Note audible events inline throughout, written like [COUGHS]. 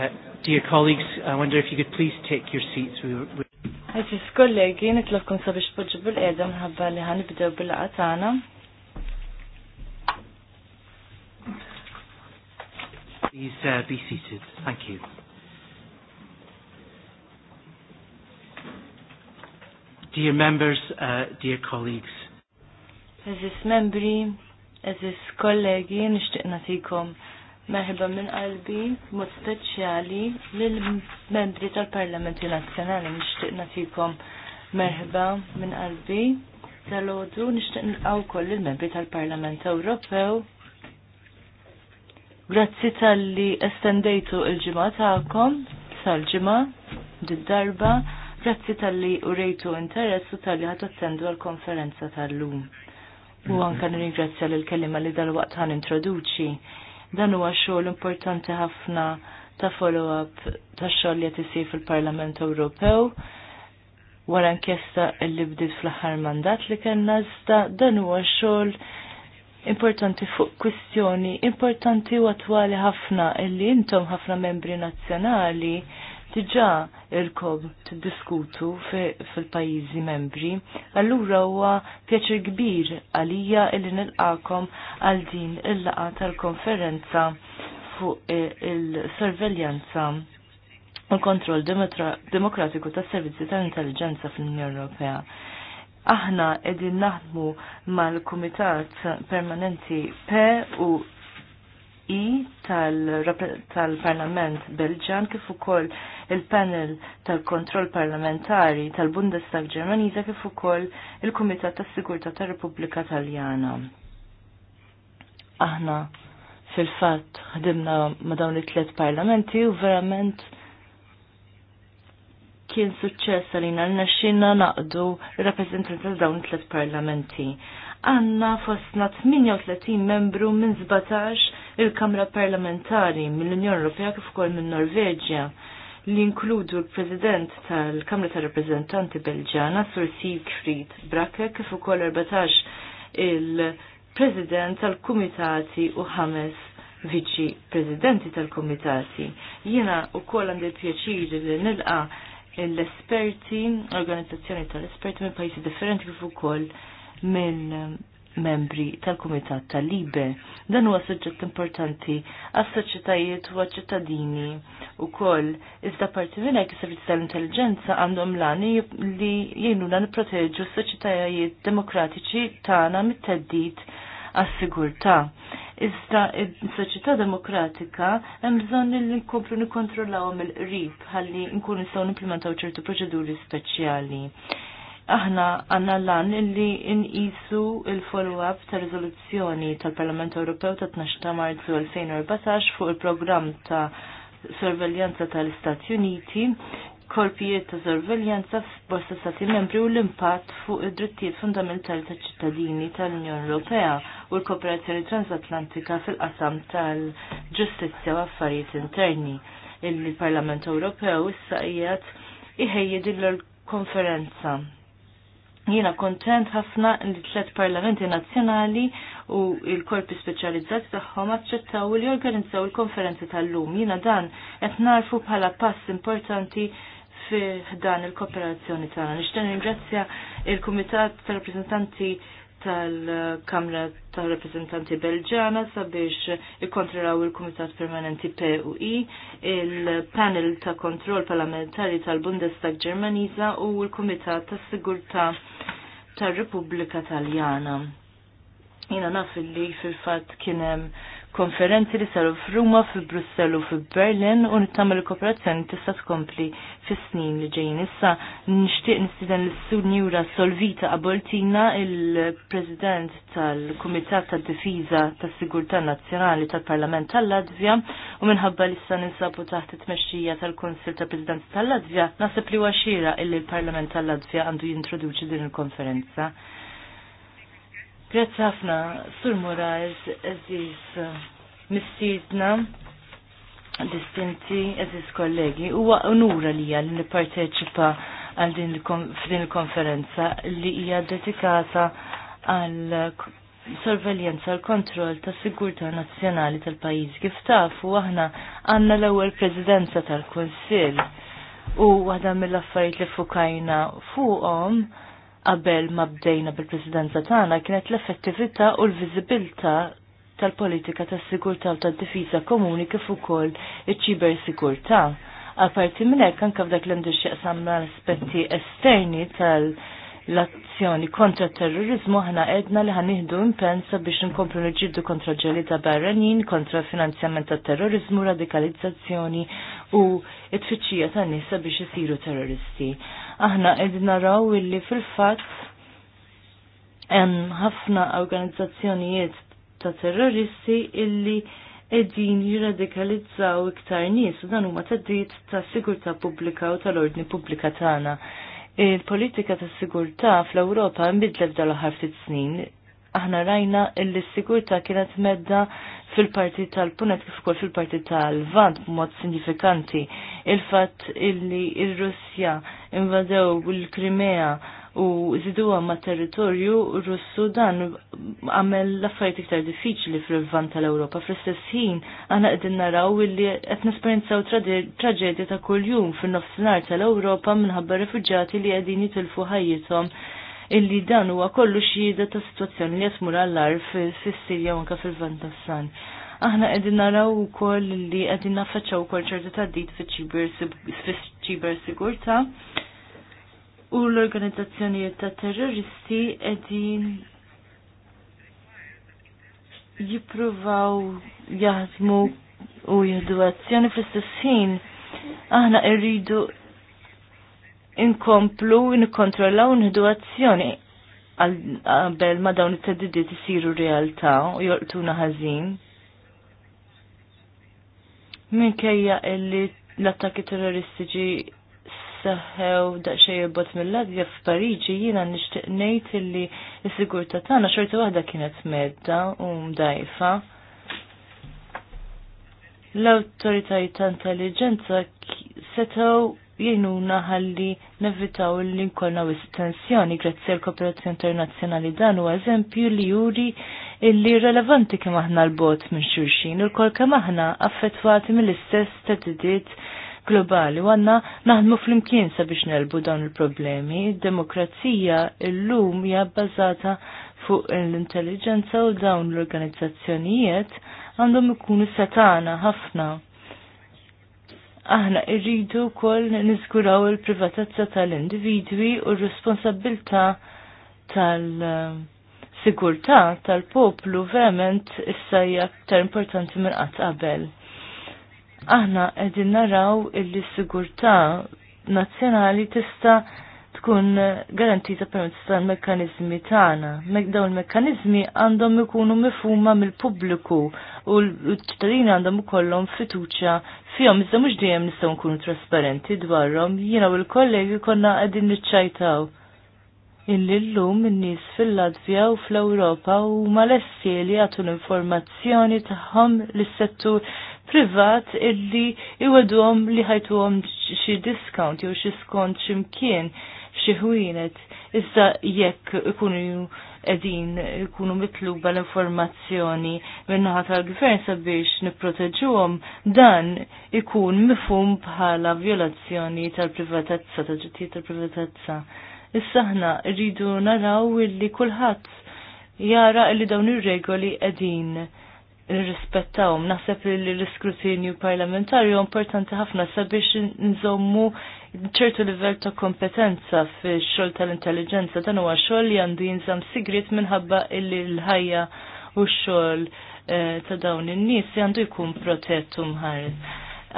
Uh, dear colleagues, I wonder if you could please take your seats. We kollegi, we sabiex tpoġġu bil-qeda li bil Please uh, be seated. Thank you. Dear members, uh, dear colleagues. Aziz membri, aziz kollegi, nixtieq nagħtikom meħba minn qalbi mod speċjali lill-membri tal-Parlamenti Nazzjonali nixtieq nagħtikom merħba minn qalbi tal-għodu nixtieq nilqgħu wkoll il-membri tal-Parlament Ewropew. Grazzi tal-li estendejtu il-ġimgħa tagħkom sal-ġimgħa did-darba. Grazzi tal-li urejtu interess u tal-li attendu għal-konferenza tal-lum. U anka nirringrazzja l-kellima li dal-waqt ħan introduċi. Dan huwa xogħol importanti ħafna ta' follow-up ta' xogħol li qed isir fil-Parlament Ewropew, wara inkjesta li bdiet fl-aħħar mandat li kellna iżda dan huwa xogħol importanti fuq kwistjoni importanti u attwali ħafna illi intom ħafna membri nazzjonali diġa t tiddiskutu fil-pajizi membri, allura huwa pjaċir kbir għalija illi nilqakom għal din il-laqa tal-konferenza fuq il-sorveljanza u l-kontroll demokratiku tas servizzi tal-intelligenza fl-Unjoni Ewropea. Aħna edin naħdmu mal-Kumitat Permanenti P u I e tal-Parlament tal Belġan kif ukoll il-panel tal-kontroll parlamentari tal-Bundestag Ġermaniża kif ukoll il-Kumitat tas-Sigurtà tar-Repubblika Taljana. Aħna fil-fatt ħdimna ma' dawn it-tliet parlamenti u verament kien suċċess għalina l-naxxina naqdu rappresentanti tal dawn it-tliet parlamenti għanna fostna 38 membru minn 17 il-Kamra Parlamentari mill-Unjoni Ewropea kif ukoll minn Norveġja li inkludu l-President tal-Kamra tar-Rappreżentanti Belġana Sur Siegfried Bracke kif ukoll 14 il-President tal-Kumitati u ħames viċi Presidenti tal-Kumitati. Jiena ukoll għandi l-pjaċir li nilqa' l-esperti, organizzazzjoni tal-esperti minn pajjiżi differenti kif ukoll mill membri tal-Kumitat tal-Libe. Dan huwa suġġett importanti għas-soċjetajiet u għaċ-ċittadini wkoll. Iżda parti minn hekk is servizz tal-intelligenza għandhom lani li jgħinuna nipproteġu s-soċjetajiet demokratiċi tagħna mit-teddid għas-sigurtà. Iżda s-soċjetà demokratika hemm bżonn li nkomplu nikkontrollawhom il-qrib ħalli nkunu nistgħu nimplementaw ċertu proċeduri speċjali aħna għanna l-għan illi isu il-follow-up ta' rizoluzzjoni tal-Parlament Ewropew ta' 12 ta' Marzu 2014 fuq il-programm ta' sorveljanza tal-Istati Uniti, korpijiet ta' sorveljanza f'bosta stati membri u l-impatt fuq id-drittijiet fundamentali ta' ċittadini tal-Unjoni Ewropea u l-kooperazzjoni transatlantika fil-qasam tal-ġustizzja u affarijiet interni. Il-Parlament Ewropew issa qiegħed iħejjed il-konferenza Jiena kontent ħafna li tliet parlamenti nazzjonali u il-korpi speċjalizzati tagħhom aċċettaw li jorganizzaw il-konferenzi tal-lum. Jiena dan qed narfu bħala pass importanti fi dan il-kooperazzjoni tagħna. Nixtieq ringrazzja il-Kumitat tal-Rappreżentanti tal-Kamra tal-Rappresentanti Belġana sabiex ikkontrolaw il-Kumitat Permanenti PUI, il-Panel ta' Kontroll Parlamentari tal-Bundestag Ġermaniza u l-Kumitat tas Sigurta tal-Repubblika Taljana. Jina naf li fil-fat kienem konferenzi li saru f'Ruma, f'Brussell u f'Berlin u nittamil l kooperazzjoni tista' tkompli fis-snin li ġejjin. Issa nixtieq nistieden l sunjura Njura Solvita Aboltina, il-President tal-Kumitat tad-Difiża tas-Sigurtà Nazzjonali tal-Parlament tal-Latvja u minħabba li issa ninsabu taħt it-tmexxija tal kunsill tal-President tal-Latvja, naħseb li huwa xira illi l-Parlament tal-Latvja għandu jintroduċi din il-konferenza. Grazzi ħafna, Sur Moraes, Aziz, mistidna, distinti, eżiz kollegi, huwa unura li għal nipparteċipa għal din il-konferenza li hija dedikata għal sorveljenza għal kontroll ta' sigurta nazzjonali tal-pajjiż kif tafu aħna għandna l-ewwel prezidenza tal-Kunsill u waħda mill-affarijiet li fukajna fuqhom qabel ma bdejna bil-presidenza tagħna kienet l-effettività u l-viżibilità tal-politika tas-sigurtà u tad-difiża komuni kif ukoll iċ-ċiber sigurtà. parti minn hekk anke f'dak l xieqsam l aspetti esterni tal- l-azzjoni kontra terrorizmu ħana edna li ħanihdu impensa biex nkomplu nġiddu kontra ġelita barranin, kontra finanzjament ta' terrorizmu, radikalizzazzjoni u it-tfittxija ta' nisa biex isiru terroristi aħna qegħdin naraw illi fil-fatt hemm ħafna organizzazzjonijiet ta' terroristi illi qegħdin jirradikalizzaw iktar nies u dan huma teddiet ta' sigurtà pubblika u tal-ordni pubblika tagħna. Il-politika ta' sigurtà fl-Ewropa mbidlet dal-aħħar ftit snin aħna rajna illi s-sigurta kienet medda fil-parti tal-punet kif ukoll fil-parti tal-vant b'mod sinifikanti. Il-fatt illi il russja invadew il-Krimea u ziduwa ma territorju russu dan għamel l-affarijiet iktar diffiċli fil-vant tal-Ewropa. Fl-istess ħin għana qegħdin naraw illi qed nesperjenzaw traġedja ta' kuljum fin-nofsinhar tal-Ewropa minħabba refuġjati li qegħdin jitilfu ħajjithom illi dan huwa kollu xhieda ta' sitwazzjoni li jasmur għallar fis-Sirja u fil vantassan Aħna qegħdin naraw ukoll li qegħdin naffaċċaw ukoll ta' dit fil ċiber sigurta u l organizzazzjoni ta' terroristi qegħdin jippruvaw jaħdmu u jihdu azzjoni fil-sessin. aħna irridu inkomplu nikkontrollaw nħidu azzjoni qabel ma dawn it-teddidiet isiru realtà u jorqtuna ħażin. Minkejja illi l attaki terroristiċi seħħew daċxie jibbot mill-ladja f'Pariġi jiena nixtieq ngħid illi s-sigurtà tagħna xorta waħda kienet medda u mdajfa. L-awtoritajiet ta' intelligenza setgħu jgħinuna ħalli nevitaw li nkollna istensjoni tensjoni grazzi għal kooperazzjoni internazzjonali dan u eżempju li juri illi relevanti kemm aħna l-bot minn xulxin u l-kol kem aħna affettwati mill-istess tedidiet globali u għanna naħdmu fl-imkien sabiex nelbu dawn il-problemi. Demokrazija illum hija bbażata fuq l-intelligenza u dawn l-organizzazzjonijiet għandhom ikunu setana ħafna aħna irridu wkoll niżguraw il-privatezza tal-individwi u r-responsabilità tal sigurta tal-poplu verament issa hija aktar importanti minn qatt qabel. Aħna qegħdin naraw il-sigurtà nazzjonali tista' tkun garantita permezz tal-mekkanizmi tagħna. Dawn il-mekkanizmi għandhom ikunu mifhuma mill-pubbliku u l-ċittadini għandhom ikollhom fiduċja fihom iżda mhux dejjem nistgħu nkunu trasparenti dwarhom, jiena u l-kollegi konna qegħdin niċċajtaw. Illi llum in-nies fil-Latvja u fl-Ewropa huma lesti li jagħtu l-informazzjoni tagħhom lis-settur privat illi iwadhom li ħajtuhom xi discount jew xi skont x'imkien xi ħwienet Iżda jekk ikunu edin ikunu mitluba l-informazzjoni minnaħat tal-gvern sabiex niproteġuhom dan ikun mifhum bħala violazzjoni tal-privatezza, tal-ġittijiet tal-privatezza. Issa ħna rridu naraw illi kulħadd jara illi dawn ir-regoli qegħdin nirrispettawhom. Naħseb li l-iskrutinju parlamentarju importanti ħafna sabiex nżommu ċertu livell ta' kompetenza fi xol tal-intelligenza dan huwa xogħol li għandu jinżam sigrit minħabba illi l-ħajja u xogħol eh, ta' dawn in-nies għandu jkun protett u mħares.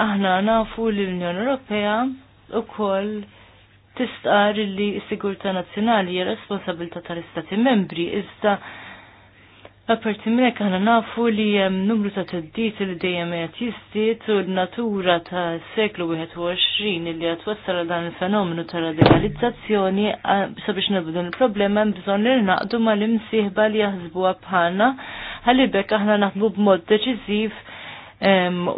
Aħna nafu li l-Unjoni Ewropea ukoll tistqar li s-sigurtà nazzjonali hija responsabilità tal-Istati membri iżda Apparti minn hekk aħna nafu li hemm numru ta' teddit li dejjem qed jistit u l-natura ta' seklu 21 li qed wassal dan il-fenomenu ta' radikalizzazzjoni sabiex nabdu il-problema hemm bżonn li naqdu mal-imsieħba li jaħsbuha bħalna ħalli bekk aħna naħdmu b'mod deċiżiv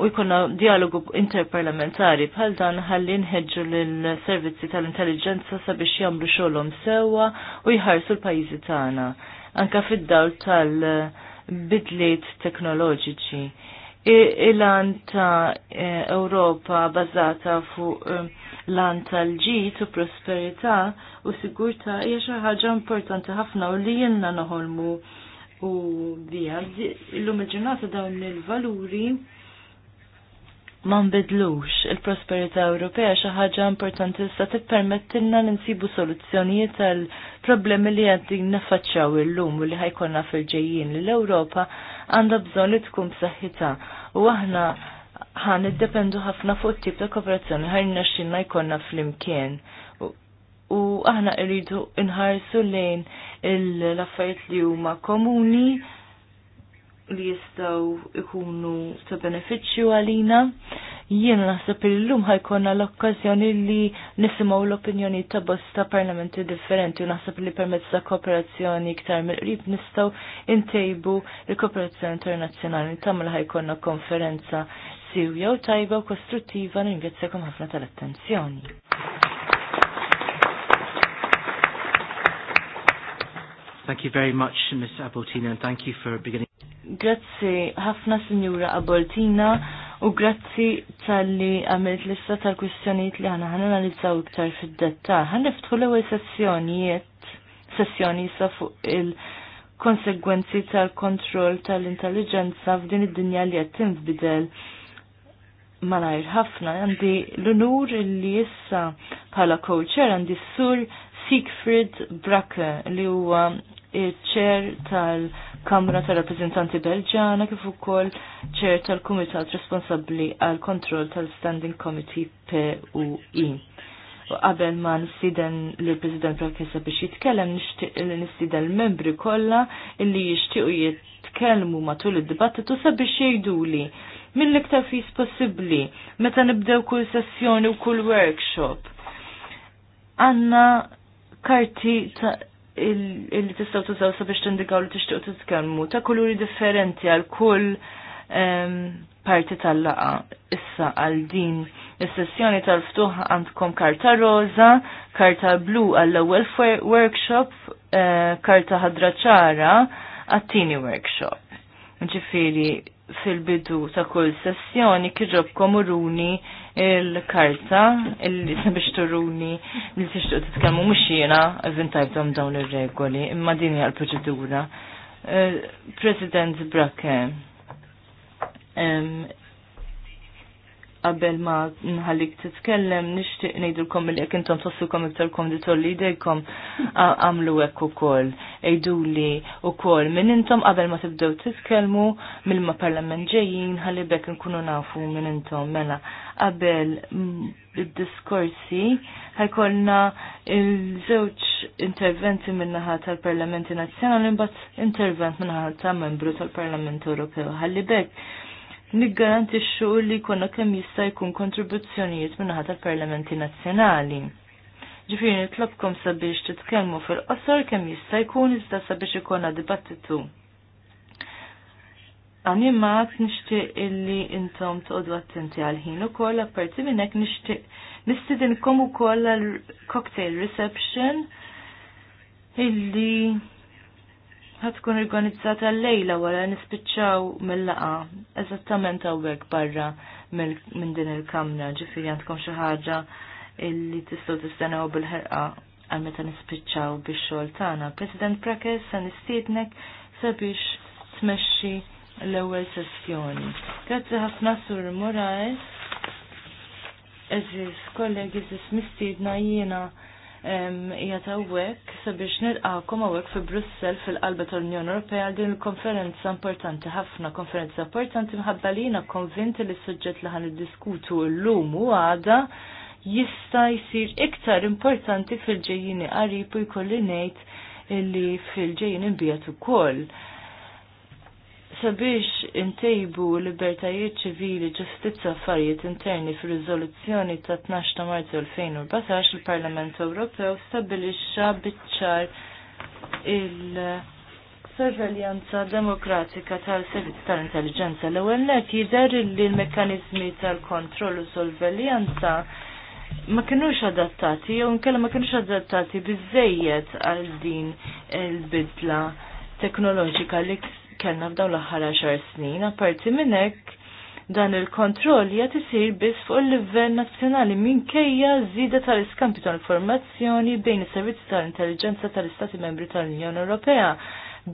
u jkunna dialogu interparlamentari bħal dan ħalli nħedġu l-servizzi tal-intelligenza sabiex jagħmlu xogħolhom sewwa u jħarsu l-pajjiżi tagħna anka fid-dawl tal-bidliet teknoloġiċi. Il-lan ta' Ewropa bazata fuq e, lan tal-ġit u prosperità u sigurta hija xi ħaġa importanti ħafna u li jenna noħolmu u bija. Illum il-ġurnata dawn il-valuri ma nbidlux il-prosperità Ewropea xi ħaġa importanti issa tippermettilna li nsibu soluzzjonijiet tal-problemi li għaddin naffaċċjaw illum u li ħajkonna fil-ġejjin li l-Ewropa għandha bżonn li tkun b'saħħitha u aħna ħan iddependu ħafna fuq tip ta' kooperazzjoni ħajna xinna jkollna fl-imkien u aħna rridu inħarsu lejn l-affarijiet li huma komuni li jistaw ikunu ta' beneficju għalina. Jien naħseb il-lum ħajkonna l-okkazjoni li nisimaw l-opinjoni ta' bosta parlamenti differenti u naħseb li permezz ta' kooperazzjoni iktar mill-qrib nistaw intejbu l-kooperazzjoni internazzjonali tamil ħajkonna konferenza siwja u tajba u kostruttiva ringrazzakom ħafna tal-attenzjoni. Thank you very much, Ms. Aboltina, and thank you for beginning. Grazzi ħafna Sinjura Aboltina u grazie tal-li għamilt lista tal-kwistjonijiet li ħana ħana analizzaw iktar fid-dettal. Ħan niftħu l-ewwel sessjonijiet, sessjoni sa fuq il-konsegwenzi tal-kontroll tal-intelligenza f'din id-dinja li qed tinbidel malajr ħafna għandi l-unur li issa bħala kowċer għandi s-sur Siegfried Bracke li huwa ċer tal-Kamra tal-Rappresentanti Belġana kif ukoll ċer tal-Kumitat Responsabbli għal Kontroll tal-Standing Committee PUI. U qabel ma nsiden li l-President Brakessa biex jitkellem nixtieq li nistiden l-membri kollha illi jixtiequ jitkellmu matul id-dibattitu sabiex jgħiduli mill-iktar fis possibbli meta nibdew kull sessjoni u kull workshop. Għanna karti ta' illi tistaw tużaw sabiex tindikaw li tixtiqu titkellmu ta' kuluri differenti għal kull parti tal-laqa issa għal din is-sessjoni tal-ftuħ għandkom karta roza, karta blu għall-ewwel workshop, eh, karta ħadra ċara għat-tieni workshop. Ġifiri, fil-bidu ta' kull sessjoni kħiġobkom uruni il-karta illi sabiex turuni li tixtuq titkellmu mhux jiena eventajtom dawn ir-regoli imma din hija l-proċedura. Eh, President Bracke, qabel ma nħallik titkellem nixtieq ngħidulkom li jekintom intom tossukom iktar konditor li jdejkom għamlu hekk ukoll. u kol. minn intom qabel ma tibdew titkellmu mill-ma parlament ġejjin għalli bekk nkunu nafu minn intom mela qabel mm, id-diskorsi ħajkollna il-żewġ interventi minnaħa tal-Parlamenti Nazzjonali mbagħad intervent minnaħa ta' membru tal-Parlament Ewropew Għalli bekk niggarantixxu li jkollna kemm jista' jkun kontribuzzjonijiet min-naħa tal-Parlamenti Nazzjonali. Ġifieri nitlobkom sabiex titkellmu fil-qosor kemm jista' jkun iżda sabiex ikollna dibattitu. Għani maħt nishtiq illi intom toqdu attenti għal-ħin u koll, apparti minnek nishtiq nistidin komu koll għal-cocktail reception illi ħatkun organizzata l-lejla wara nispiċċaw mill-laqa, eżattament hawnhekk barra minn din il-kamra, ġifiri għandkom xi ħaġa illi tistgħu tistenaw bil-ħerqa għal meta nispiċċaw biex xogħol tagħna. President Prakes se nistiednek sabiex tmexxi l-ewwel sessjoni. Grazzi ħafna Sur Moraes. Eżis, kollegi, eżis mistiedna jiena hija sabiex nilqakom hawnhekk fi Brussell fil-qalba tal-Unjoni Ewropea din il-konferenza importanti ħafna konferenza importanti mħabba li jiena konvinti li s-suġġett li ħan iddiskutu llum u għada jista' jsir iktar importanti fil-ġejjini qarib u jkolli ngħid illi fil-ġejjin inbijat ukoll. koll sabiex intejbu libertajiet ċivili ġustizza affarijiet interni fir riżoluzzjoni ta' 12 ta' Marzu 2014 il-Parlament Ewropew stabilixxa biċċar il-sorveljanza demokratika tal-servizz tal-intelligenza l-ewwel net jidher li l-mekkaniżmi tal-kontroll u sorveljanza ma kienux adattati jew nkella ma kienux adattati biżejjed għal din il-bidla teknoloġika li kellna f'daw l-aħħar 10 snin, apparti minn hekk dan il-kontroll jgħat isir biss fuq il-livell nazzjonali minkejja żieda tal-iskampi tal-informazzjoni bejn is-servizzi tal-intelligenza tal-Istati Membri tal-Unjoni Ewropea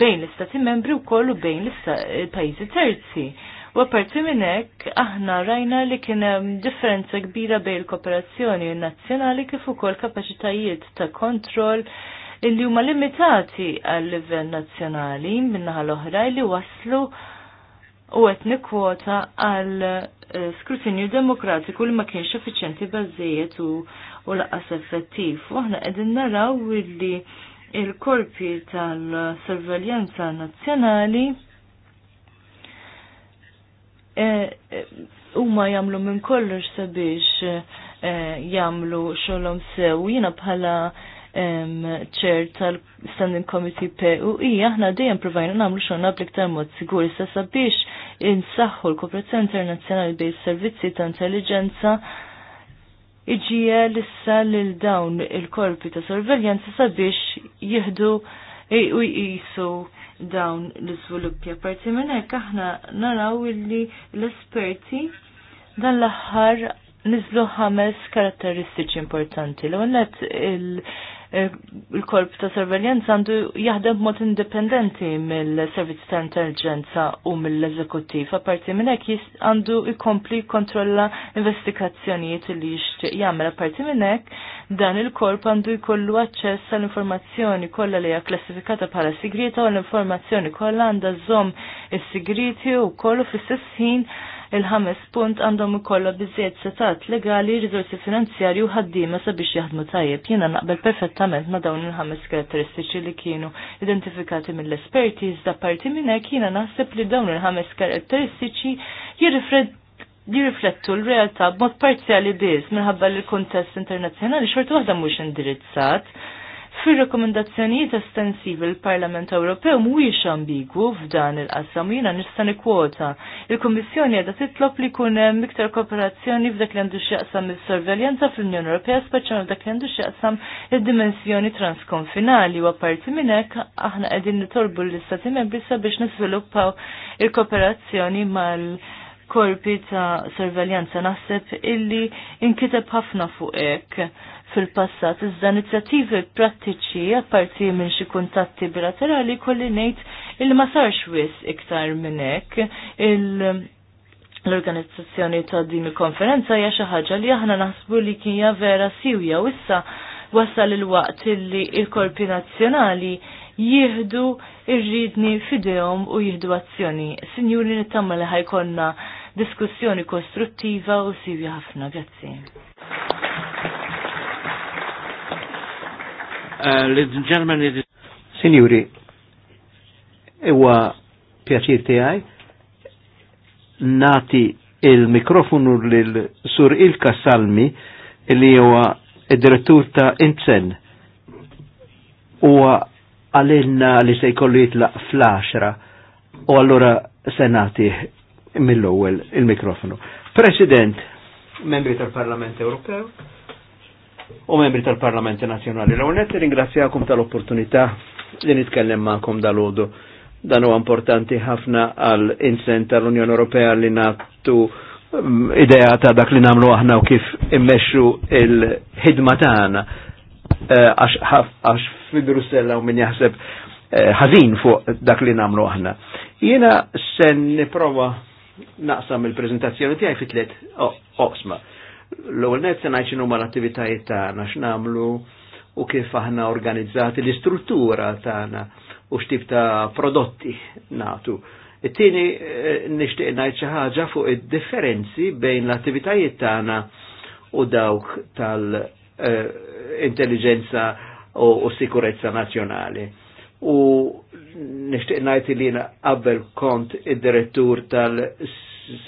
bejn l-Istati Membri u kollu bejn l-pajjiżi terzi. U apparti minn hekk aħna rajna li kien hemm differenza kbira bejn il-kooperazzjoni nazzjonali kif ukoll kapaċitajiet ta' kontroll illi huma limitati għal livell nazzjonali minnaħa l-oħra li waslu u qed nikkwota għal eh, skrutinju demokratiku li ma kienx effiċenti bażejjed u laqas effettiv. U aħna qegħdin naraw illi il-korpi tal-sorveljanza nazzjonali eh, eh, huma jagħmlu minn kollox sabiex jagħmlu xogħolhom sew. Jiena bħala ċer tal-Standing Committee PUI, e, aħna dejjem provajna nagħmlu xogħolna bl mod sigur sa sabiex insaħħu l-kooperazzjoni internazzjonali bejn servizzi ta' intelligenza iġija issa lil dawn il-korpi ta' sorveljanza sabiex jieħdu e, u jisu dawn l-iżviluppi. Parti minn hekk aħna naraw illi l-esperti dan l-aħħar nizlu ħames karatteristiċi importanti. l għonet il- Eh, il-korp ta' sorveljanza għandu jaħdem mod indipendenti mill servizzi ta' intelligenza u mill-eżekuttiv. parti minn hekk għandu jkompli kontrolla investigazzjonijiet li jixtieq jagħmel. parti minn hekk dan il-korp għandu jkollu aċċess għall informazzjoni kollha li hija klassifikata bħala sigrita u l-informazzjoni kollha għandha żomm is-sigriti u kollu fis-sessin il-ħames punt għandhom ikollha biżejjed setat legali, riżorsi finanzjarju u ħaddiema sabiex jaħdmu tajjeb. Jiena naqbel perfettament ma' dawn il-ħames karatteristiċi li kienu identifikati mill-esperti iżda parti minn hekk jiena naħseb li dawn il-ħames karatteristiċi jirriflettu l-realtà b'mod parzjali biss minħabba l-kontest internazzjonali xorta waħda mhux indirizzat Fir-rekomendazzjonijiet estensivi l-Parlament Ewropew mhuwiex ambigwu f'dan il-qasam jiena nista' nikkwota. Il-Kummissjoni qiegħda titlob li jkun hemm iktar kooperazzjoni f'dak li għandu x'jaqsam is-sorveljanza fl-Unjoni Ewropea, speċjal dak li għandu x'jaqsam id-dimensjoni transkonfinali u apparti minn hekk aħna qegħdin nitolbu l-Istati Membri sabiex niżviluppaw il-kooperazzjoni mal- korpi ta' sorveljanza naħseb illi inkiteb ħafna fuq hekk fil-passat. Iżda inizjattivi prattiċi apparti minn xi kuntatti bilaterali kolli ngħid il ma sarx wis iktar minn hekk. L-organizzazzjoni ta' din il-konferenza hija xi ħaġa li aħna naħsbu li kien vera siwja u issa wasal il-waqt li il-korpi nazzjonali jieħdu irridni fidejhom u jieħdu azzjoni. Sinjuri nittamma li ħajkonna diskussjoni kostruttiva u siwja ħafna. Grazzi. Uh, ladies and gentlemen, Signori, ewa pjaċir nati il-mikrofonu lil sur Ilka Salmi, li huwa id-direttur ta' Intzen. U għalinna li se jkollu jitlaq fl-10 u se senati mill-ewwel il-mikrofonu. President, membri tal-Parlament Ewropew, u membri tal-Parlamenti Nazjonali. L-għonet ringrazzjakum tal-opportunità li nitkellem ma'kom dal-ħodu. Dan huwa importanti ħafna għal insen tal-Unjoni Ewropea li nattu mm, idea ta' dak li namlu aħna u kif immexxu il-ħidma tagħna eh, għax fi Brussella u min jaħseb eh, ħażin fuq dak li namlu aħna. Jiena sen nipprova naqsam il preżentazzjoni tiegħi fi tliet oqsma. Oh, L-ewwel net se ngħid x'inhuma l-attivitajiet tagħna x'namlu u kif aħna organizzati l-istruttura tagħna u x'tip ta' prodotti natu. It-tieni eh, nixtieq ngħid xi ħaġa fuq id-differenzi bejn l-attivitajiet tagħna u dawk tal-intelligenza eh, u sikurezza nazzjonali. U nixtieq ngħid li qabel kont id-direttur tal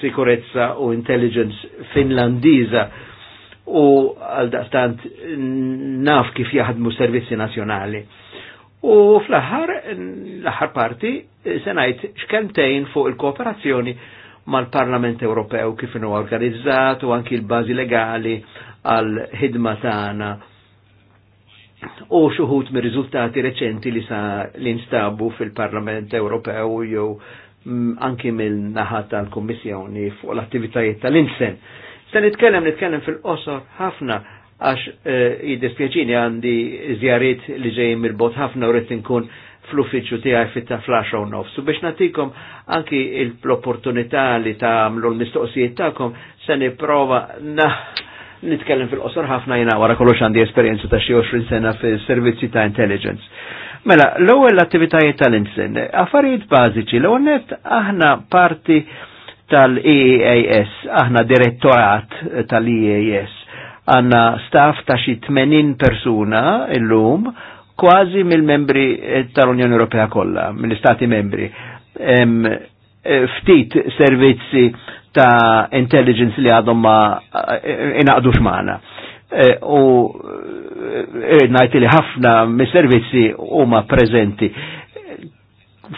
sikurezza u intelligence finlandiza u għal daqstant naf kif jaħdmu servizzi nazjonali. U fl-aħħar, l-aħħar parti, senajt xkemtejn fuq il-kooperazzjoni mal-Parlament Ewropew kif inhu organizzat u anki l-bażi legali għal ħidma tana u xuħut mir riżultati reċenti li sa l-instabu fil-Parlament Ewropew jew Mm, anki mill-naħa tal-Kommissjoni fuq l-attivitajiet tal-insen. Se nitkellem nitkellem fil-qosor ħafna għax eh, jiddispjaċini għandi zjarit li ġejjin mill-bot ħafna u rrid inkun fl-uffiċċju tiegħi fit ta' flash u nofsu biex nagħtikom anki l-opportunità li tagħmlu l-mistoqsijiet tagħkom se nipprova nitkellem fil-qosor ħafna jina wara kollox għandi esperjenza ta' xi 20 sena fis-servizzi ta' intelligence. Mela, l-ewwel attivitajiet tal insen affarijiet bażiċi, l-ewwel net aħna parti tal-EAS, aħna direttorat tal-EAS, għanna staff ta' xi 80 persuna illum, kważi mill-membri eh, tal-Unjoni Ewropea kollha, mill-Istati membri. Em, eh, ftit servizzi ta' intelligence li għadhom ma eh, inaqdux magħna. Eh, u eh, eh, najti li ħafna mis-servizzi huma prezenti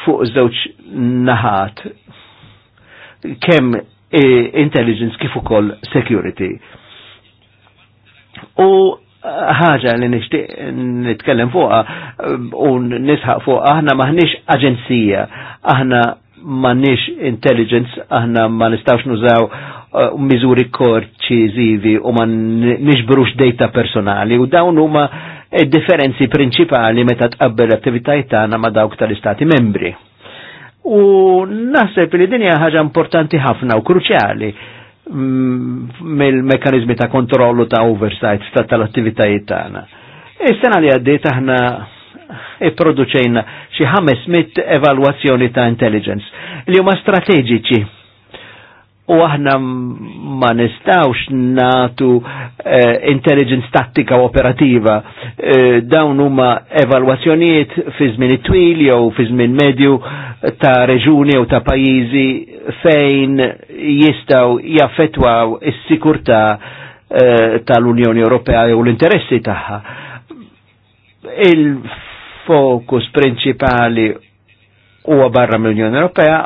fuq żewġ naħat kemm intelligence kif ukoll security. U ħaġa li nixtieq nitkellem fuqha u nisħaq fuq aħna maħniex aġenzija, aħna mannix intelligence, aħna ma nistawx nużaw uh, miżuri korċizivi u ma nixbrux data personali u dawn huma differenzi prinċipali meta tqabbel attivitajiet tagħna ma dawk tal-istati membri. U naħseb li din hija ħaġa importanti ħafna u kruċjali mm, mill mekkaniżmi ta' kontrollu ta' oversight ta' tal-attivitajiet tagħna. Is-sena li għaddiet aħna ipproduċejna xi 500 evalwazzjoni ta' intelligence li huma strateġiċi. U aħna ma nistawx natu eh, intelligence tattika operativa. Eh, dawn huma evalwazzjonijiet fi żmien twil jew fi żmien medju ta' reġuni jew ta' pajjiżi fejn jistaw jaffettwaw is-sikurtà eh, tal-Unjoni Ewropea jew l-interessi tagħha il-fokus principali huwa barra mill-Unjoni Ewropea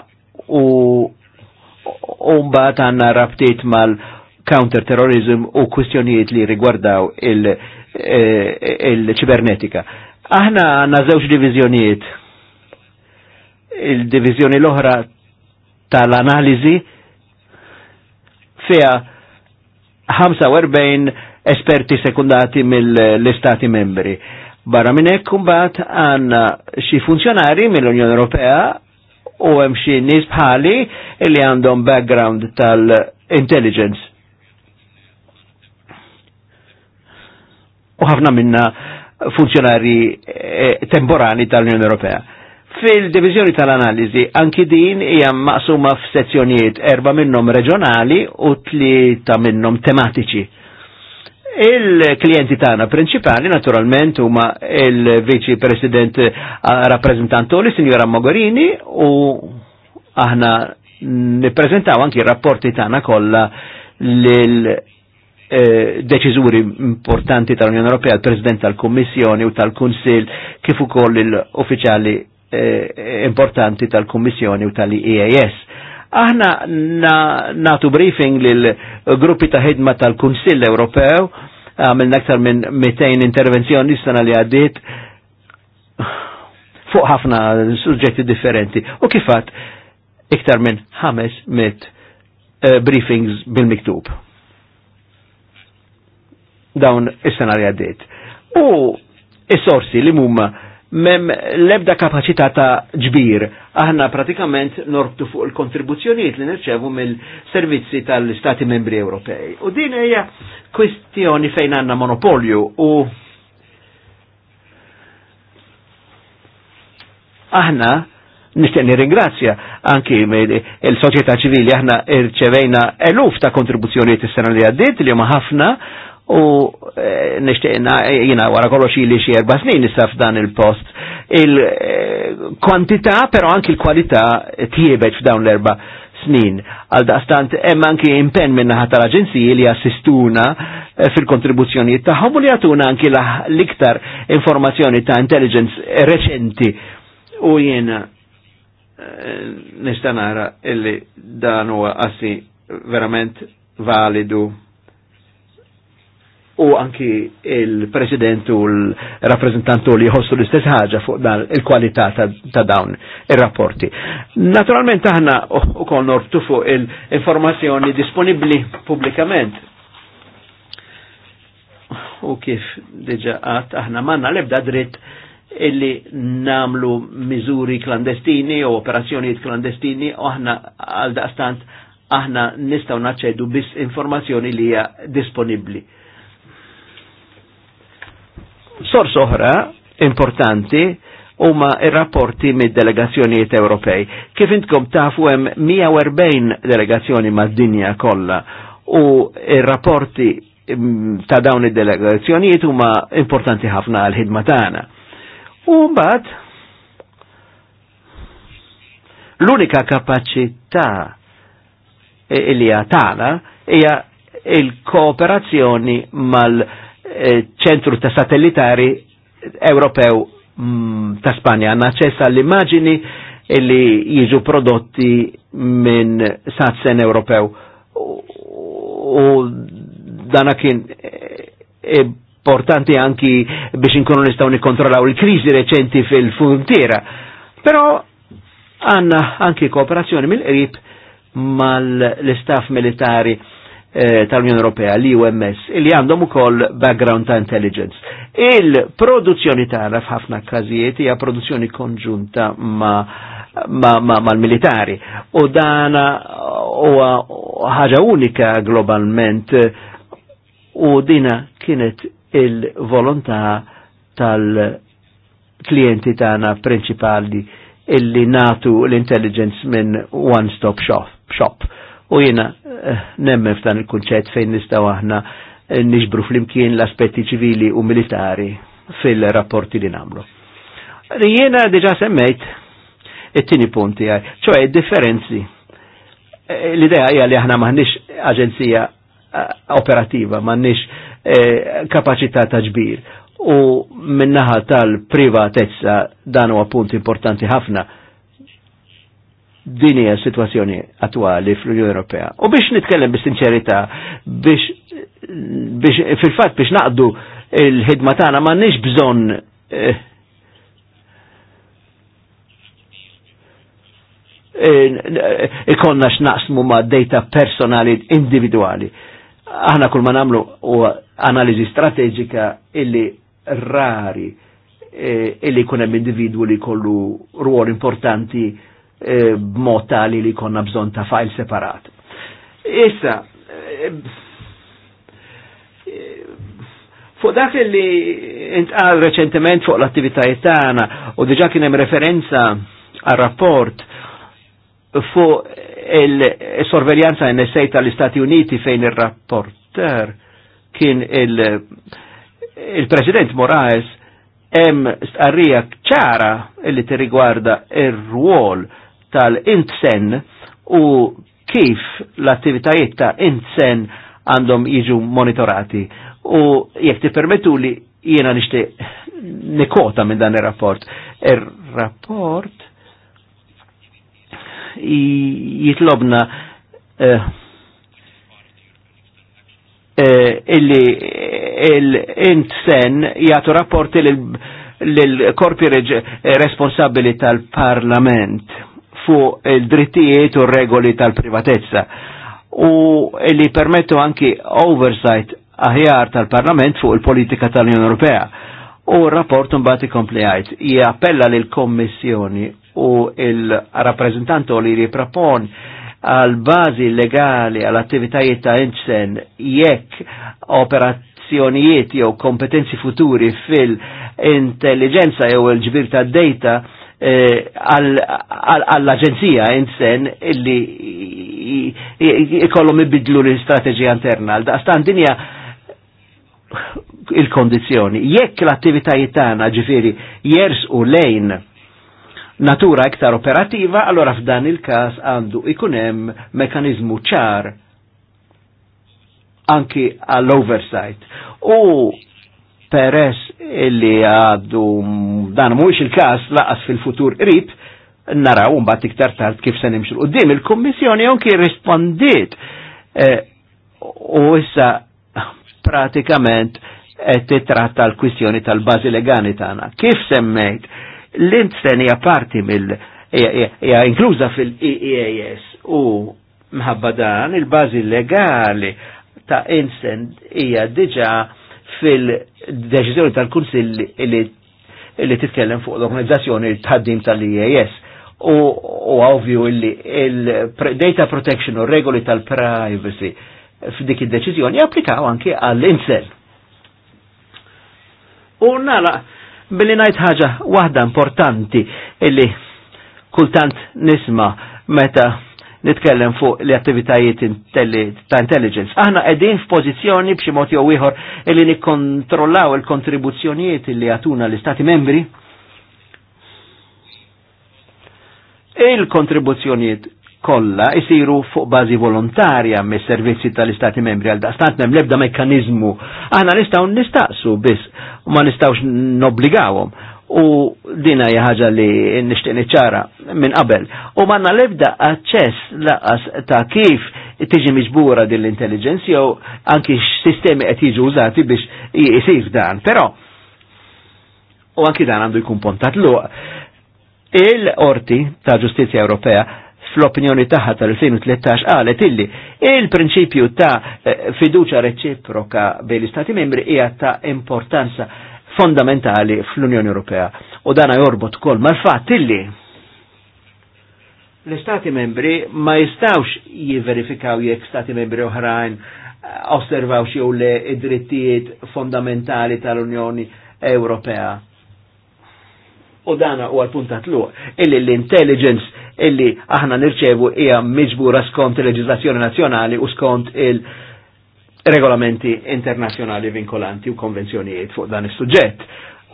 u mbagħad għandna rabtiet mal-counterterrorism u kwistjonijiet li rigwardaw e, il-ċibernetika. Aħna għandna żewġ diviżjonijiet. Il-diviżjoni l-oħra tal-analiżi fija 45 esperti sekundati mill-istati membri Barra minn hekk imbagħad għandna xi funzjonari mill-Unjoni Ewropea u hemm xi nies bħali li għandhom background tal-intelligence. U ħafna minna funzjonari eh, temporani tal-Unjoni Ewropea. Fil-divizjoni tal-analizi, anki din hija maqsuma f'sezzjonijiet erba minnhom reġjonali u tlieta minnhom tematiċi. Il-klienti tagħna prinċipali naturalment huma il-Viċi President eh, rappreżentantoli Sinjora Mogorini u aħna nippreżentaw anki rapporti tagħna kollha lil eh, deċiżuri importanti tal-Unjoni Ewropea, il-President tal-Kummissjoni u tal-Kunsil, kif ukoll l-uffiċjali eh, importanti tal-Kummissjoni u tal-EAS. Aħna natu briefing lil gruppi ta' ħidma tal-Kunsill Ewropew għamilna aktar minn 200 intervenzjoni s-sena li għaddit fuq ħafna suġġetti differenti. U kifat, iktar minn ħames eh, briefings bil-miktub. Dawn is-sena li għaddit. U is-sorsi li mumma mem lebda kapacità ta' ġbir. Aħna pratikament norbtu fuq il-kontribuzzjonijiet li nirċevu mill-servizzi tal-Stati membri Ewropej. U din hija kwistjoni fejn għandna monopolju u aħna nishtiq ringrazzja anki il-soċjetà ċivili aħna irċevejna eluf ta' kontribuzzjonijiet is-sena li għaddiet li huma ħafna u eh, nishtiqna jina wara kollox ili xi erba' snin nistaf dan il-post. Il-kwantità eh, però anki l-kwalità tiebet f'dawn l-erba' snin. Għal daqstant hemm anke impenn minn naħa tal-aġenziji li assistuna eh, fil-kontribuzzjonijiet tagħhom u li jagħtuna anki l-iktar informazzjoni ta' intelligence reċenti u jiena nista' nara illi dan huwa assi verament validu u anki il-president u l u li jħossu l-istess ħaġa fuq dan il-kwalità ta, dawn ir-rapporti. Naturalment aħna u konnortu fuq il-informazzjoni disponibli pubblikament. U kif diġa għat aħna manna lebda dritt illi namlu miżuri klandestini u operazzjonijiet klandestini u aħna għal daqstant aħna nistaw naċċedu biss informazzjoni li hija disponibbli Sors oħra importanti huma ir-rapporti mid-delegazzjonijiet Ewropej. Kif intkom tafu hemm 140 delegazzjoni mad-dinja kollha u ir-rapporti mm, ta' dawn id-delegazzjonijiet huma importanti ħafna għal ħidma tagħna. U mbagħad l-unika kapaċità li tagħna hija il-kooperazzjoni mal- ċentru ta' satellitari Ewropew mm, ta' Spanja għanna ċessa l-immagini illi jiġu prodotti minn satsen Ewropew u dana kien importanti anki biex inkunu nistaw nikontrollaw il-kriżi reċenti fil fundiera Però għanna anki kooperazzjoni mill-qrib mal-istaff militari Eh, tal-Unjoni Ewropea, l-UMS, li għandhom ukoll background ta' intelligence. Il-produzzjoni tagħna f'ħafna każijiet hija produzzjoni konġunta ma' mal-militari u dana huwa ħaġa unika globalment u dina kienet il-volontà tal-klienti tagħna prinċipali illi natu l-intelligence minn one-stop shop. shop U jina eh, nemmen f'dan il-kunċett fejn nistaw aħna eh, nixbru fl-imkien l-aspetti ċivili u militari fil-rapporti li namlu. Jena diġa semmejt it-tini punti għaj, ċoħe differenzi. Eh, L-idea hija li aħna maħnix aġenzija operativa, maħnix kapacità ta' ġbir. U minnaħa tal-privatezza dan huwa punt importanti ħafna din hija situazzjoni attwali fl-Unjoni Ewropea. U biex nitkellem bis-sinċerità biex biex fil-fatt biex naqdu il-ħidma tagħna m'għandniex bżonn eh, ikonna x'naqsmu ma' data personali individuali. Aħna kull ma nagħmlu u analiżi strateġika illi rari eh, illi jkun hemm individwu li kollu ruol importanti e, b'mod tali li konna bżon ta' file separat. Issa, e, Fuq dak li intqal reċentement fuq l-attivitajiet tagħna u diġà kien hemm referenza għal rapport fuq il-sorveljanza NSA tal-Istati Uniti fejn ir-rapporter kien il-President Moraes hemm stqarrija ċara li tirrigwarda ir-rwol tal-intsen u kif l-attivitajiet ta' intsen għandhom jiġu monitorati. U jekk ti permettu li jiena nishti nikota minn dan il-rapport. Il-rapport jitlobna illi il-intsen jgħatu rapporti l-korpi responsabili tal-parlament fuq il-drittijiet u regoli tal-privatezza u li permettu anki oversight aħjar tal-Parlament fuq il-politika tal-Unjoni Ewropea. U rapport mbagħad ikompli jgħid jappella lil kommissjoni u il-rappreżentantu li jipropon għal bażi legali għal attivitajiet ta' Ensen jekk operazzjonijiet jew kompetenzi futuri fil-intelligenza jew il-ġbir ta' data għall-Aġenzija eh, insen illi ikollhom ibidlu l-istrateġija interna. Għastan dinja il-kondizjoni. Jekk l-attivitajiet tagħna ġifieri u lejn natura iktar operativa, allora f'dan il-każ għandu ikun hemm mekanizmu ċar anki għall-oversight. U peress illi għadu dan mhuwiex il-każ laqas fil-futur qrib, naraw mbagħad iktar tard kif se nimxu qudiem il-Kummissjoni anki rispondit eh, u issa pratikament qed titratta l-kwistjoni tal-bażi legali tagħna. Kif semmejt l-intsen hija parti mill hija inkluża fil-EEAS u mħabba dan il-bażi legali ta' insend hija diġa' fil-deċiżjoni tal-Kunsill li titkellem fuq l-organizzazzjoni tħaddim tal-IAS u għavju li il-data protection u regoli tal-privacy f'dik id-deċiżjoni japplikaw anki għall-insel. U nala, billi najt ħaġa waħda importanti illi kultant nisma meta nitkellem fuq li attivitajiet ta' intelligence. Aħna qegħdin f'pożizzjoni b'xi mod jew ieħor li nikkontrollaw il-kontribuzzjonijiet li għatuna l-Istati membri. Il-kontribuzzjonijiet kollha isiru fuq bażi volontarja mis servizzi tal-Istati membri għal daqstant nem l-ebda mekkaniżmu. Aħna nistgħu nistaqsu biss u ma nistgħux nobbligawhom u dina ħaġa li nishtiqni ċara minn qabel. U manna lebda aċċess laqas ta' kif tiġi miġbura din l intelligenzi jew anki x-sistemi qed jiġu użati biex jisir dan. Però u anki dan għandu jkun pontat luq. Il-orti ta' ġustizja Ewropea fl-opinjoni taħħa tal-2013 qalet illi il-prinċipju ta' eh, fiduċa reċiproka bejn l-Istati membri hija ta' importanza fondamentali fl-Unjoni Ewropea. U dana jorbot kol mal-fatt illi l-Stati membri ma jistawx jiverifikaw jekk Stati membri oħrajn eh, osservaw xew le id-drittijiet fondamentali tal-Unjoni Ewropea. U dana u għal-puntat l illi l-intelligence illi aħna nirċevu hija miġbura skont il-leġislazzjoni nazzjonali u skont il- regolamenti internazjonali vinkolanti u konvenzjonijiet fuq dan is-suġġett.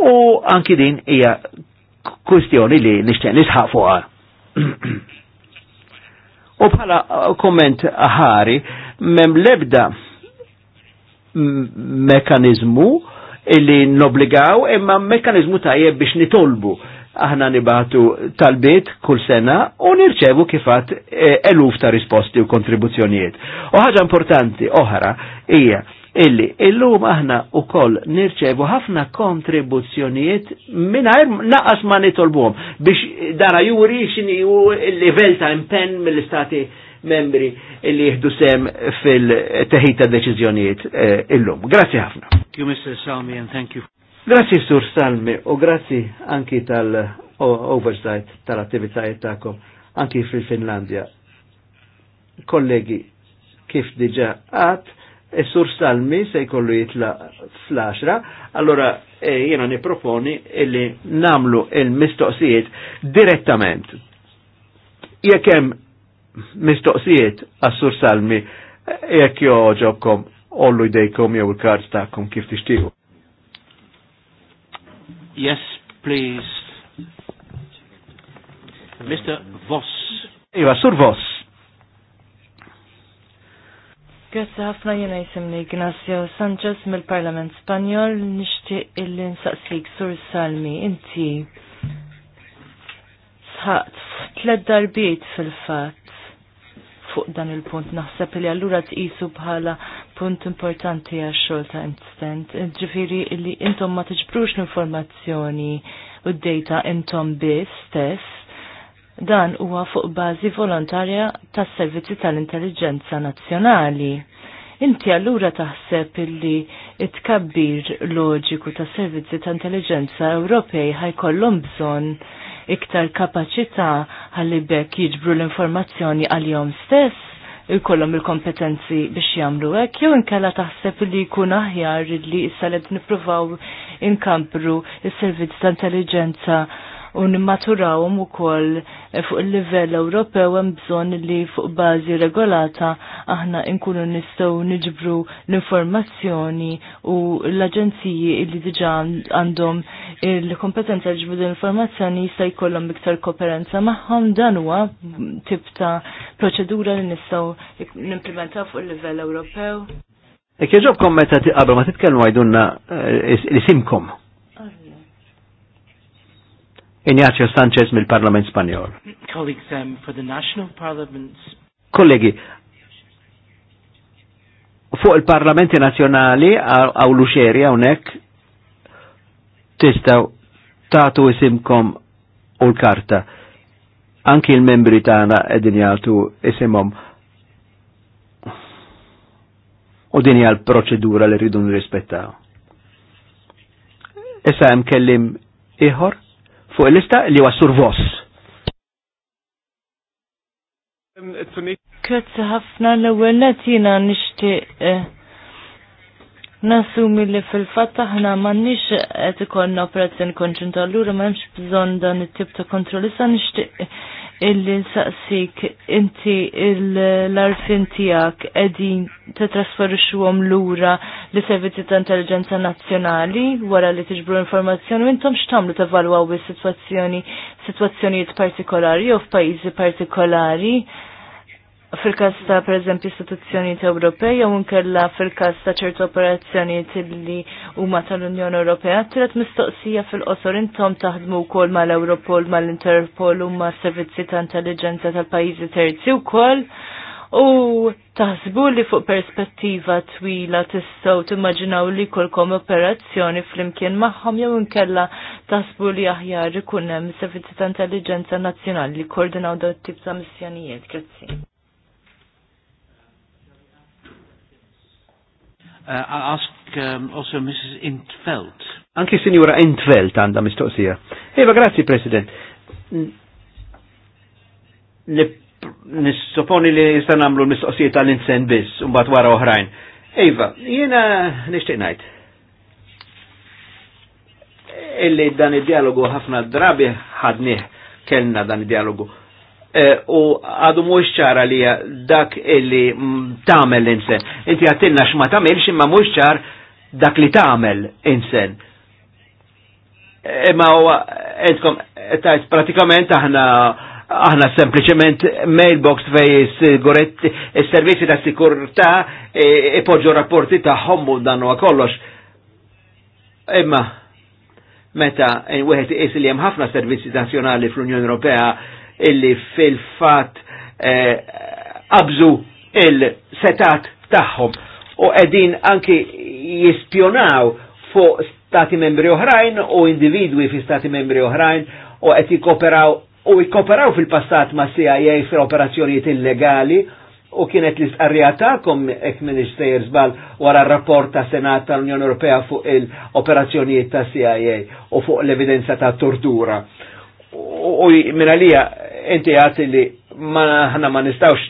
U anki din hija kwistjoni li nixtieq nisħaq fuqha. [CLEARS THROAT] u bħala uh, komment ħari mem lebda mekanizmu illi nobligaw imma mekanizmu tajjeb biex nitolbu aħna nibatu tal-bit kull sena u nirċevu kifat e, eluf ta' risposti u kontribuzzjonijiet. U ħaġa importanti oħra hija illi illum aħna u koll nirċevu ħafna kontribuzzjonijiet minnajr naqas ma nitolbuhom biex dara juri xini u l-level ta' impenn mill-istati membri illi jihdu sem fil-teħita deċizjonijiet e, illum. Grazie ħafna. Thank you, Mr. Salmi, and thank you. Grazzi Sur Salmi u grazzi anki tal-oversight tal-attivitajiet ta'kom anki fil-Finlandja. Kollegi, kif diġa għat, e Sur Salmi se jkollu jitla fl allora e, jena niproponi illi namlu il-mistoqsijiet direttament. Jekem mistoqsijiet għas-Sur Salmi, e jekk joġobkom ollu jdejkom jew il-kards ta'kom kif tixtiequ. Yes, please. Mr. Voss. Iva, Sur Voss. Grazie ħafna jena jisimni Ignacio Sanchez mill-Parlament Spanjol nixtieq illi nsaqsik Sur Salmi, inti sħat tled darbiet fil-fatt fuq dan il-punt. Naħseb li allura tqisu bħala punt importanti għax-xogħol ta' instant. Ġifieri li intom ma tiġbrux l-informazzjoni u d-data intom biss stess. Dan huwa fuq bażi volontarja tas-servizzi tal-intelligenza nazzjonali. Inti allura taħseb illi it-kabbir loġiku ta' servizzi ta' intelligenza Ewropej ħajkollhom bżonn iktar kapacita ħalli bekk jiġbru l-informazzjoni għal-jom stess, il-kollom il-kompetenzi biex jagħmlu hekk, jew inkella taħseb li jkun aħjar li issa qed nippruvaw inkampru il servizz ta' intelligenza u nimaturawhom ukoll fuq il-livell Ewropew hemm bżonn li fuq bażi regolata aħna nkunu nistgħu niġbru l-informazzjoni u l-aġenziji li diġà għandhom il-kompetenza ġbru l-informazzjoni jista' jkollhom iktar koperenza magħhom dan huwa tip ta' proċedura li nistgħu nimplementaw fuq il-livell Ewropew. Ekkieġob kommenta ti qabel ma titkellmu għajdunna eh, isimkom. Ignacio Sanchez mill-Parlament Spanjol. Um, Kollegi, fuq il-parlamenti nazjonali għaw l-uxeri għonek tistaw tatu isimkom u l-karta. Anki il-membri tana edin jgħatu isimom. U din hija l-proċedura li rridu nirrispettaw. Issa hemm kellim ieħor? fuq il-lista li huwa Survos. Grazzi ħafna l-ewwel net jiena nixtieq eh, Nassumi li fil-fatt aħna m'għandniex qed ikollna operazzjoni konċentra allura m'hemmx bżonn dan it-tip ta' kontroll issa nixtieq il nsaqsik inti l-arfin tijak edin tetrasferixu għom l-ura li servizzi ta' intelligenza nazjonali wara li tiġbru informazzjoni intom xtamlu tevalwaw il-situazzjoni situazzjonijiet partikolari u f'pajjiżi partikolari fil-kas ta' per eżempju istituzzjonijiet Ewropej jew inkella fil-kas ta' ċertu operazzjonijiet li huma tal-Unjoni Ewropea, tret mistoqsija fil-qosor intom taħdmu wkoll mal-Europol, mal-Interpol u ma' servizzi ta' intelligenza tal-pajjiżi terzi wkoll. U taħsbu li fuq perspettiva twila tistgħu timmaġinaw li kolkom operazzjoni flimkien magħhom jew inkella taħsbu li aħjar ikun hemm servizzi ta' intelligenza nazzjonali li koordinaw dawn tip ta' missjonijiet. Grazzi. Uh, I'll ask um, also Mrs. Intveld. Anki Signora Intveld għanda mistoqsija. Eva, grazzi, President. Nissoponi li jistan għamlu mistoqsija tal-insen bis, un-bat wara oħrajn. Eva, jena nishtiq najt. Illi dan il dialogu ħafna drabi ħadniħ kellna dan il dialogu Eh, u għadu mux ċara li dak illi tamel l-insen. Inti għattinna xma tamel ximma mux ċar dak li tamel insen. Imma u għedkom, tajt pratikament aħna aħna sempliciment mailbox fej s-servizzi ta' sikurta e, poġġu rapporti ta' hommu dan u kollox. Imma, meta wieħed is li ħafna servizzi nazjonali fl-Unjoni Ewropea illi fil-fat eh, qabżu eh, il-setat tagħhom u qegħdin anki jispjonaw fuq stati membri oħrajn u individwi fi stati membri oħrajn u qed jikoperaw u jikoperaw fil-passat ma' CIA fil-operazzjonijiet illegali u kienet l-istqarrija ta'kom ek minister zbal wara rapport ta' Senat tal-Unjoni Ewropea fuq il-operazzjonijiet ta' CIA u fuq l-evidenza ta' tortura. U minalija inti għat li ma ħana ma nistawx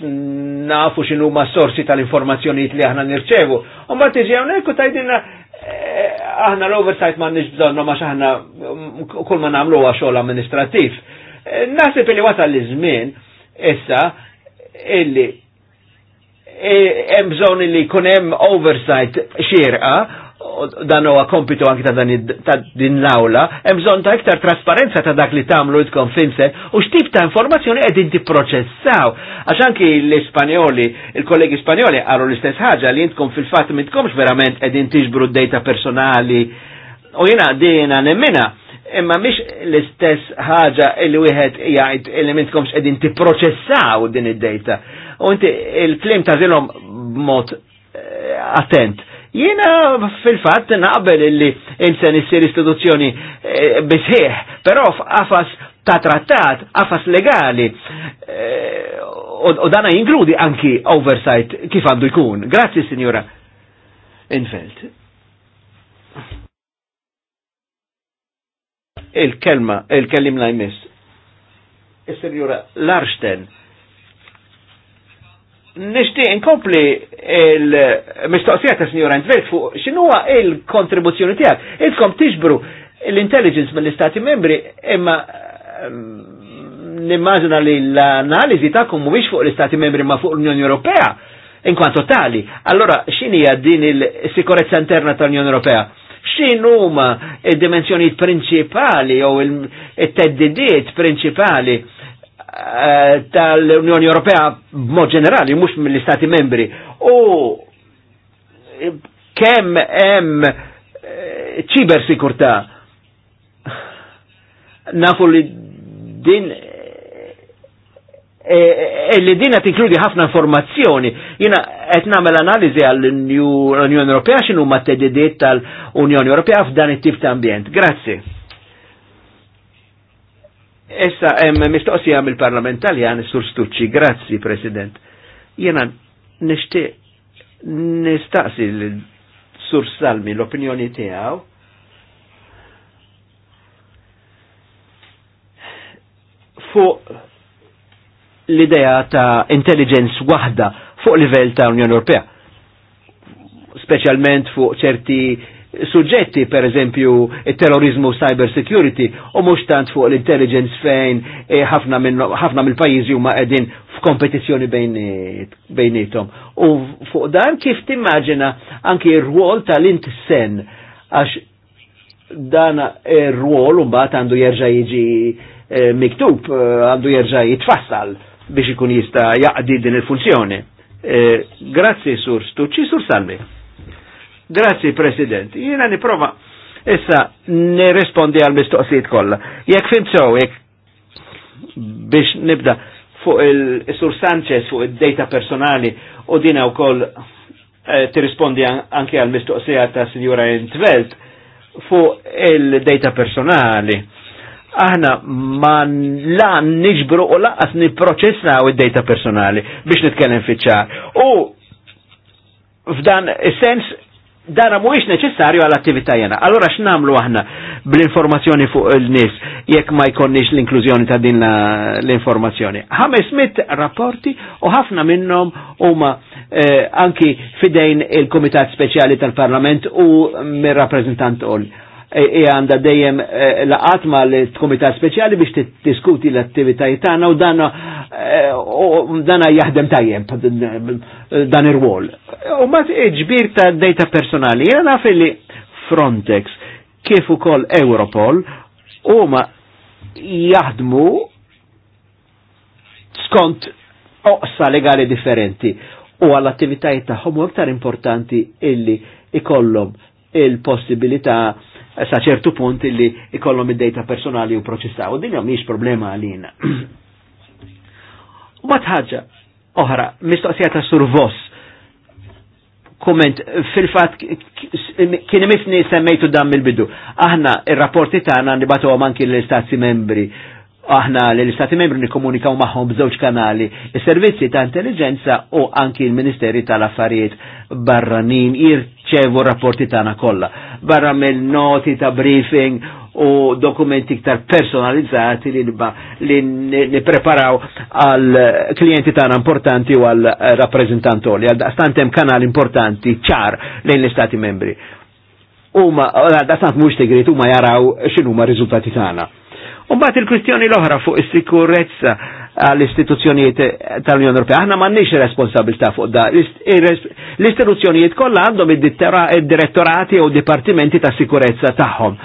nafu xinu ma sorsi tal informazzjoni li ħana nirċevu. U bat iġi għonek u tajdina eh, aħna l-oversight ma nix bżonno ma xaħna mm, kull ma namlu għaxol amministrativ. Eh, Nasib li għata li zmin, issa, illi eh, hemm bżonn li jkun hemm oversight xierqa dan huwa kompitu anki ta' din l-awla, hemm bżonn ta' iktar trasparenza ta' dak li tagħmlu jitkom finse u x'tip ta' informazzjoni qegħdin tipproċessaw. Għax anki l-Ispanjoli, il-kollegi Spanjoli għarru l-istess ħaġa li intkom fil-fatt mitkomx verament qegħdin tiġbru d-dejta personali u jiena dina nemmina imma mhix l-istess ħaġa li wieħed jgħid li mintkomx qegħdin proċessaw din id-dejta. U inti il-klim ta' zilhom b'mod eh, attent jina fil fat naqbel illi insen issir istituzzjoni eh, bisħieħ, però f'qafas ta' trattat, qafas legali, eh, u dana jingrudi anki oversight kif għandu jkun. Grazzi, signora Infeld. Il-kelma, il-kellim la jmiss. Il-signora Larsten nishtiq inkompli il-mistoqsija ta' Signor Antwerp fuq xinuwa il-kontribuzzjoni tijak. Idkom tiġbru l-intelligence mill-istati membri imma mm, nimmaġina li l-analizi kum mwix fuq l-istati membri ma fuq l-Unjoni Ewropea in kwanto tali. Allora x'inhija din il-sikurezza interna tal-Unjoni Ewropea? xin huma id-dimensjonijiet prinċipali jew it-teddidiet principali. Eh, tal-Unjoni Ewropea b'mod ġenerali, mhux mill-Istati membri. U kemm hemm eh, ċiber sikurtà nafu li din e, e li dina tinkludi ħafna informazzjoni. Jina qed nagħmel analiżi għall-Unjoni Ewropea x'inhu ma' tedidiet tal-Unjoni Ewropea f'dan it-tip ta' ambjent. Grazzi. Essa hemm mistoqsija mill-Parlament Taljan sur Stucci, grazzi President. Jena nixtieq nistaqsi sur Salmi l-opinjoni tiegħu. Fuq l-idea ta' intelligence waħda fuq livell ta' Unjoni Ewropea. Speċjalment fuq ċerti suġġetti, per eżempju, terrorizmu cyber security, u mux tant fuq l-intelligence fejn eh, ħafna e, mill-pajizi huma qegħdin f'kompetizzjoni bejnietom. U fuq dan kif timmaġina anki r wol tal-intsen, għax dan r-rwol mbagħad għandu jerġa' jiġi e, miktub, eh, għandu jerġa' jitfassal biex ikun jista' jaqdi din il-funzjoni. E, Grazzi sur Stucci, sur Salmi. Grazzi, President. Jena niprofa issa nirrespondi għal mistoqsijiet kollha. Jekk fim sew, jekk biex nibda fuq il-Sur Sanchez fuq id-data personali u dina wkoll eh, tirrispondi anke għal mistoqsija ta' Sinjura Intvelt fuq il-data personali. Aħna ma la niġbru u laqas niproċessaw id-data personali biex nitkellem fiċ U f'dan is-sens dara mhuwiex neċessarju għall attivita jena. Allora x'namlu aħna bl-informazzjoni fuq il-nies jekk ma jkollniex l-inklużjoni ta' din l-informazzjoni. 500 rapporti u ħafna minnhom huma eh, anki fidejn il-Kumitat Speċjali tal-Parlament u mir-rappreżentant Olli hija e għandha dejjem e, laqat mal-Kumitat Speċjali biex tiddiskuti l-attivitajiet tagħna u dan e, dana jaħdem tajjeb dan ir-wol. U mat ġbir ta' data personali, jena naf li Frontex kif ukoll Europol huma jaħdmu skont oqsa legali differenti u għall-attivitajiet tagħhom aktar importanti illi ikollhom il-possibilità il possibilità sa ċertu punt li ikollom id-data personali u proċessaw. Din miex problema għalina. U bat [CLEARS THROAT] ħaġa oħra, mistoqsija ta' survos. Komment, fil-fat kien mifni semmejtu dan mill-bidu. Aħna ir-rapporti tagħna nibatu anki l-istati membri aħna l-Istati membri nikkomunikaw maħom b'żewġ kanali, is-servizzi ta' intelligenza u anki l-Ministeri tal-Affarijiet barranin ċevu rapporti tana kolla. Barra mill noti ta' briefing u dokumenti iktar personalizzati li, li nipreparaw għal klienti tana importanti u għal rappresentantoli. Għal stantem kanal importanti ċar lejn l-Istati membri. Uma, da stant mux segret, huma jaraw xinu ma rizultati tana. Un bat il-kwistjoni l-oħra fuq is-sikurezza. il-kwistjoni l-oħra fuq is-sikurezza għall-istituzzjonijiet tal-Unjoni Ewropea. Aħna m'għandniex responsabilità fuq da. L-istituzzjonijiet kollha għandhom id-direttorati u dipartimenti ta' sikurezza tagħhom.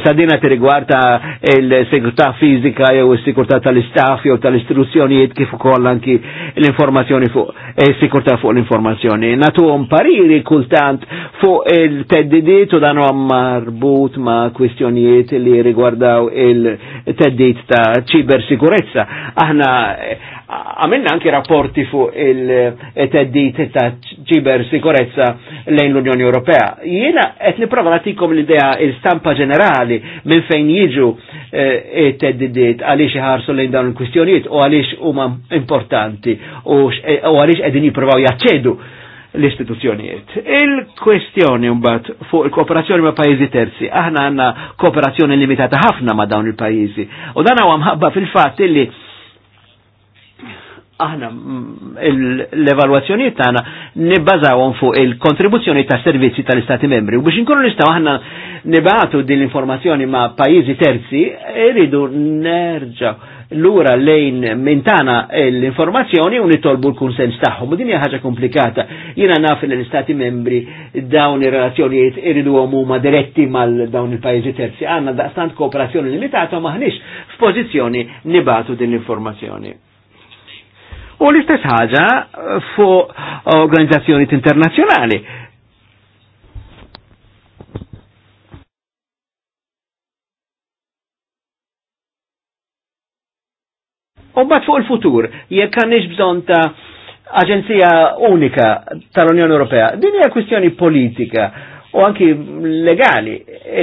Sadina ti tirigwarta il-sigurtà fizika jew is-sigurtà tal-istaff jew tal-istruzzjonijiet kif ukoll anki l-informazzjoni fuq is-sigurtà eh, fuq l-informazzjoni. Natuhom pariri kultant fuq il-teddidiet u dan huwa marbut ma' kwistjonijiet li rigwardaw il-teddid ta' ċibersikurezza. Aħna Għamilna anki rapporti fuq il-teddit ta' ċiber sikurezza lejn l-Unjoni Ewropea. Jiena qed nipprova nagħtikom l-idea il-stampa ġenerali minn fejn jiġu eh, it-teddidiet għaliex iħarsu lejn dawn il-kwistjonijiet u għaliex huma importanti eh, u għaliex qegħdin jippruvaw jaċċedu l-istituzzjonijiet. Il-kwestjoni mbagħad fuq il-kooperazzjoni ma' pajjiżi terzi, aħna għandna kooperazzjoni limitata ħafna ma' dawn il-pajjiżi. U dan huwa mħabba fil-fatt illi aħna mm, l-evalwazzjonijiet tagħna nibbażawhom fuq il-kontribuzzjoni ta' servizzi tal-Istati membri u biex inkunu nistgħu aħna nibatu din l-informazzjoni ma' pajjiżi terzi iridu nerġa' lura lejn mintana l-informazzjoni u nitolbu l-kunsens tagħhom. U din hija ħaġa komplikata. Jiena naf l-Istati membri dawn ir-relazzjonijiet iridu huma diretti mal dawn il-pajjiżi terzi. Għandna daqstant kooperazzjoni limitata ma ħniex f'pożizzjoni nibatu din l-informazzjoni. U l-istess ħaġa fuq organizzazzjoni internazzjonali. U bat fuq il-futur, jekk għandix bżonn ta' aġenzija unika tal-Unjoni Ewropea, din hija kwistjoni politika u anki legali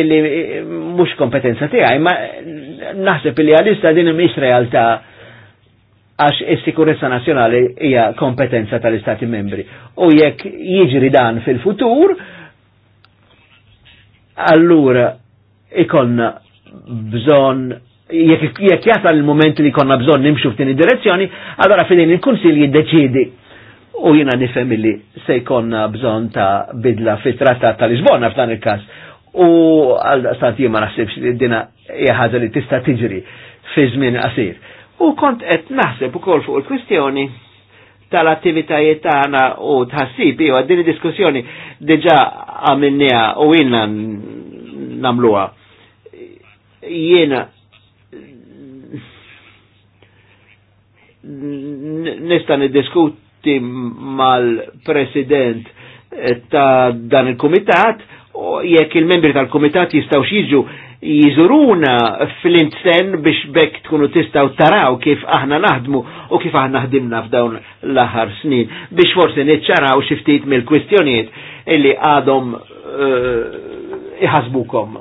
li mhux kompetenza tiegħi, ma naħseb li għalista din mhix realtà għax is-sikurezza nazzjonali hija kompetenza tal-Istati membri. U jekk jiġri dan fil-futur, allura ikonna bżon jekk jek jasal il-moment li konna bżon nimxu f'din id-direzzjoni, allora fidin il-Kunsil jiddeċidi u jina nifhem li se jkonna bżon ta' bidla fit-trattat tal-Lisbona f'dan il-każ. U għal stat ma naħsibx li dina hija li tista' tiġri fi żmien qasir U kont qed naħseb ukoll fuq il-kwistjoni tal-attivitajiet tagħna u tħassib jew din id diskussjoni diġà għamilniha u jiena nagħmluha. Jiena nista' niddiskuti mal-president ta' dan il-kumitat jekk il-membri tal-kumitat jistgħu jiġu jizuruna fl-intsen biex bekk tkunu tistaw taraw kif aħna naħdmu u kif aħna ħdimna f'dawn l-aħħar snin biex forsi niċċaraw xi ftit mill-kwistjonijiet illi għadhom eh, iħasbukom.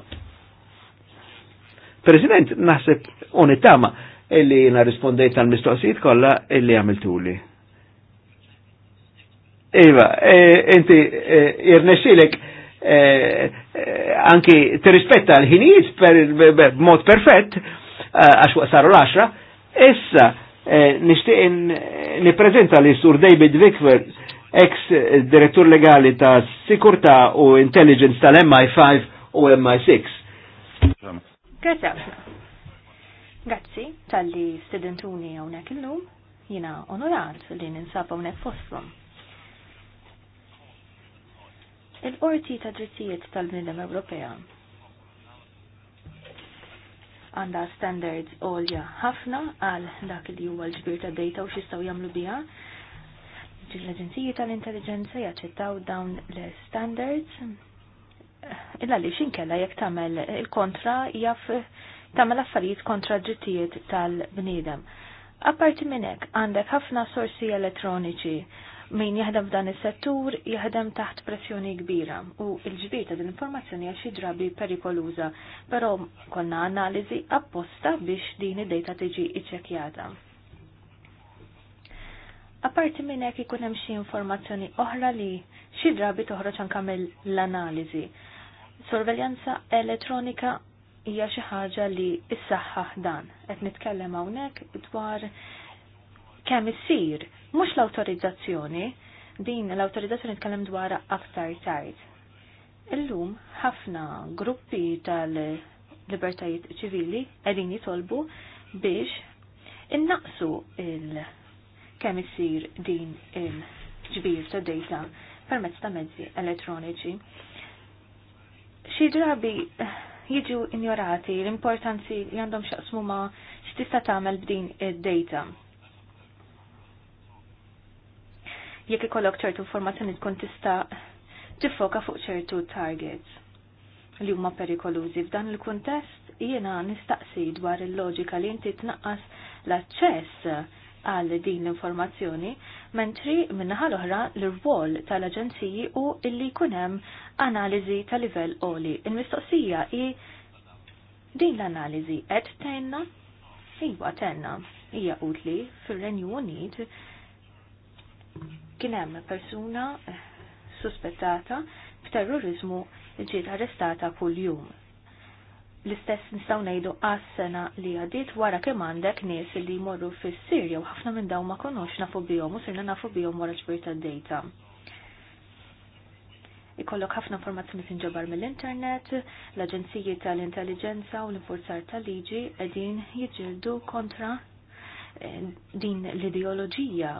President, naħseb unitama illi jina rispondejt tal mistoqsijiet kolla illi għamiltuli. Iva, eh, inti eh, irnexilek Eh, anki rispetta l-ħinijiet per, mod perfett eh, għax saru l axra issa eh, nishtiq niprezenta li sur David Vickford, ex direttur legali ta' Sikurta u Intelligence tal-MI5 u MI6. Grazie Grazzi tal-li studentuni għonek il-lum, jina onorat li ninsab għonek fosfum. Il-Qorti ta' Drittijiet tal-Bnidem Ewropea għandha standards għolja ħafna għal dak li huwa l-ġbir ta' data u xistaw jagħmlu biha. L-Aġenziji tal-Intelligenza jaċċettaw dawn l-standards illa li xinkella jekk tagħmel il-kontra jaff tagħmel affarijiet kontra drittijiet tal-bniedem. Apparti minn hekk għandek ħafna sorsi elettroniċi min jaħdem f'dan is-settur jaħdem taħt pressjoni kbira u l-ġbir ta' din informazzjoni għal xi drabi perikoluża, però konna analiżi apposta biex din id-dejta tiġi iċċekkjata. Apparti minn hekk ikun hemm xi informazzjoni oħra li xi drabi toħroġ anke l analiżi Sorveljanza elettronika hija xi ħaġa li issaħħaħ dan. Qed nitkellem hawnhekk dwar kemm isir Mhux l-awtorizzazzjoni, din l-awtorizzazzjoni tkellem dwar aktar tard. Illum ħafna gruppi tal-libertajiet ċivili qegħdin jitolbu biex innaqsu il kemm isir din il-ġbir ta' data permezz ta' mezzi elettroniċi. Xi drabi jiġu ignorati l-importanzi li għandhom xaqsmu ma' x'tista' tagħmel b'din id-data jekk ikollok ċertu informazzjoni tkun tista' tiffoka fuq ċertu targets li huma perikolużi. F'dan il-kuntest jiena nistaqsi dwar il-loġika li inti tnaqqas l-aċċess għal din l-informazzjoni, mentri minnaħa l-oħra l-rwol tal-aġenziji u illi kunem analizi ta' livell oli. Il-mistoqsija i din l-analizi qed tenna? Iwa tenna, hija utli fir-Renju Unit kien hemm persuna eh, suspettata b'terrorizmu ġiet arrestata kuljum. L-istess nistgħu ngħidu għas-sena li għadiet wara kemm għandek nies li jmorru fis-Sirja u ħafna minn dawn ma konnox nafu bihom u sirna nafu bihom wara ġbir tad-dejta. Ikollok ħafna informazzjoni tinġabar mill-internet, l-aġenziji tal-intelligenza u l-infurzar tal-liġi qegħdin jiġġieldu kontra eh, din l-ideoloġija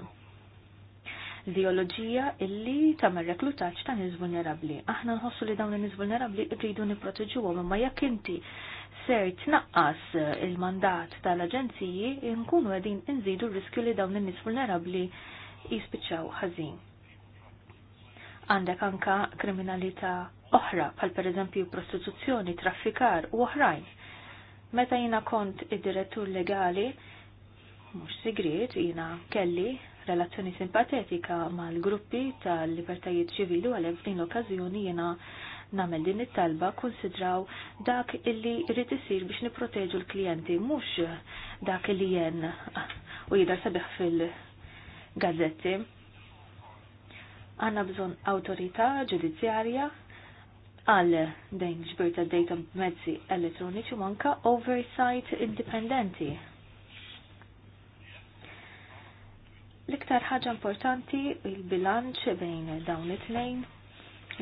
ideoloġija illi tagħmel reklutaċ ta' nies vulnerabli. Aħna nħossu li dawn niz vulnerabli vulnerabbli rridu nipproteġuhom imma jekk inti ser tnaqqas il-mandat tal-aġenziji nkunu qegħdin inżidu r-riskju li dawn in-nies vulnerabbli jispiċċaw ħażin. Għandek anka kriminalità oħra, bħal pereżempju prostituzzjoni, traffikar u oħrajn. Meta jina kont id-direttur legali, mux sigrit, jina kelli relazzjoni simpatetika mal-gruppi tal-libertajiet ċivili għalem f'din l-okkażjoni jiena nagħmel din it-talba konsidraw dak illi rrid isir biex nipproteġu l-klijenti mhux dak illi jen u jidher sabiħ fil-gazzetti. Għanna bżon autorità ġudizzjarja għal dejn ġbirta ta' data mezzi elettroniċi manka oversight indipendenti L-iktar ħaġa importanti il-bilanċ bejn dawn it-tnejn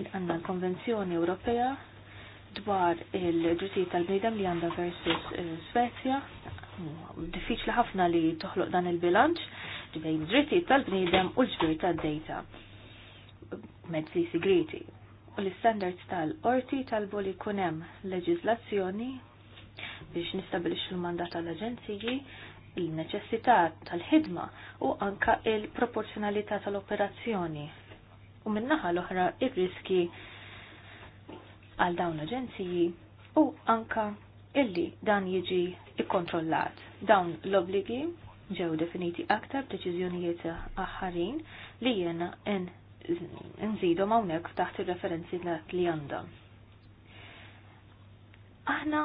għandna l-Konvenzjoni Ewropea dwar il-ġusijiet tal-bnidem li għandha versus eh, Svezja. Diffiċli ħafna li toħloq dan il-bilanċ bejn id-drittijiet tal-bnidem u l-ġbir tad-dejta mezzi sigriti. U l-standards tal-orti talbu li kunem leġizlazzjoni biex nistabilix l-mandat tal-aġenziji il-neċessità tal-ħidma u anka il-proporzjonalità tal-operazzjoni. U minnaħa l-oħra il riski għal dawn l-aġenziji u anka illi dan jiġi ikkontrollat. Dawn l-obligi ġew definiti aktar deċiżjonijiet aħħarin li jena nżidu hawnhekk taħt ir-referenzi li għandha. Aħna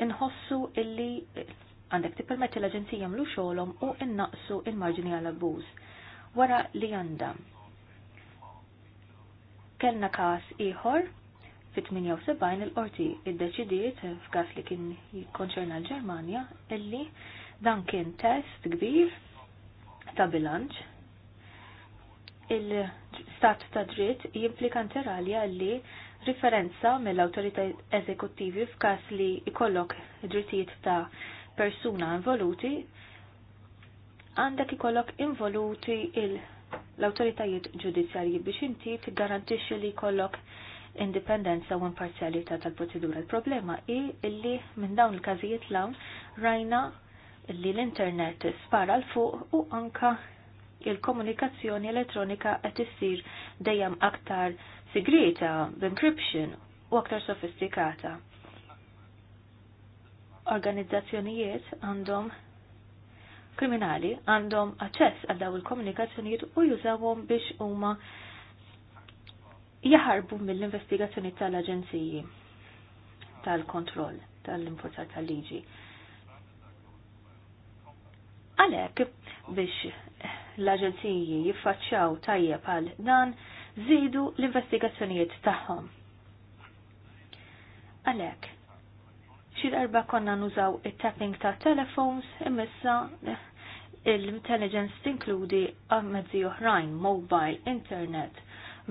nħossu illi għandek tippermetti l-Aġenzija jagħmlu xogħolhom u innaqsu il-marġini għal abbuż. Wara li għandha. Kellna każ ieħor fit-78 il-qorti iddeċidiet f'każ li kien jikkonċerna l-Ġermanja illi dan kien test kbir ta' bilanċ il-stat ta' dritt jimplika interalja li riferenza mill autorita eżekuttivi f'każ li jkollok drittijiet ta' persuna involuti, għandek ikollok involuti l-autoritajiet ġudizzjarji biex inti tiggarantixxi li jkollok indipendenza u imparzjalità tal procedura Il-problema hi illi minn dawn il-każijiet lawn rajna li l-internet spara l fuq u anka il-komunikazzjoni elettronika qed issir dejjem aktar sigrita b'encryption u aktar sofistikata organizzazzjonijiet għandhom kriminali għandhom aċċess għal daw il-komunikazzjonijiet u jużawhom biex huma jaħarbu mill-investigazzjoni tal-aġenziji tal-kontroll tal-importar tal-liġi. Għalek, biex l-aġenziji jiffaċċaw tajjeb għal dan, zidu l-investigazzjonijiet tagħhom. Għalek, Xi darba konna nużaw it-tapping ta' telephones imissa eh, l-intelligence tinkludi mezzi oħrajn, mobile, internet,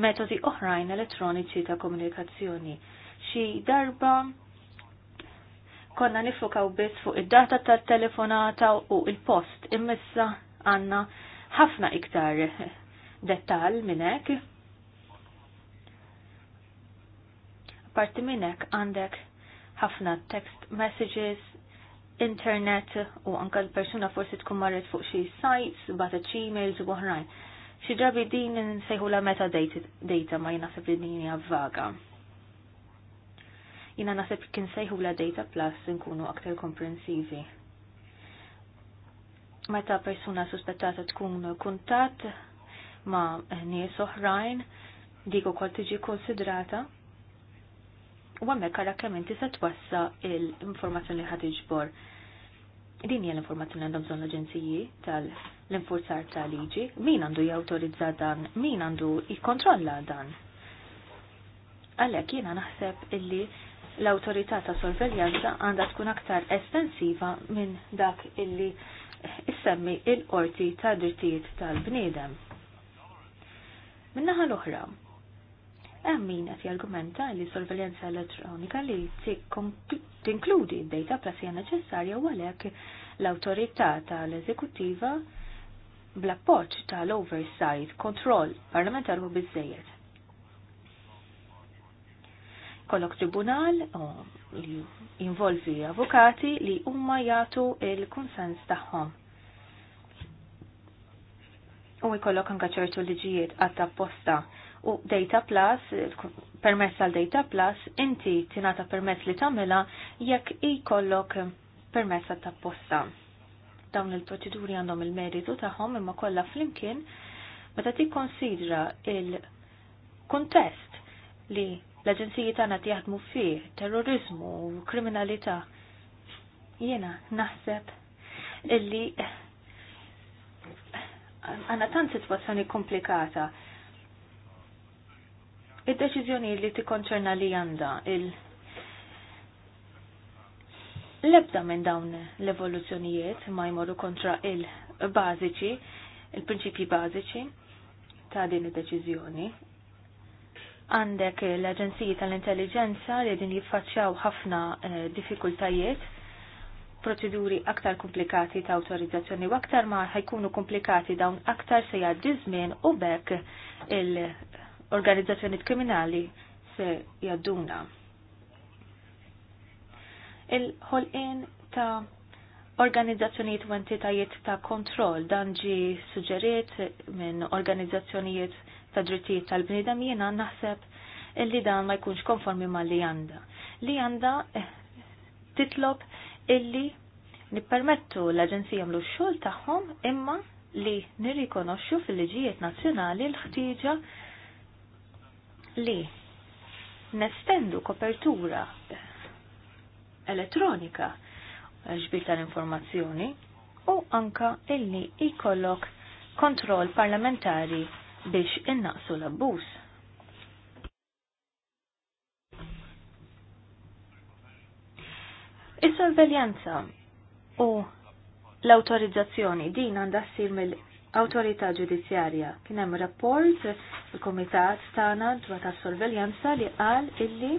metodi oħrajn elettroniċi ta' komunikazzjoni. Xi darba konna nifokaw biss fuq id-data tal-telefonata u il-post imissa għanna ħafna iktar dettal minn hekk. Parti minn hekk għandek ħafna text messages, internet u anka l-persuna forsi tkun marret fuq xi sites, bata emails u oħrajn. Xi drabi din nsejħu la data ma jnaħseb li din hija vaga. Jina naħseb kien sejħu la data plus nkunu aktar komprensivi. Meta persuna suspettata tkun kuntat ma' nies oħrajn, dik ukoll tiġi konsidrata u għamek għara kemm inti se twassa l-informazzjoni li ħad iġbor. Din hija l-informazzjoni għandhom bżonn l-aġenziji tal-infurzar tal-liġi, min għandu jawtorizza dan, min għandu jikkontrolla dan. Għalhekk jiena naħseb illi l-autorità ta' sorveljanza għandha tkun aktar estensiva minn dak illi issemmi il-qorti ta' drittijiet tal-bniedem. Minnaħa l-oħra, hemm min qed jargumenta li s sorveljanza elettronika li tinkludi d-data prasija neċessarja u għalhekk l-awtorità tal-eżekuttiva bl-appoġġ tal-oversight kontroll parlamentar u biżejjed. Kollok tribunal li involvi avukati li huma jagħtu il-kunsens tagħhom u jkollok anka ċertu liġijiet għatta apposta u Data Plus, permess għal Data Plus, inti tinata permess li tamela jekk ikollok permessa ta' posta. Dawn il-proċeduri għandhom il-meritu tagħhom imma kollha flimkien meta konsidra il kontest li l-aġenziji tagħna jaħdmu fih terrorizmu u kriminalità. Jiena naħseb illi għandna tant sitwazzjoni komplikata il deċiżjoni li tikkonċerna li għandha il- Lebda minn dawn l-evoluzzjonijiet ma jmorru kontra il-bażiċi, il-prinċipji bażiċi ta' din id-deċiżjoni. Għandek l-Aġenziji tal-Intelligenza li din jiffaċċjaw ħafna eh, diffikultajiet proċeduri aktar komplikati ta' autorizzazzjoni u aktar ma ħajkunu komplikati dawn aktar se jgħaddi żmien u bekk organizzazzjoni kriminali se jadduna. Il-ħolqien ta' organizzazzjonijiet u entitajiet ta' kontroll dan ġi suġġeriet minn organizzazzjonijiet ta' drittijiet tal-bnidem jiena naħseb illi dan ma jkunx konformi ma' li għanda. Li għanda eh, titlob illi nippermettu l-Aġenzija mlu xogħol tagħhom imma li nirrikonoxxu fil-liġijiet nazzjonali l-ħtieġa li nestendu kopertura elettronika ġbir tal-informazzjoni u anka illi ikollok kontroll parlamentari biex innaqsu l-abbuż. Is-sorveljanza u l-autorizzazzjoni din għandha ssir mill Autorità ġudizzjarja kien hemm rapport il-Kumitat tagħna dwar tas-sorveljanza li qal illi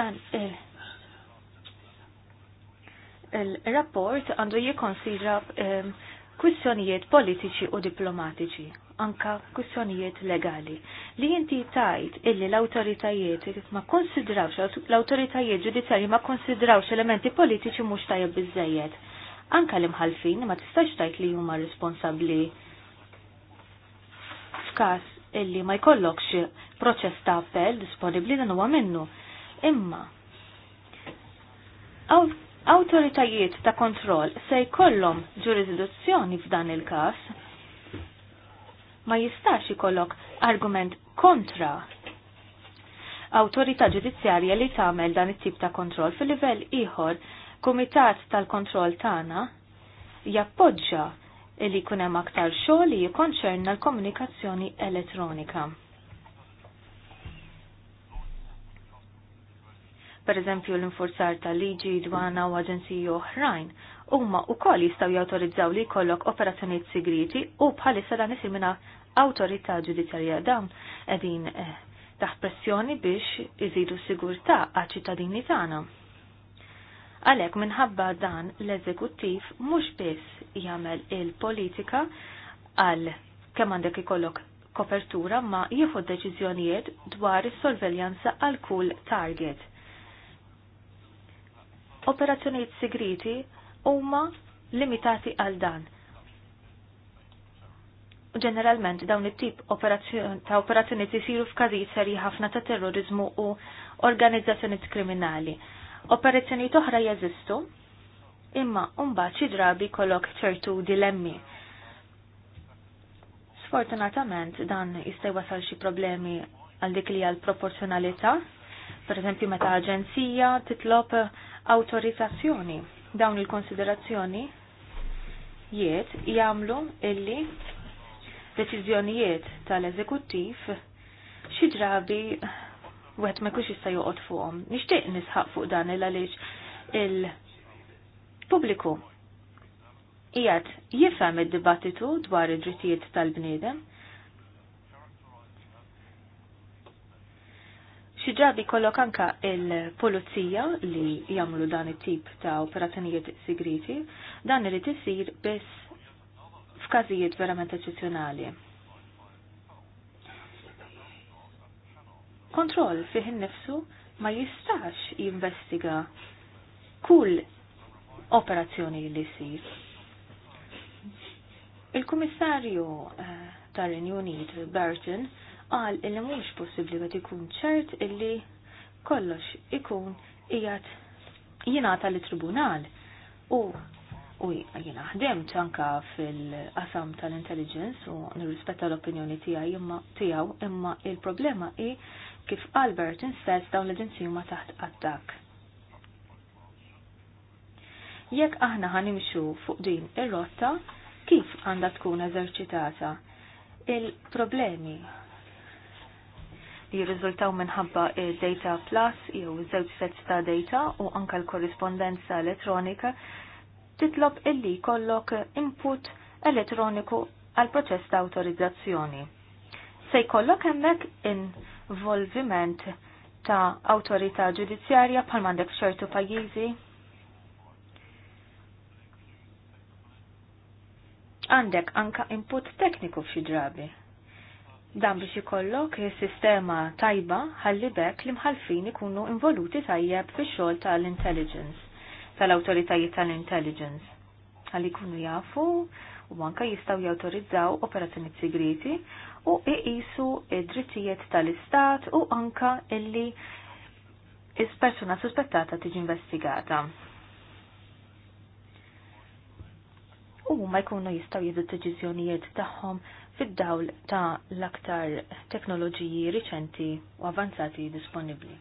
dan il- il-rapport għandu jikonsidra ehm, kwistjonijiet politiċi u diplomatiċi, anka kwistjonijiet legali. Li jinti tajt illi l-autoritajiet ma konsidrawx, l-autoritajiet ġudizzjarji ma konsidrawx elementi politiċi mux tajab bizzejiet anka l-imħalfin ma tistax tajt li huma responsabbli f'każ illi ma jkollokx proċess ta' appell disponibbli dan huwa minnu. Imma awtoritajiet ta' kontroll se jkollhom ġurisdizzjoni f'dan il-każ ma jistax ikollok argument kontra autorità ġudizzjarja li tagħmel dan it-tip ta' kontroll fil-livell ieħor il-Kumitat tal-Kontroll tagħna jappoġġa li jkun hemm aktar xogħol li jikkonċerna l-komunikazzjoni elettronika. Per eżempju l-infurzar tal-liġi dwana u aġenziji oħrajn huma wkoll jistgħu jawtorizzaw li jkollok operazzjonijiet sigriti u bħalissa dan isir minn awtorità ġudizzjarja dawn qegħdin eh, taħt pressjoni biex iżidu s sigurtà għal ċittadini tagħna. Għalhekk minħabba dan l-eżekuttiv mhux biss jagħmel il-politika għal kemm għandek ikollok kopertura ma jieħu deċiżjonijiet dwar is-sorveljanza għal kull target. Operazzjonijiet segreti huma limitati għal dan. Ġeneralment dawn it-tip ta' operazzjonijiet isiru f'każijiet serji ħafna ta' terrorizmu u organizzazzjonijiet kriminali. Operazzjonijiet oħra jeżistu, imma mbagħad xi drabi kolok ċertu dilemmi. Sfortunatament dan jista' wasal xi problemi għal dik li għal proporzjonalità, per eżempju meta aġenzija titlob autorizzazzjoni dawn il-konsiderazzjoni jiet jagħmlu illi deċiżjonijiet tal-eżekuttiv xi drabi u għet ma kux jista' joqgħod fuqhom. Nixtieq nisħaq fuq dan il għalix il-pubbliku qiegħed jifhem id-dibattitu dwar id-drittijiet tal-bniedem. Xi drabi kollok anka il-pulizija li jagħmlu dan it-tip ta' operazzjonijiet sigriti, dan irid isir biss f'każijiet verament eċċezzjonali kontroll fih innifsu ma jistax jinvestiga kull operazzjoni li jsir. Il-Kummissarju eh, tar-Renju Unit Burton qal li mhux possibbli qed ikun ċert illi kollox ikun ijat jingħata li tribunal u u jiena ħdemt anka fil-qasam tal-intelligence u nirrispetta l-opinjoni tijaw imma tiegħu imma il-problema hi Kif Albert instess dawn l-ġinsi taħt attak. Jekk aħna ħanimxu fuq din ir-rotta, kif għandha tkun eżerċitata? Il-problemi li jirriżultaw minħabba data plus jew żewġ sets ta' data u anka l-korrispondenza elettronika titlob illi kollok input elettroniku għal proċess ta' autorizzazzjoni se jkollok hemmhekk involviment ta' awtorità ġudizzjarja bħal m'għandek xertu pajjiżi. Għandek anka input tekniku f'xi drabi. Dan biex ikollok sistema tajba ħalli bekk li mħalfin ikunu involuti tajjeb fix-xogħol tal-intelligence, tal-awtoritajiet tal-intelligence. Għalli jkunu jafu u anka jistaw jawtorizzaw operazzjoni segreti u iqisu id-drittijiet tal-istat u anka illi is-persuna suspettata tiġi investigata. U ma jkunu jistaw jiedu deċizjonijiet tagħhom fid-dawl ta' l-aktar teknoloġiji riċenti u avanzati disponibbli.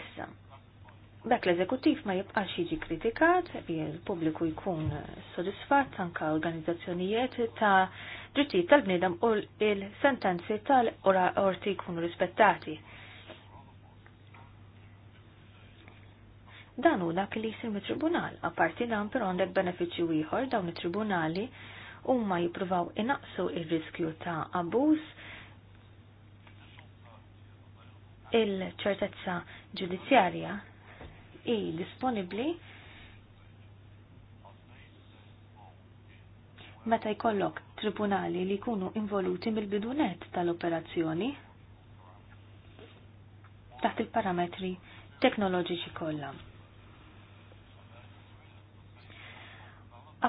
Issa, dak l-eżekutiv ma jibqax jiġi kritikat, il-pubbliku jkun sodisfatt anka organizzazzjonijiet ta' drittijiet tal-bniedem u il-sentenzi tal-orti jkunu rispettati. Dan u dak li jisim mit-tribunal, apparti dan per għandek benefiċi ieħor dawn it-tribunali huma jippruvaw inaqsu ir-riskju ta' abuż il-ċertezza ġudizzjarja i disponibli meta jkollok tribunali li jkunu involuti mill-bidunet tal-operazzjoni taħt il-parametri teknoloġiċi kollha.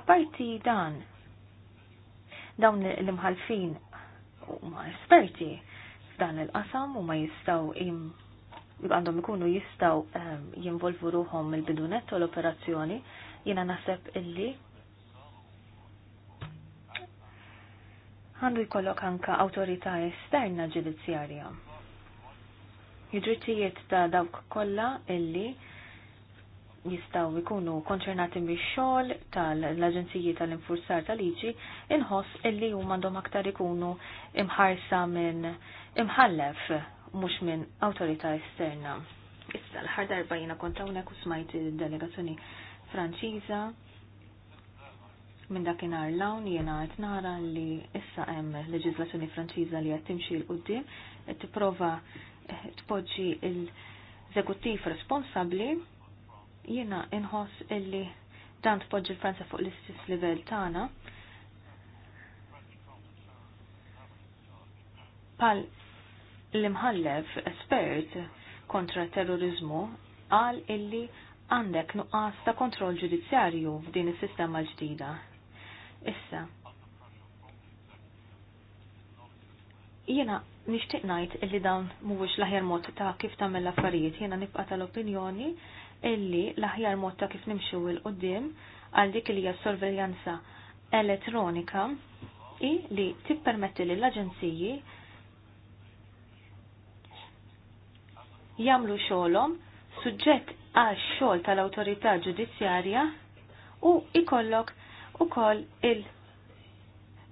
Aparti dan, dawn l-imħalfin huma esperti f'dan il-qasam u ma jistgħu im għandhom ikunu jistaw ehm, jinvolvu ruħom il bidunet u l-operazzjoni, jina naħseb illi għandu jkollok anka autorita esterna ġudizzjarja. Id-drittijiet ta' dawk kollha illi jistaw ikunu konċernati biex xogħol tal-Aġenziji tal-Infurzar tal-Liġi inħoss illi huma għandhom aktar ikunu imħarsa minn imħallef mhux minn awtorità esterna. Issa l-ħar darba jina konta unek u smajt il-delegazzjoni Franċiża minn dakinhar l-hawn jiena qed nara li issa hemm leġiżlazzjoni Franċiża li qed timxi l t qed tipprova eh, tpoġġi l-eżekuttiv responsabbli jiena inħoss illi dan tpoġġi l-Franza fuq l-istess livell tagħna. Pal L-imħallef espert kontra terrorizmu qal illi għandek nuqqas ta' kontroll ġudizzjarju f'din is-sistema l-ġdida. Issa. Jiena nixtieq ngħid illi dawn mhuwiex l-aħjar mod ta' kif tagħmel l-affarijiet, jiena nibqa' tal-opinjoni illi l-aħjar mod ta' kif nimxu il qudiem għal dik li hija sorveljanza elettronika i li tippermetti lill-aġenziji jagħmlu xolom suġġett għax xogħol tal autorità ġudizzjarja u ikollok ukoll il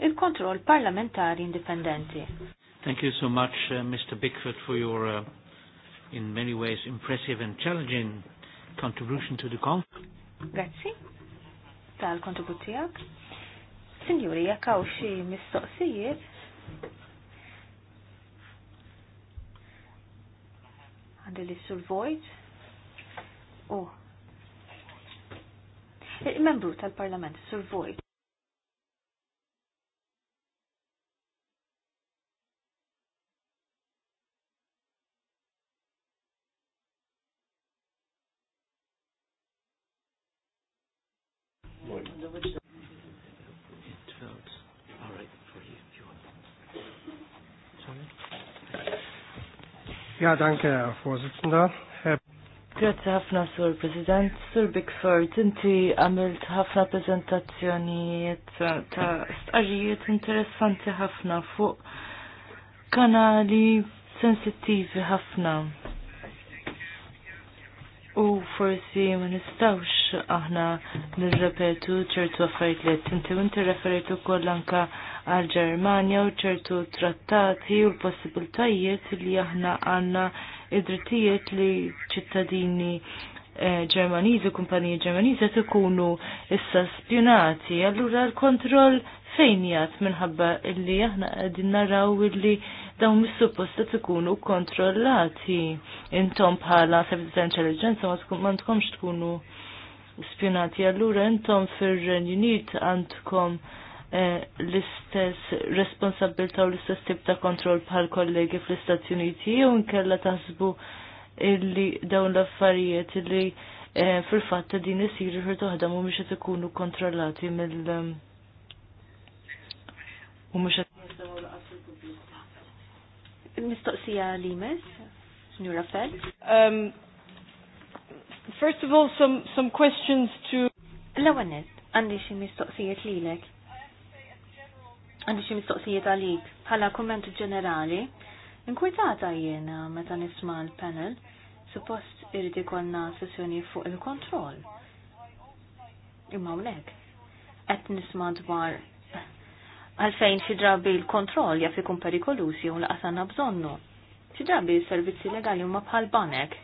il-kontroll parlamentari indipendenti. Thank you so much, uh, Mr. Bickford, for your, uh, in many ways, impressive and challenging contribution to the conference. Grazzi tal-kontributijak. Signori, jakaw xie mistoqsijiet, għandi li sul-vojt. U. il Membru tal-parlament, sul-vojt. Ja, danke, Herr Vorsitzender. Grazie ħafna, Sur President. Sur Bigford, inti għamilt ħafna prezentazzjonijiet ta' staġijiet interessanti ħafna fuq kanali sensittivi ħafna. U forsi ma nistawx aħna nirrepetu ċertu affarijiet li tinti inti referejtu wkoll anke għal Ġermanja u ċertu trattati u l-possibiltajiet li aħna għandna id-drittijiet li ċittadini eh, Ġermaniżi, u kumpaniji Ġermaniżi qed ikunu issa spjunati. Allura l-kontroll fejn jgħat minħabba illi aħna qegħdin naraw illi dawn mis-suppost qed ikunu kontrollati intom bħala Service intelligenza ma tkunx tkunu spjonati. Allura intom fir ren Unit għandkom eh, l-istess responsabilta u l-istess tip ta' kontroll bħal kollegi fl-Istati Uniti u nkella taħsbu illi dawn l-affarijiet illi eh, fil-fatt ta' din isir ħir toħda u mhux qed ikunu kontrollati mill- u eh, mhux qed Il-mistoqsija li mes, Signora Fell. Um, First of all, some, some questions to... L-għanet, għandi xie mistoqsijiet lilek. Għandi xie mistoqsijiet għalik, bħala kommentu ġenerali. Inkwitata jiena meta nisma l-panel, suppost irriti konna sessjoni fuq il-kontroll. Imma unek, għet nisma dwar għalfejn xi drabi l-kontroll jaf ikun perikolusi u l-qasana bżonnu. Si drabi s-servizzi legali huma bħal banek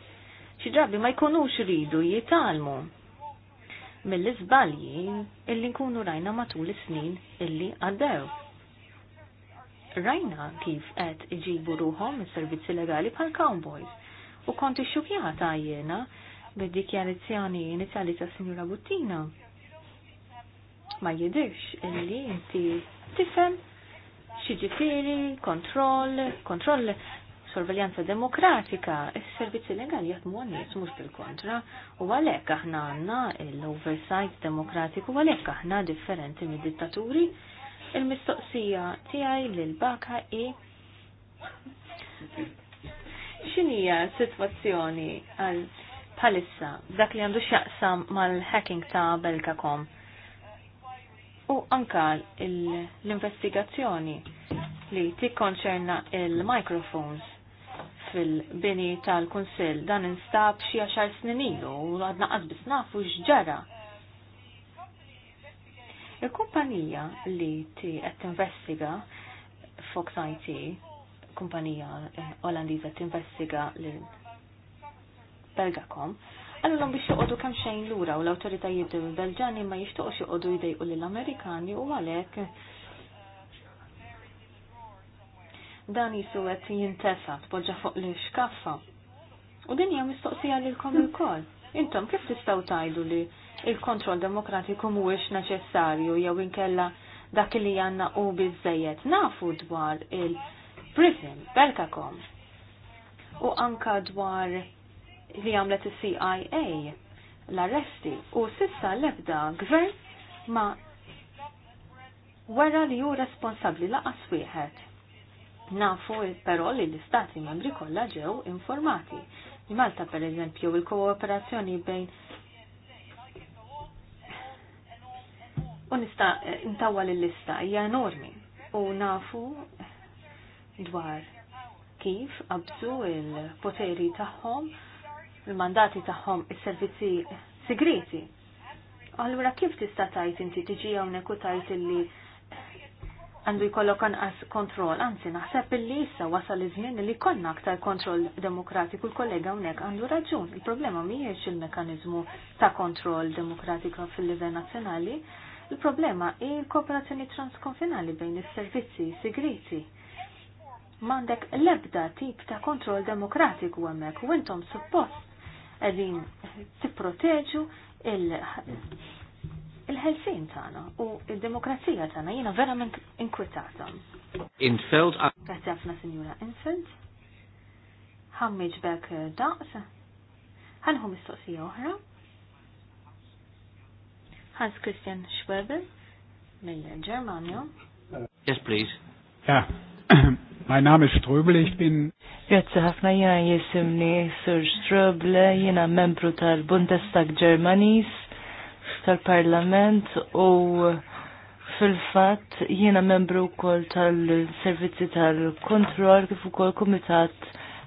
xi drabi ma jkunux ridu jitalmu mill-iżbalji illi nkunu rajna matul is-snin illi għaddew. Rajna kif qed iġibu ruhom is-servizzi legali bħal cowboys u konti xukjata jiena bid dikjarizzjoni inizjali ta' Sinjura Buttina. Ma jidirx illi inti tifhem ġifieri kontroll, kontroll sorveljanza demokratika, is-servizzi legali jatmu għannis mhux bil-kontra, u għalhekk aħna għandna l-oversight demokratiku, u għalhekk aħna differenti mid-dittaturi, il-mistoqsija tiegħi l baka i xinija situazzjoni sitwazzjoni għal bħalissa dak li għandu x'jaqsam mal-hacking ta' belka.com u anka l-investigazzjoni li tikkonċerna il-microphones fil-bini tal-Kunsill dan instab xi għaxar snin ilu u għadna għazbis nafu x'ġara. Il-kumpanija li ti qed investiga, Fox IT, kumpanija eh, Olandiża tinvestiga lil Belgacom, għallum biex joqodu kam xejn lura u l-autoritajiet belġani ma jishtuqx joqodu jdejqu l-Amerikani u għalek dan jisu qed jintesa tpoġġa fuq li xkaffa. U din hija mistoqsija lilkom ukoll. Intom kif tistgħu tajdu li il-kontroll demokratiku mhuwiex neċessarju jew inkella dak li janna u biżejjed nafu dwar il-Prism, Belkakom u anka dwar li għamlet il-CIA l-arresti u sissa lebda gvern ma wera li ju responsabli laqas wieħed Nafu però li l-istati membri kollha ġew informati. Malta per eżempju il-kooperazzjoni bejn U nista ntawwa l-lista hija enormi u nafu dwar kif qabżu il-poteri tagħhom, il-mandati tagħhom is-servizzi segreti. Allura kif tista' tajt inti tiġi hawnhekk u tajt illi għandu jkollok anqas kontroll, anzi naħseb illi issa wasal iż-żmien li konna aktar kontroll demokratiku l-kollega hawnhekk għandu raġun. Il-problema mhijiex il-mekkaniżmu ta' kontroll demokratiku fil-livell nazzjonali, il-problema hi l-kooperazzjoni transkonfinali bejn is-servizzi segreti. M'għandek l-ebda tip ta' kontroll demokratiku hemmhekk u intom suppost qegħdin tipproteġu il- il-ħelsin tagħna u il-demokrazija tagħna jiena verament inkwitata. Infeld. Uh, Grazzi ħafna Sinjura Infeld. Ħammiġ bek uh, daqs. Ħanħu mistoqsija oħra. Hans Christian Schwebel mill Germania. Yes, please. Ja, [CLEARS THROAT] Mein Name ist Ströbel, ich bin... Grazie ħafna jgħan jisimni Sir Ströble, jina membru tal-Bundestag Germanis tal-Parlament u fil-fatt jiena membru wkoll tal-Servizzi tal-Kontroll kif ukoll Kumitat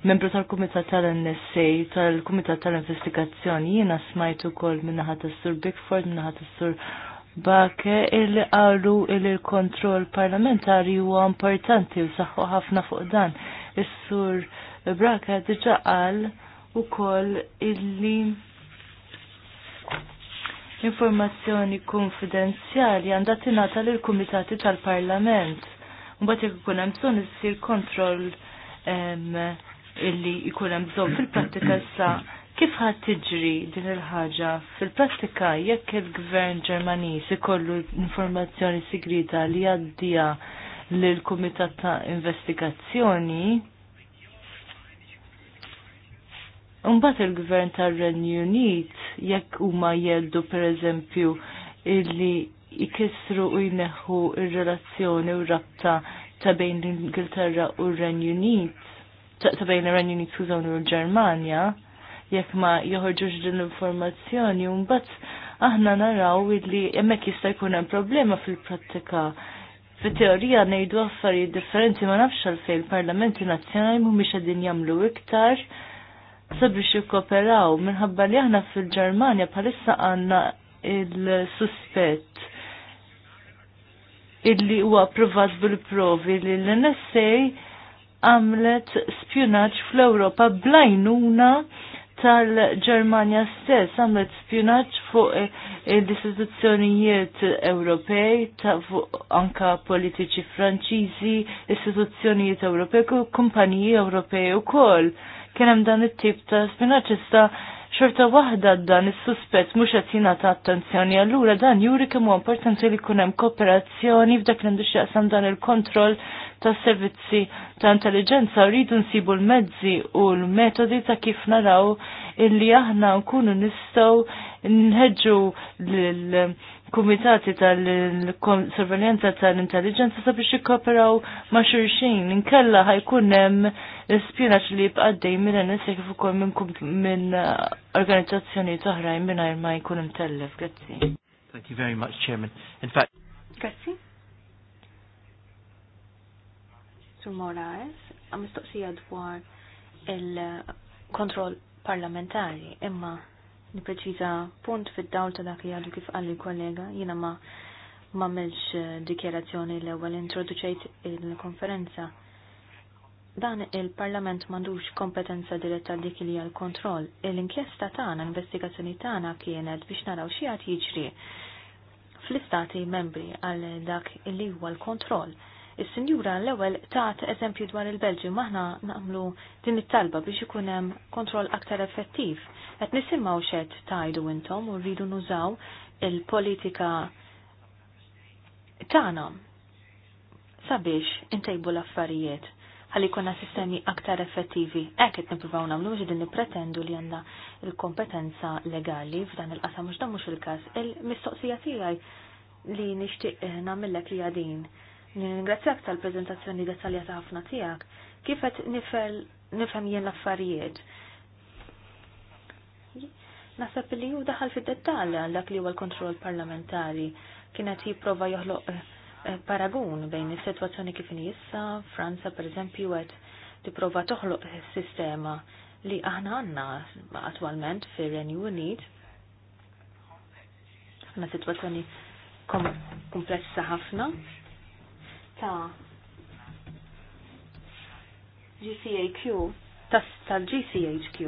membru tal-Kumitat tal-NSA tal-Kumitat tal-Investigazzjoni jiena smajt ukoll minnaħat tas-Sur Bigford minnaħat tas-Sur Bake illi qalu illi l-kontroll parlamentari huwa importanti u saħħu ħafna fuq dan. Is-Sur Braka diġa qal ukoll illi informazzjoni konfidenzjali għandha tingħata lill kumitati tal-Parlament. Mbagħad jekk ikun hemm bżonn issir kontroll illi jkun hemm bżonn fil-prattika issa kif ħadd tiġri din il-ħaġa fil-prattika jekk il-Gvern Ġermaniż ikollu informazzjoni sigrita li għaddija lill-Kumitat ta' Investigazzjoni Unbat il-gvern tar-Renju Unit jekk huma per pereżempju illi ikisru u jneħħu il relazzjoni u rabta ta' bejn l-Ingilterra u r-Renju Unit, ta' bejn ir-Renju Unit skużawni u l-Ġermanja, jekk ma joħorġux din l-informazzjoni, mbagħad aħna naraw illi hemmhekk jista' jkun hemm problema fil-prattika. Fit-teorija ngħidu affarijiet differenti ma nafx għalfejn il-Parlamenti Nazzjonali mhumiex qegħdin jagħmlu iktar sabiex jikkoperaw minħabba li aħna fil-Ġermanja bħalissa għandna il-suspett illi huwa approvat bil-provi li l-NSA għamlet spjunaċ fl-Ewropa blajnuna tal-Ġermanja stess għamlet spjunaċ fuq eh, l-istituzzjonijiet Ewropej, anka politiċi Franċiżi, istituzzjonijiet Ewropej, kumpaniji Ewropej u koll kien hemm dan it-tip ta' spinaċista xorta waħda dan is-suspett mhux qed jingħata attenzjoni allura dan juri kemm huwa importanti li jkun hemm kooperazzjoni f'dak li ndux jaqsam dan il-kontroll ta' servizzi ta' intelligenza rridu nsibu l-mezzi u l-metodi ta' kif naraw illi aħna nkunu nistgħu nħeġġu kumitati tal-sorveljanza tal-intelligenza sabiex jikkoperaw ma' xurxin. Inkella ħajkun hemm spionaġġ li jibqaddej minn NSA kif ukoll minn organizzazzjonijiet oħrajn mingħajr ma jkun imtellef. Grazzi. Thank you very much, Chairman. In fact, Grazzi. Sur Moraes, għam mistoqsija dwar il-kontroll parlamentari, imma nipreċiza punt fid-dawl ta' dak li għadu kif għalli kollega, jina ma ma melx eh, dikjerazzjoni l-ewwel introduċejt il-konferenza. Dan il-Parlament mandux kompetenza diretta dik li għal kontroll. Il-inkjesta tagħna, investigazzjoni tagħna kienet biex naraw xi jiġri fl-istati membri għal dak li huwa l-kontroll Is-sinjura l-ewwel tat eżempju dwar il-Belġium aħna naqmlu din it-talba biex ikun hemm kontroll aktar effettiv. Qed nisimgħu x'għedt tajdu intom u rridu nużaw il-politika tagħna sabiex intejbu l-affarijiet ħalli jkunna sistemi aktar effettivi. Hekk qed nippruvaw nagħmlu mhux din nippretendu li għandna l-kompetenza legali f'dan il-qasam mhux dan mhux il-każ. Il-mistoqsija tiegħi li nixtieq eh, nagħmilek li din Ningrazzjak tal-prezentazzjoni dettaljata ħafna tiegħek. Kif qed nifhem jien l-affarijiet? Naħseb li hu daħal fid għal dak li huwa l-kontroll parlamentari kienet jipprova joħloq eh, eh, paragun bejn is-sitwazzjoni kif issa, Franza pereżempju qed tipprova toħloq sistema li aħna għandna attwalment fir-Renew Unit. Ħafna sitwazzjoni komplessa ħafna ta' GCAQ, ta gchq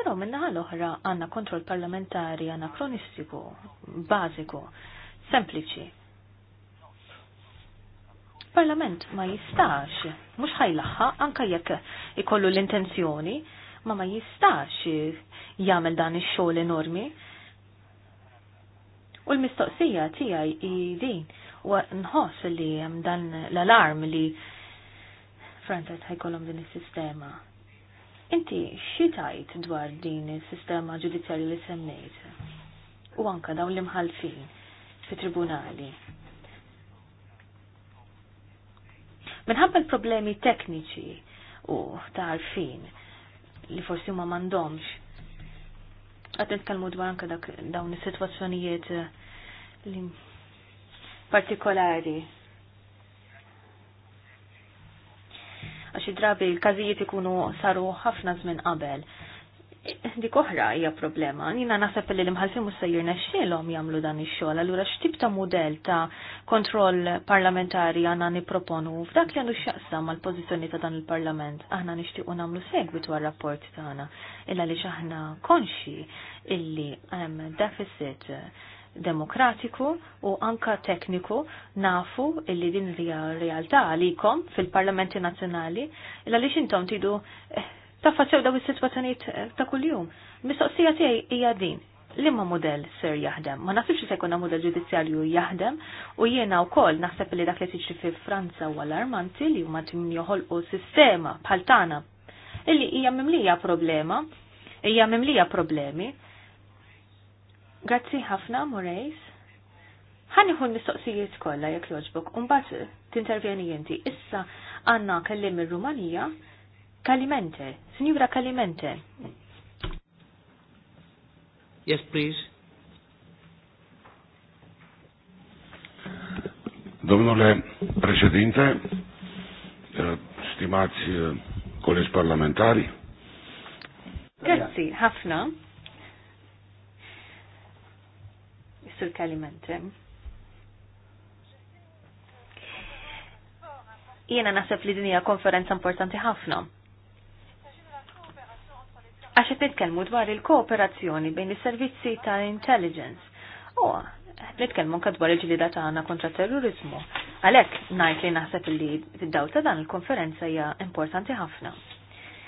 Pero minna l-oħra għanna kontrol parlamentari għanna kronistiku, bażiku, sempliċi. Parlament ma jistax, mux ħajlaħħa, anka jekk ikollu l-intenzjoni, ma ma jistax jagħmel dan ix-xogħol enormi U l-mistoqsija tiegħi i din u nħoss li hemm dan l-alarm li Franza tħajkolhom din is-sistema. Inti xi tajt dwar din is-sistema ġudizzjarju li semmejt u anka dawn l-imħalfin fit-tribunali. Minħabba l-problemi tekniċi u tarfin li forsi ma mandomx għad nitkellmu dwar anke dak dawn is-sitwazzjonijiet eh, li partikolari. Għaxi drabi l-każijiet ikunu saru ħafna żmien qabel dik oħra hija problema. Jina naħseb li l-imħalfin mhux sejjer nexxielhom jagħmlu dan ix-xogħol, allura x'tib ta' mudell ta' kontroll parlamentari għandna nipproponu f'dak li għandu x'jaqsam mal-pożizzjoni ta' dan il-Parlament. Aħna nixtiequ nagħmlu segwitu għar-rapport tagħna illa li aħna konxi illi hemm deficit demokratiku u anka tekniku nafu illi din hija realtà għalikom fil-parlamenti nazzjonali illa li xintom tidu eh, taffaċċew daw is-sitwazzjonijiet eh, ta' kuljum. Mistoqsija tiegħi hija din. Limma model ser jaħdem? Ma nafx se jkun model ġudizzjarju jaħdem u jiena wkoll naħseb li dak li tiġri fi Franza u alarmanti li huma joħolqu sistema bħal tagħna illi hija mimlija problema, hija mimlija problemi. Grazzi ħafna, Murejs. Ħanniħu l-mistoqsijiet kollha jekk jogħġbok, u mbagħad tintervjeni inti. Issa għandna kellim ir-Rumanija Kalimente, Signora Kalimente. Yes, please. Domnule președinte, eh, stimați eh, colegi parlamentari. Grazie, Hafna. Mr. Kalimente. Jena nasab li dinija konferenza importanti ħafna għax qed nitkellmu dwar il-kooperazzjoni bejn is-servizzi ta' intelligence. U nitkellmu anke dwar il-ġlida tagħna kontra terrorizmu. Għalhekk ngħid li naħseb li fid-daw ta' dan il-konferenza hija importanti ħafna.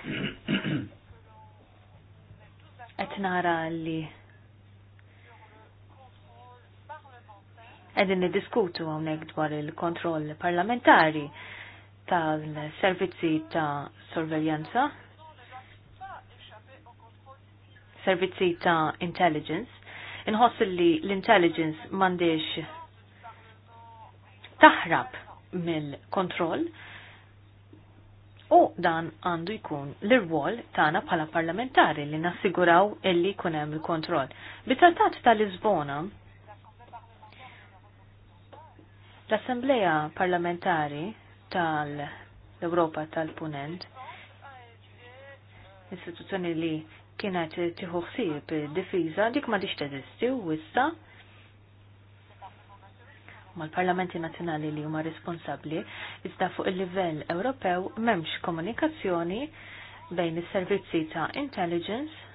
[COUGHS] Qed nara li Qegħdin niddiskutu hawnhekk dwar il-kontroll parlamentari tal-servizzi ta' sorveljanza servizzi ta' intelligence. Inħoss li l-intelligence mandiex taħrab mill-kontroll u dan għandu jkun l-irwol tagħna bħala parlamentari li nassiguraw illi jkun hemm il-kontroll. Bit-Trattat ta' Lisbona l-Assembleja Parlamentari tal-Europa tal-Punent istituzzjoni li kienet tieħu ħsieb difiża dik ma diċ teżisti u issa mal-parlamenti nazzjonali li huma responsabbli iżda fuq il-livell Ewropew m'hemmx komunikazzjoni bejn is-servizzi ta' intelligence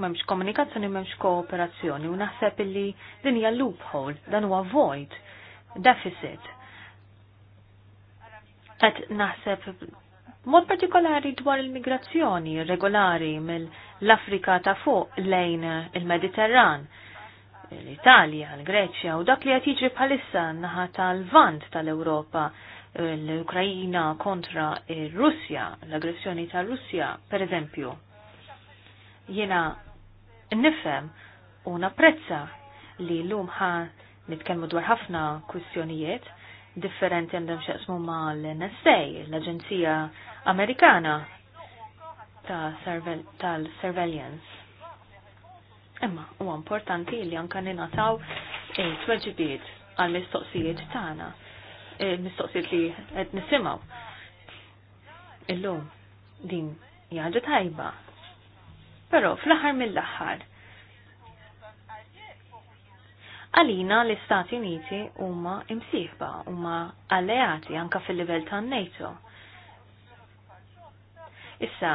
m'hemmx komunikazzjoni m'hemmx kooperazzjoni u naħseb li din hija loophole dan huwa void deficit qed naħseb Mod partikolari dwar il-migrazzjoni regolari mill-Afrika ta' fuq lejn il-Mediterran, l-Italja, l-Greċja u dak li qed jiġri bħalissa naħa tal-vant tal-Ewropa l-Ukrajina kontra ir-Russja, l-aggressjoni tal-Russja, per eżempju. Jiena nifhem u napprezza li l-lum ħa nitkellmu dwar ħafna kwistjonijiet differenti għandhom xaqsmu ma l-NSA, l-Aġenzija Amerikana ta' tal-surveillance. Imma huwa importanti li anka ninataw e, tweġibiet għal mistoqsijiet tagħna, e, mistoqsijiet li qed nisimgħu. Illum din jaġa tajba. Però fl-aħħar mill-aħħar għalina l-Istati Uniti huma imsieħba, huma alleati anka fil-livell tan NATO Issa,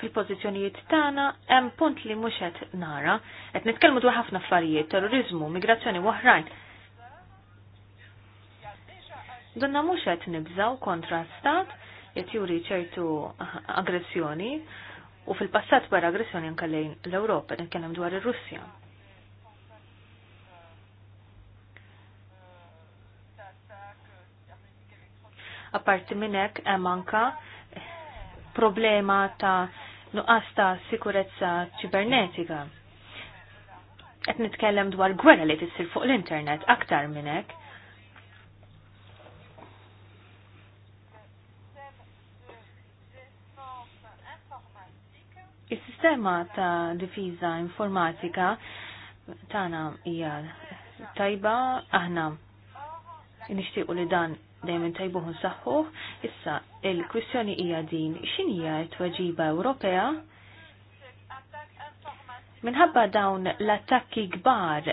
fil-pozizjonijiet tagħna hemm punt li mhux qed nara, qed nitkellmu dwar ħafna affarijiet, terrorizmu, migrazzjoni u oħrajn. Donna mhux qed nibżaw kontra stat qed juri ċertu aggressjoni u fil-passat wara aggressjoni anke lejn l-Ewropa, nitkellem dwar ir-Russja. Apparti minnek, hekk hemm anke problema ta' nuqqas ta' sikurezza ċibernetika. Qed nitkellem dwar gwerra li tissir fuq l-internet aktar minn hekk. Is-sistema ta' difiża informatika tagħna hija tajba aħna nixtiequ li dan dejjem tajbuħu saħħu, Issa il-kwistjoni hija din x'inhija t-tweġiba Ewropea minħabba dawn l-attakki kbar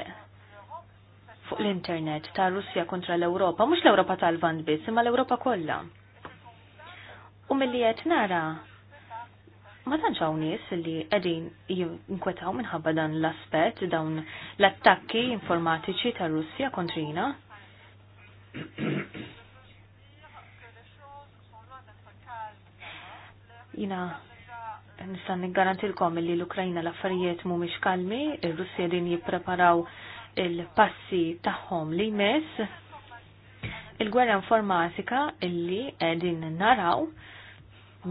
fuq l-internet ta' Russja kontra l-Ewropa, mhux l-Ewropa tal-Vand biss, imma l-Ewropa kollha. U milli qed nara ma tantx hawn nies li qegħdin jinkwetaw minħabba dan l-aspett dawn l-attakki informatiċi ta' Russja kontrina. Jina nistan niggarantilkom li l-Ukrajna l-affarijiet mhumiex kalmi, il russi din jippreparaw il-passi tagħhom li jmiss. Il-gwerra informatika illi qegħdin naraw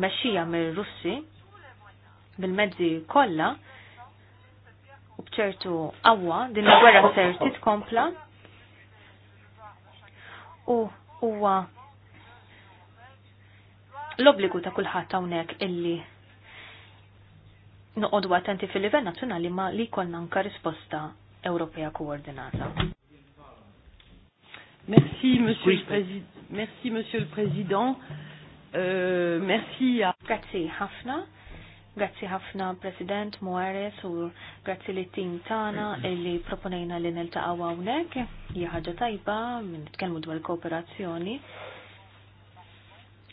mexxija mir-Russi bil-mezzi kollha u bċertu għawa din il-gwerra ser titkompla u huwa l-obbligu ta' kulħadd hawnhekk illi noqogħdu attenti fil-livell nazzjonali ma li jkollna anke risposta Ewropea koordinata. Merci Monsieur le Président. Merci Monsieur le Président. Euh, merci à Grazzi ħafna. Grazzi ħafna President Moares u grazie li tim tana li proponejna li niltaqgħu hawnhekk. Hija ħaġa tajba minn nitkellmu dwar kooperazzjoni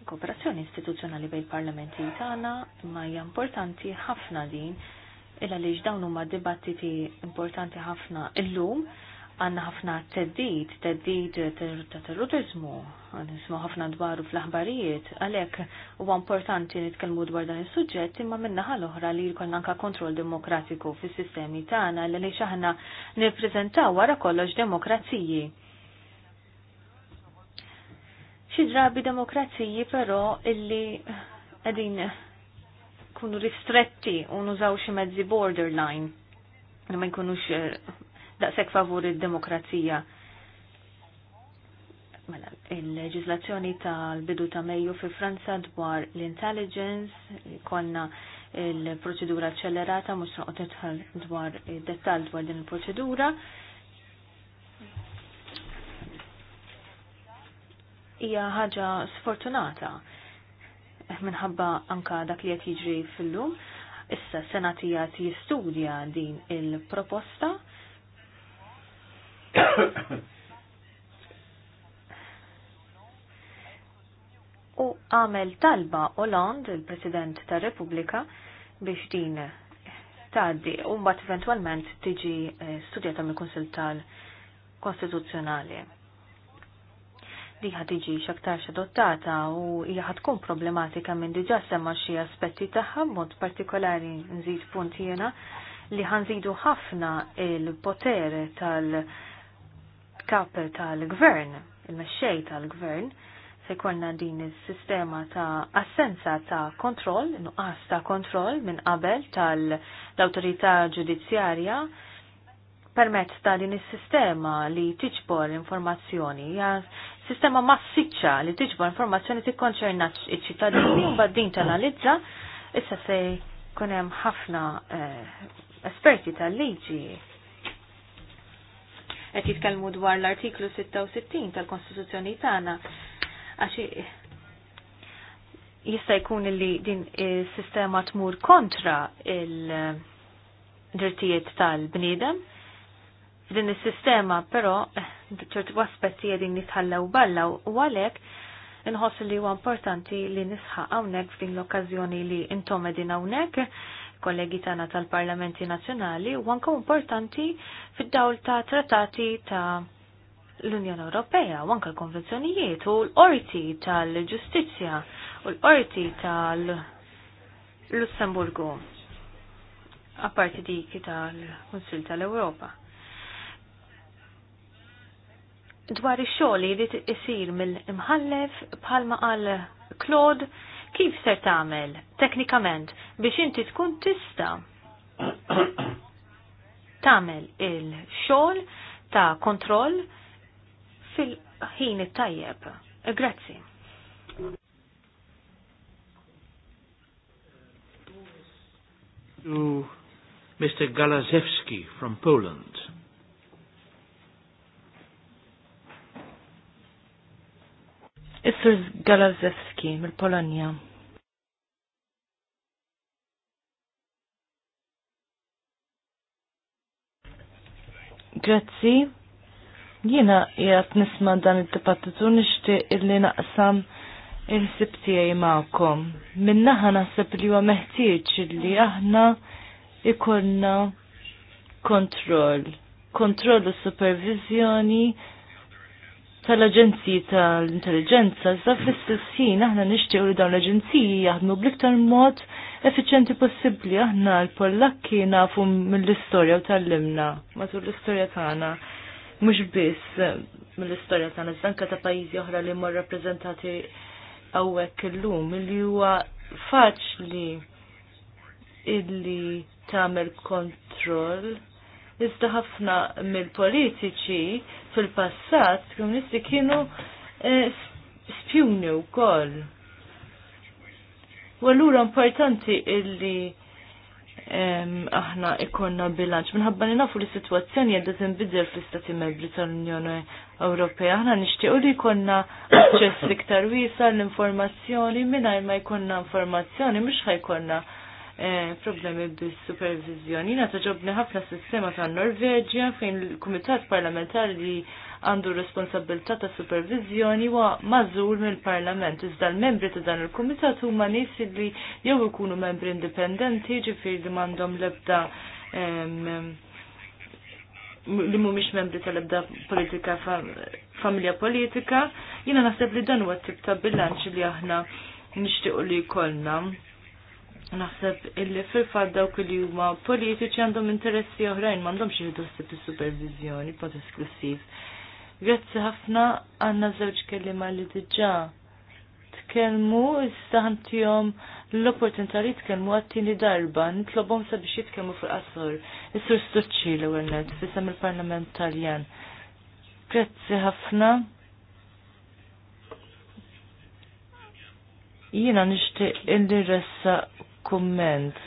kooperazzjoni istituzzjonali bejn parlamenti tagħna ma hija importanti ħafna din illa għaliex dawn huma dibattiti importanti ħafna illum għandna ħafna teddid, teddid ta' terrorizmu, nisma ħafna dwaru fl-aħbarijiet, għalhekk huwa importanti nitkelmu dwar dan is-suġġett imma minna l-oħra li jkollna anke kontroll demokratiku fis-sistemi tagħna li għaliex aħna nirpreżentaw wara kollox demokraziji Xi drabi demokraziji però illi qegħdin kunu ristretti u nużaw xi mezzi borderline li ma jkunux eh, daqshekk favur id-demokrazija. Mela, il-leġislazzjoni tal-bidu ta' Mejju fi Franza dwar l-intelligence, konna il-proċedura accelerata, mux noqtet dwar dettal dwar din il-proċedura, hija ħaġa sfortunata minħabba anka dak li qed jiġri fil-lum. Issa senat jgħat jistudja din il-proposta. u għamel talba Oland, il-President ta' Repubblika, biex din tgħaddi u mbagħad eventwalment tiġi eh, studjata mill-Kunsill tal-Kostituzzjonali li ħad iġi xaktarx adottata u hija ħad tkun problematika minn diġà semma xi aspetti tagħha mod partikolari nżid punt jiena li ħanżidu ħafna il-poter tal-kap tal-gvern, il-mexxej tal-gvern, se jkollna din is-sistema ta' assenza ta' kontroll, nuqqas ta' kontroll minn qabel tal-awtorità ġudizzjarja permezz ta' din is-sistema li tiġbor informazzjoni sistema massiċċa li tiġbor informazzjoni tikkonċerna iċ-ċittadini u [CLEARS THROAT] baddin tal-analizza issa se jkun hemm ħafna eh, esperti tal-liġi qed jitkellmu dwar l-artiklu 66 tal-Kostituzzjoni tagħna għax jista' jkun li din is-sistema tmur kontra il-drittijiet tal-bniedem f'din is-sistema, però eh, ċertu aspetti qegħdin nitħallaw ballaw u għalhekk inħoss li huwa importanti li nisħaq hawnhekk f'din l-okkażjoni li intom qegħdin hawnhekk kollegi tagħna tal-Parlamenti Nazzjonali u anke importanti fid-dawl ta' trattati ta' l-Unjoni Ewropea u anke l-konvenzjonijiet u l-qorti tal-ġustizzja u l-qorti tal-Lussemburgu apparti dik tal-Kunsil tal-Ewropa dwar ix-xogħol li jrid isir mill-imħallef bħalma qal Claude kif ser tagħmel teknikament biex inti tkun tista' [COUGHS] tagħmel il-xogħol ta' kontroll fil-ħin it-tajjeb. Grazzi. Mr. Galazewski from Poland. Is-Sur Galazewski mill-Polonja. Grazzi. Jiena jgħat nisma dan id-dibattitu nixtieq illi naqsam il-ħsib tiegħi magħkom. Minnaħa naħseb li huwa meħtieġ illi aħna ikollna kontroll u supervizjoni tal-Aġenziji tal-Intelligenza, iżda fl-istess ħin aħna nixtiew li dawn l-Aġenziji jaħdmu bliktar mod effiċenti possibbli aħna l-Pollakki nafu mill-istorja u tal-limna matul l-istorja tagħna. Mhux biss mill-istorja tagħna iżda ta' pajjiżi oħra li mor rappreżentati hawnhekk illum li huwa faċli illi tagħmel kontroll Iżda ħafna mill-politiċi fil-passat komunisti kienu eh, spjuni wkoll. U allura importanti illi aħna ikonna bilanċ. Minħabba li nafu li situazzjoni għedda tinbidel fl-Istati Membri tal-Unjoni Ewropea. Aħna nixtiequ li jkollna aċċess iktar wiesa l-informazzjoni mingħajr ma jkollna informazzjoni mhux ħajkollna Eh, problemi bis-supervizjoni. Jina taġobni ħafna sistema ta' Norveġja fejn il-Kumitat Parlamentari li għandu responsabilità ta' supervizjoni wa mażur mill-Parlament. Iżda l-membri ta' dan il-Kumitat huma nies li jew ikunu membri indipendenti ġifieri li m'għandhom l-ebda li mhumiex membri tal-ebda politika familja politika. Jiena naħseb li dan huwa tip ta' bilanċ li aħna nixtiequ li jkollna Naħseb illi fil-fat dawk li huma politiċi għandhom interessi oħrajn m'għandhomx jieħdu ħsieb is-supervizjoni pod esklusiv. Grazzi ħafna għandna żewġ kelliema li diġà tkellmu issa ħantihom l-opportunità li tkellmu għat-tieni darba, nitlobhom sabiex jitkellmu fil-qasor. Is-sur Stucci l-ewwel net fisem il-Parlament Taljan. Grazzi ħafna. Jiena nixtieq illi ressa kumment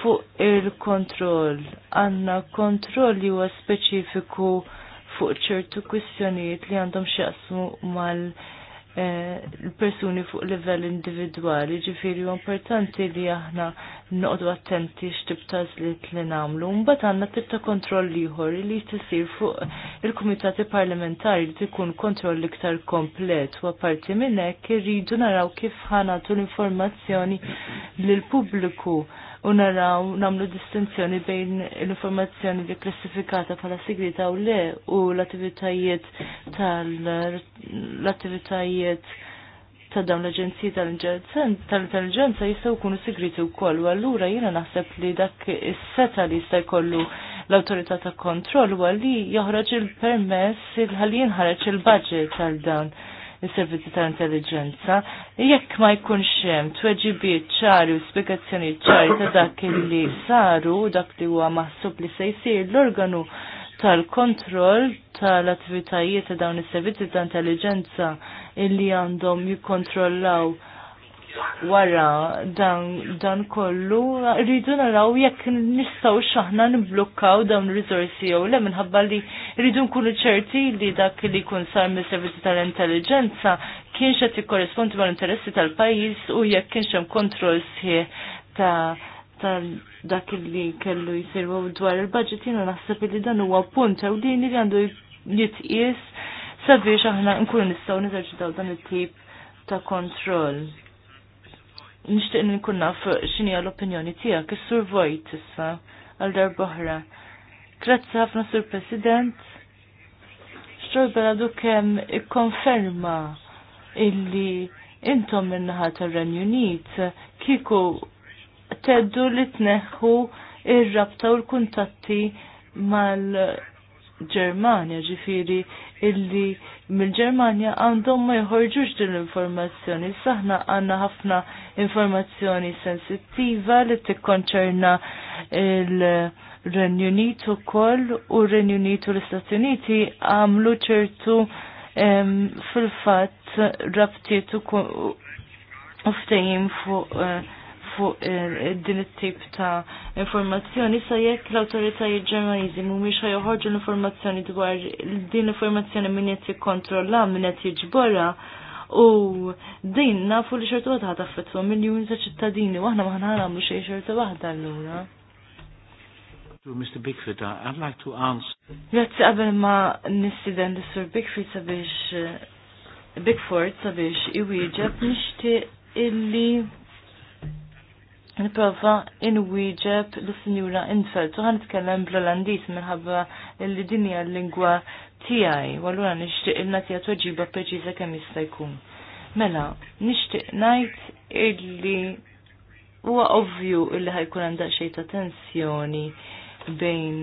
fuq il-kontroll. Għanna kontroll li huwa speċifiku fuq ċertu kwistjonijiet li għandhom xjaqsmu mal- Eh, l-persuni fuq livell individwali, ġifiri importanti li aħna noqdu attenti x'tib ta' żlit li nagħmlu. Mbagħad għandna tip ta' kontroll ieħor li tisir fuq il-kumitati parlamentari li tkun kontroll iktar komplet u apparti minn hekk irridu naraw kif ħanatu l-informazzjoni lill pubbliku u naraw namlu distinzjoni bejn l-informazzjoni li klassifikata bħala sigrita u le u l-attivitajiet tal-attivitajiet ta' dawn l-Aġenziji tal-Intelligenza jistgħu jkunu sigriti wkoll u allura jiena naħseb li dak is-seta li jista' jkollu l awtorità ta' kontroll huwa li joħroġ il-permess il ħalli jinħareġ il-budget tal dawn il-servizzi ta' intelligenza jekk ma jkunx hemm tweġibiet ċari u spiegazzjoni ċari ta' dak li saru dak li huwa maħsub li se jsir l-organu tal-kontroll tal-attivitajiet ta' dawn is-servizzi ta' intelligenza illi għandhom jikkontrollaw wara dan, dan kollu rridu naraw jekk nistgħu xaħna nblukkaw dawn ir-riżorsi jew le minħabba li rridu nkunu ċerti li dak li jkun sar mis-servizzi tal-intelligenza kienx qed ikkorrespondi mal-interessi tal-pajjiż u jekk kienx hemm kontroll sħiħ ta' dak li kellu jisir dwar il-budget jiena naħseb li dan huwa punt ewlieni li għandu jitqies sabiex aħna nkunu nistgħu neżerċitaw dan it-tip ta' kontroll nishtiq nkun naf x'inhi l-opinjoni tiegħek is-Sur Vojt issa għal dar darb'oħra. Grazzi ħafna Sur President. Xorba bella kemm ikkonferma illi intom minnaħa tar-Renju Unit kieku teddu li tneħħu ir-rabta u l-kuntatti mal ġermania ġifiri illi mill-Ġermanja għandhom ma jħorġux din l-informazzjoni. Saħna għanna ħafna informazzjoni sensittiva li tikkonċerna il-Renju Unit ukoll u r-Renju Unit u l-Istati Uniti għamlu ċertu fil-fatt rabtiet u ftejim fuq uh, fuq er, er, din it-tip ta' informazzjoni sa jekk l-awtoritajiet Ġermaniżi mhumiex ħajħorġu l-informazzjoni dwar din l-informazzjoni min qed jikkontrolla min qed jiġbora u din nafu li xorta waħda taffetwa miljun ta' ċittadini aħna ma nagħmlu xejn xorta waħda allura. Mr. Bigford, uh, I'd like to answer. Grazzi qabel ma nissiden li sur Bigford sabiex Bigford sabiex iwieġeb nixtieq illi niprofa inwieġeb l-Sinjura Infeld. Tuħan nitkellem bl-Olandis minnħabba li dinja l-lingwa tiegħi, u allura nixtieq il-natija tweġiba preċiża kemm jista' jkun. Mela, nixtieq ngħid illi huwa ovvju illi ħajkun għandha xejn ta' tensjoni bejn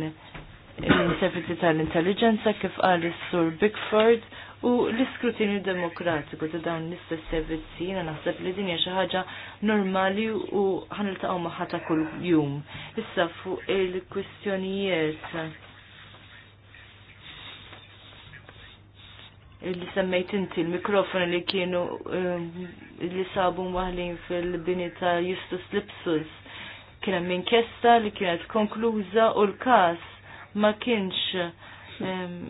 l-interpreti tal-intelligenza kif qal is-Sur Bigford u l-iskrutinju demokratiku ta' dawn l-istess servizzi jiena naħseb li din hija xi ħaġa normali u ħaniltaqgħu magħha ta' kull jum. Issa fuq il-kwistjonijiet li semmejt inti l-mikrofon li kienu um, li sabu maħlin fil-bini ta' Justus Lipsus. Kien hemm inkjesta li kienet konkluża u l-każ ma kienx um,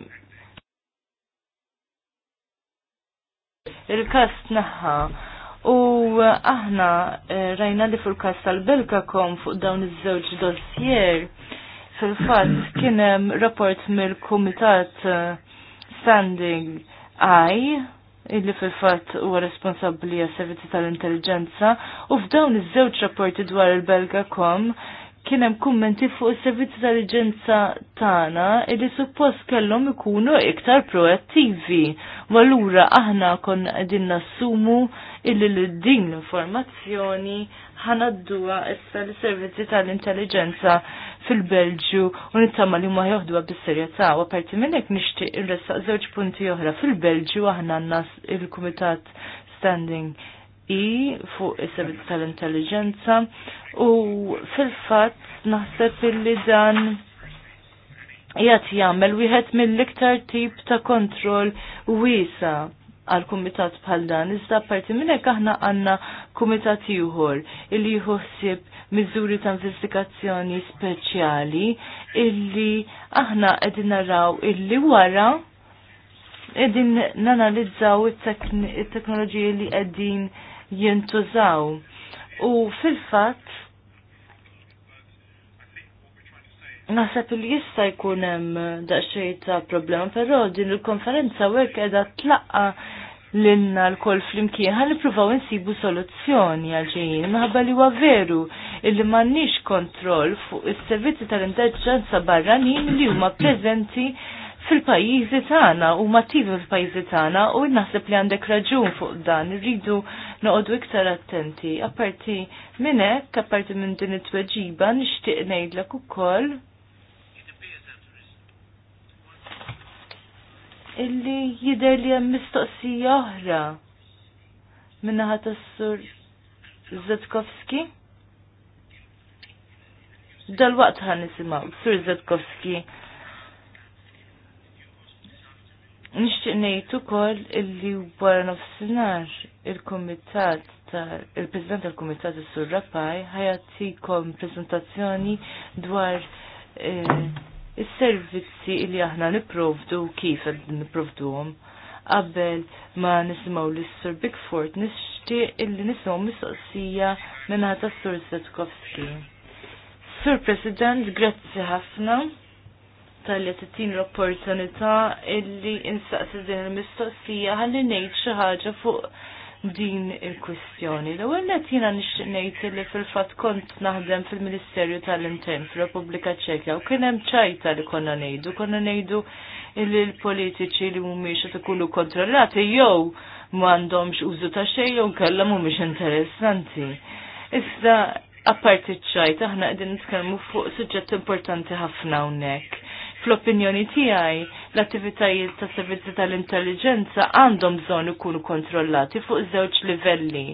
il kast naħħa U aħna eh, rajna li fil kast tal-Belka kom fuq dawn iż-żewġ dossier fil-fatt [CLEARS THROAT] kien hemm rapport mill-Kumitat eh, Standing I illi fil-fatt huwa responsabbli għas servizzi tal-intelligenza u f'dawn iż-żewġ rapporti dwar il-Belga kom kien hemm kummenti fuq is-servizzi tal-iġenza tagħna li suppost kellhom ikunu iktar proattivi. Walura aħna konna qegħdin nassumu illi l din l-informazzjoni ħanadduha issa l-servizzi tal-intelligenza fil-Belġju u nittama li huma joħduha bis-serjetà u parti minn hekk nixtieq irressaq żewġ punti oħra fil-Belġju aħna nas il-Kumitat Standing i fuq is-servizz tal-intelligenza u fil-fatt naħseb illi dan jgħat jagħmel wieħed mill-iktar tip ta' kontroll wiesa għal kumitat bħal dan. Iżda parti minn hekk aħna għandna kumitat ieħor illi jħossib miżuri ta' investigazzjoni speċjali illi aħna qegħdin naraw illi wara qegħdin nanalizzaw it-teknoloġiji li qegħdin jintużaw. U fil-fatt Naħseb li jista' jkun hemm daqsxejn ta' problema, però din il-konferenza hekk qiegħda tlaqqa lilna l-kol flimkien ħan nippruvaw insibu soluzzjoni għalġejjin minħabba li huwa veru illi m'għandniex kontroll fuq is-servizzi tal-intelligenza barranin li huma preżenti fil-pajjiżi tagħna u mattivi fil-pajjiżi tagħna u naħseb li għandek raġun fuq dan irridu noqogħdu iktar attenti. Apparti minn hekk, apparti minn din it-tweġiba nixtieq ngħidlek ukoll illi jidher li hemm mistoqsija oħra minna tas-sur Zetkowski. Dal-waqt ħan nisimaw, Sur Zetkowski, Nixtieq ngħid ukoll illi wara nofsinhar il-kumitat il-President tal-Kumitat is-Sur Rapaj kom prezentazzjoni dwar eh, is-servizzi illi aħna nipprovdu kif niprovdu nipprovduhom qabel ma nisimgħu lis-Sur Bigford nixtieq illi nisimgħu mistoqsija minna ta' sur Setkowski. Sur President, grazzi ħafna tal-li tittin l-opportunità illi instaqsi din il-mistoqsija ħalli ngħid xi ħaġa fuq din il-kwistjoni. L-ewwel qed jiena nixtieq ngħid li fil-fatt kont naħdem fil-Ministerju tal-Intern fil repubblika Ċekja u kien hemm ċajta li konna ngħidu, konna ngħidu illi l-politiċi li mhumiex qed kullu kontrollati jew m'għandhomx użu ta' xej jow kalla mhumiex interessanti. Issa apparti ċajta aħna qegħdin nitkellmu fuq suġġett importanti ħafna hawnhekk fl-opinjoni tiegħi l-attivitajiet ta' servizzi tal-intelligenza għandhom bżonn ikunu kontrollati fuq żewġ livelli.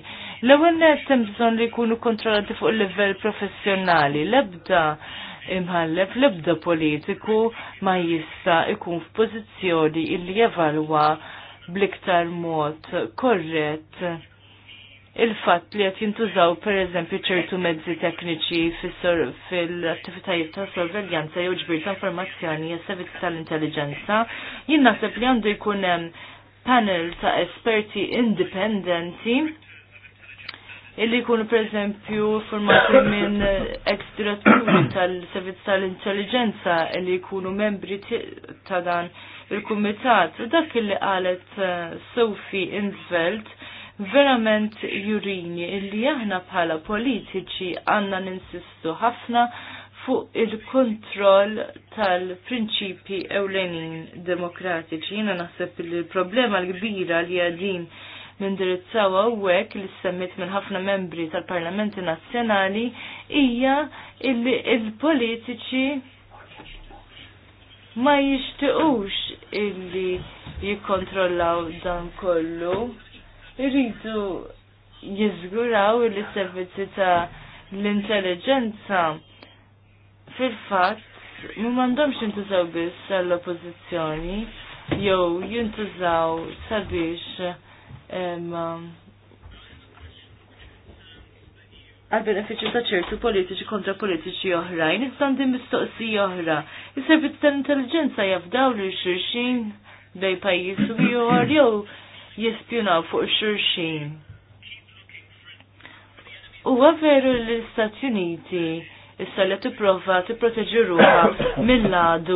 L-ewwel nett hemm bżonn li jkunu kontrollati fuq il-livell professjonali, l-ebda imħallef l-ebda politiku ma jista' ikun f'pożizzjoni illi jevalwa bliktar mod korrett il-fatt li qed jintużaw pereżempju ċertu mezzi tekniċi fil-attivitajiet ta' sorveljanza jew ġbir ta' informazzjoni jew servizz tal-intelligenza, jien naħseb li għandu jkun hemm panel ta' esperti indipendenti illi jkunu pereżempju formati [COUGHS] minn ex-diretturi tal-servizz tal-intelligenza illi jkunu membri ta' dan il-kumitat. Dak illi qalet eh, Sophie Infeld verament jurini illi aħna bħala politiċi għanna ninsistu ħafna fuq il-kontroll tal-prinċipi ewlenin demokratiċi. Jena naħseb il-problema l-kbira li għadin nindirizzaw għawek li semmit minn ħafna membri tal-Parlamenti Nazzjonali hija illi il-politiċi ma jishtiqux illi jikontrollaw dan kollu irridu jizguraw li servizzi ta' l-intelligenza fil-fatt mu mandomx jintużaw biss l oppozizjoni jew jintużaw sabiex għal-beneficju ta' ċertu politiċi kontra politiċi oħrajn, iżdan din mistoqsija oħra. Is-servizz tal-intelligenza jafdaw li xirxin bej pajis u ieħor jispjunaw fuq xurxin. Huwa veru li l-Istati Uniti issa li tipprova proteġi ruha [COUGHS] mill t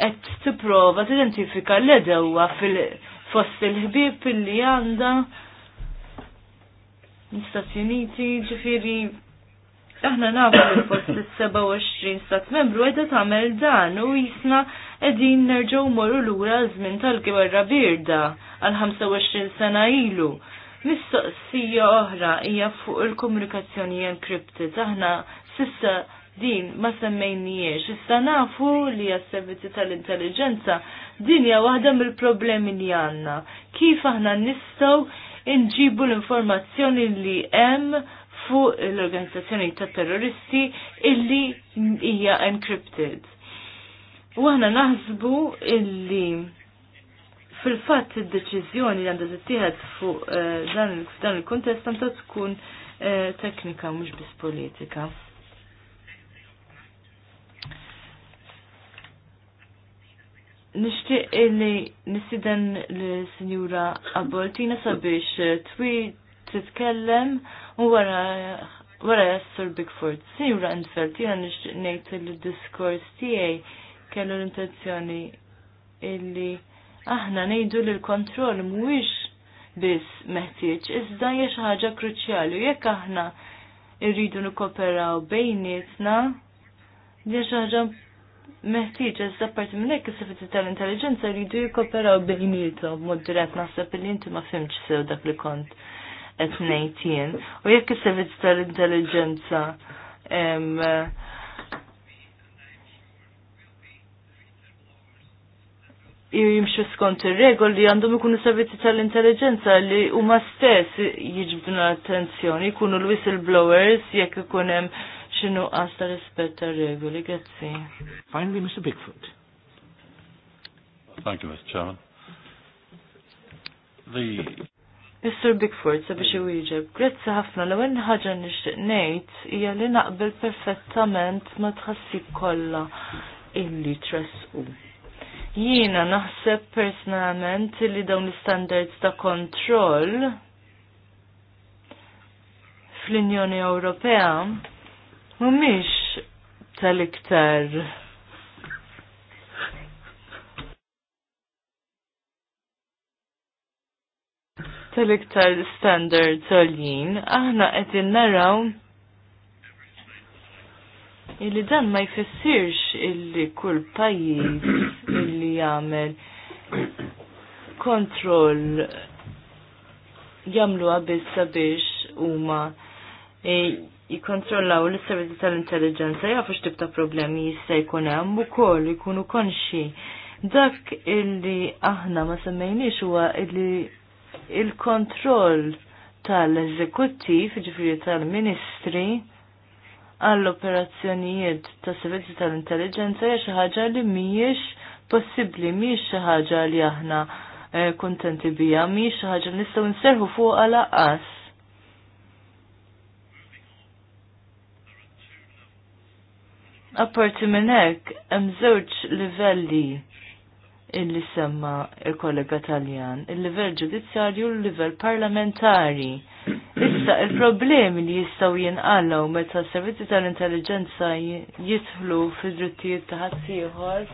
qed tipprova tidentifika l-edewwa fil-fost il-ħbieb li għanda l-Istati Uniti ġifieri aħna nafu li fost [COUGHS] il-27 stat membru għedha tagħmel dan u jisna edin nerġaw morru lura żmien tal-gwerra birda għal 25 sena ilu. Mistoqsija oħra hija fuq il-komunikazzjoni encrypted. Aħna sissa din ma semmejniex. Issa nafu li s-servizzi tal-intelligenza din hija waħda mill-problemi li għandna. Kif aħna nistgħu nġibu l-informazzjoni li hemm fuq l-organizzazzjoni ta' terroristi illi hija encrypted. U aħna naħsbu illi fil-fatt id-deċiżjoni li għandha tittieħed fuq eh, dan il-kuntest għandha tkun eh, teknika mhux biss politika. Nishti illi nisiden l-Sinjura Abortina sabiex eh, t titkellem u għara għara jassur Bigford. Sinjura Enfeld, jena nishti nejt l-diskors tijaj kellu l-intenzjoni illi aħna nejdu li l-kontroll mhuwiex biss meħtieġ, iżda jiex xi ħaġa kruċjali jekk aħna irridu nikkoperaw bejnietna jiex xi ħaġa meħtieġ iżda parti minn hekk is tal-intelligenza rridu jikkoperaw bejnietom mod dirett naħseb li inti ma fimx sew dak li kont qed ngħid jien. U jekk is-servizzi tal-intelligenza jimxu skont ir-regoli għandhom ikunu servizzi tal-intelligenza li huma stess jiġbdu l-attenzjoni, jkunu l-whistleblowers jekk ikun hemm għasta rispetta ta' regoli Grazzi. Finally, Mr. Bigfoot. Thank you, Mr. Chairman. The Mr. Bigford, sabiex iwieġeb, grazzi ħafna l għen ħaġa nixtieq ngħid hija li naqbel perfettament ma tħassib kollha illi tresqu. Jiena naħseb personalment li dawn l-standards ta' kontroll fl-Unjoni Ewropea mhumiex tal-iktar tal-iktar standards għoljien, aħna qed naraw illi dan ma jfissirx illi kull pajjiż jagħmel kontroll jagħmluha biss sabiex huma eh, jikkontrollaw l-servizzi tal-intelligenza jafu x'tib ta' problemi jista' jkun hemm ukoll ikunu konxi. Dak illi aħna ma semmejniex huwa illi il-kontroll tal-eżekuttiv, ġifieri tal-ministri, għall operazzjonijiet ta' servizzi tal-intelligenza hija xi ħaġa li mhijiex possibbli mhix xi ħaġa li aħna eh, kuntenti bija, mhix xi ħaġa li nistgħu nserħu fuqha laqas. Apparti minn hekk hemm żewġ livelli illi semma il-kollega Taljan, il-livell ġudizzjarju u l-livell parlamentari. Issa, il-problemi li jistaw jinqallaw meta s servizzi tal-intelligenza jitħlu fi drittijiet taħat siħor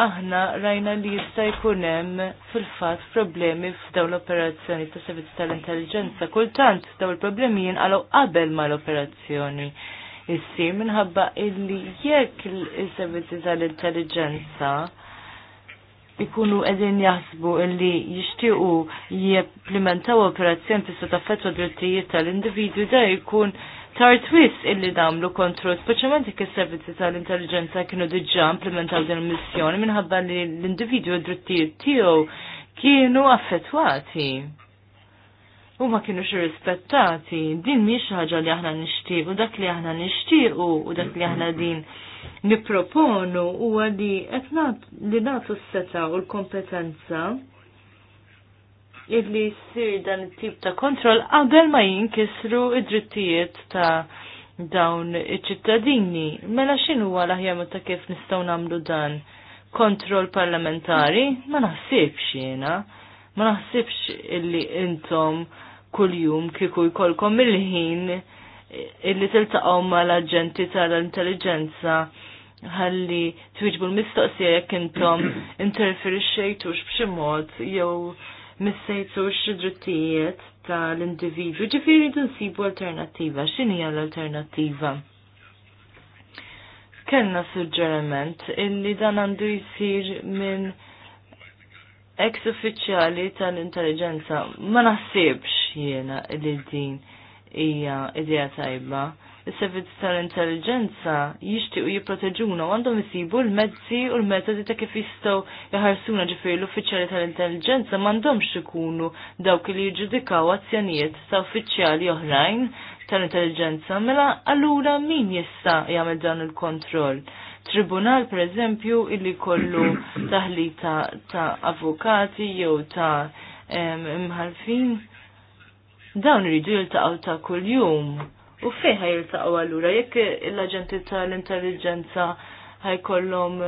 aħna rajna li jista' jkun hemm fil-fatt problemi f'dawn l-operazzjoni ta' servizz tal-intelligenza. Kultant daw il-problemi jinqalgħu qabel mal-operazzjoni Issi minħabba illi jekk is-servizzi tal-intelligenza ikunu qegħdin jaħsbu illi jixtiequ jimplementaw operazzjoni tista' taffettwa drittijiet tal-individwi da jkun tard wis illi damlu kontru speċjalment jekk is-servizzi tal-intelligenza kienu diġà implementaw din il-missjoni minħabba li l-individwu drittijiet tiegħu kienu affettwati. U ma kienux rispettati, din mhix ħaġa li aħna u dak li aħna nixtiequ u dak li aħna din nipproponu huwa li qed li nagħtu s-seta u l-kompetenza illi jsir dan it-tip ta' kontroll qabel ma jinkisru id-drittijiet ta' dawn iċ-ċittadini. Mela xinu għala l ta' kif nistgħu nagħmlu dan? Kontroll parlamentari? Ma naħsibx jiena. Ma naħsibx illi intom kuljum kieku jkollkom il-ħin illi tiltaqgħu mal-aġenti tal-intelligenza ħalli twiġbu l-mistoqsija jekk intom interferixxejtux b'xi mod jew missejtu x-drittijiet tal-individu, ġifiri nsibu alternativa, xini l-alternativa? Kellna suġġerament illi dan għandu jisir minn ex uffiċjali tal-intelligenza. Ma naħsibx jiena li din hija idea tajba is servizzi tal-intelligenza jixtiequ jipproteġuna u għandhom jisibu l-mezzi u l-metodi ta' kif jistgħu jħarsuna ġifiri l-uffiċjali tal-intelligenza m'għandhomx ikunu dawk li jġudikaw azzjonijiet ta' uffiċjali oħrajn tal-intelligenza mela allura min jista' jagħmel dan il-kontroll? Tribunal pereżempju illi kollu [COUGHS] taħli ta' avukati jew ta' imħalfin dawn iridu jiltaqgħu ta' kuljum u fejn ħajiltaqgħu allura jekk l-aġenti tal-intelligenza ħajkollhom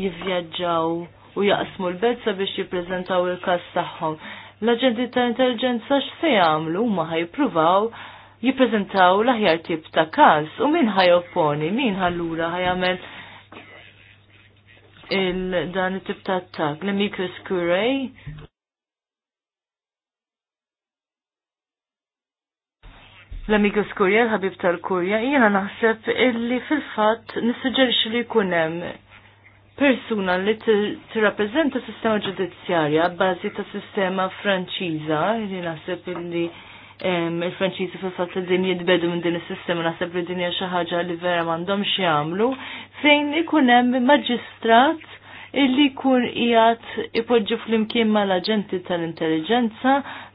jivvjaġġaw u jaqsmu l-bedza biex jippreżentaw il-każ tagħhom. L-aġenti tal-intelligenza x'se jagħmlu huma ħajpruvaw jippreżentaw l-aħjar tip ta' każ u min ħajopponi, min allura ħajamel il-dan it-tip ta' attak, l mikroskurej l-Amigos Kurja, l-ħabib tal-Kurja, jiena naħseb illi fil-fat nissuġġerixxi li jkun hemm persuna li t-rappresenta sistema ġudizzjarja bbażi ta' sistema franċiża li naħseb illi il-Franċiżi fil-fatt li din jitbedu minn din is-sistema naħseb li din hija xi ħaġa li vera m'għandhomx jagħmlu fejn ikun hemm maġistrat illi kun ijat ipoġġu fl-imkien ma l-agenti tal-intelligenza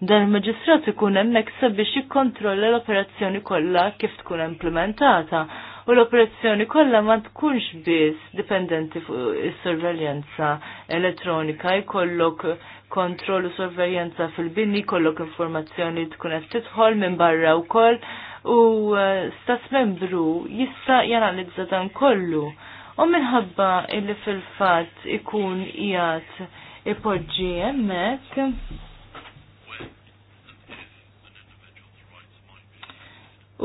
dan il magistrat ikun hemmhekk sabiex jikkontrolla l-operazzjoni kollha kif tkun implementata u l-operazzjoni kollha ma tkunx biss dipendenti fuq is-sorveljanza elettronika jkollok kontrollu sorveljanza fil-bini, jkollok informazzjoni tkun qed tidħol minn barra wkoll u eh, stas membru jista' janalizza dan kollu U minħabba illi fil-fat ikun jgħat ipoġġi jemmek.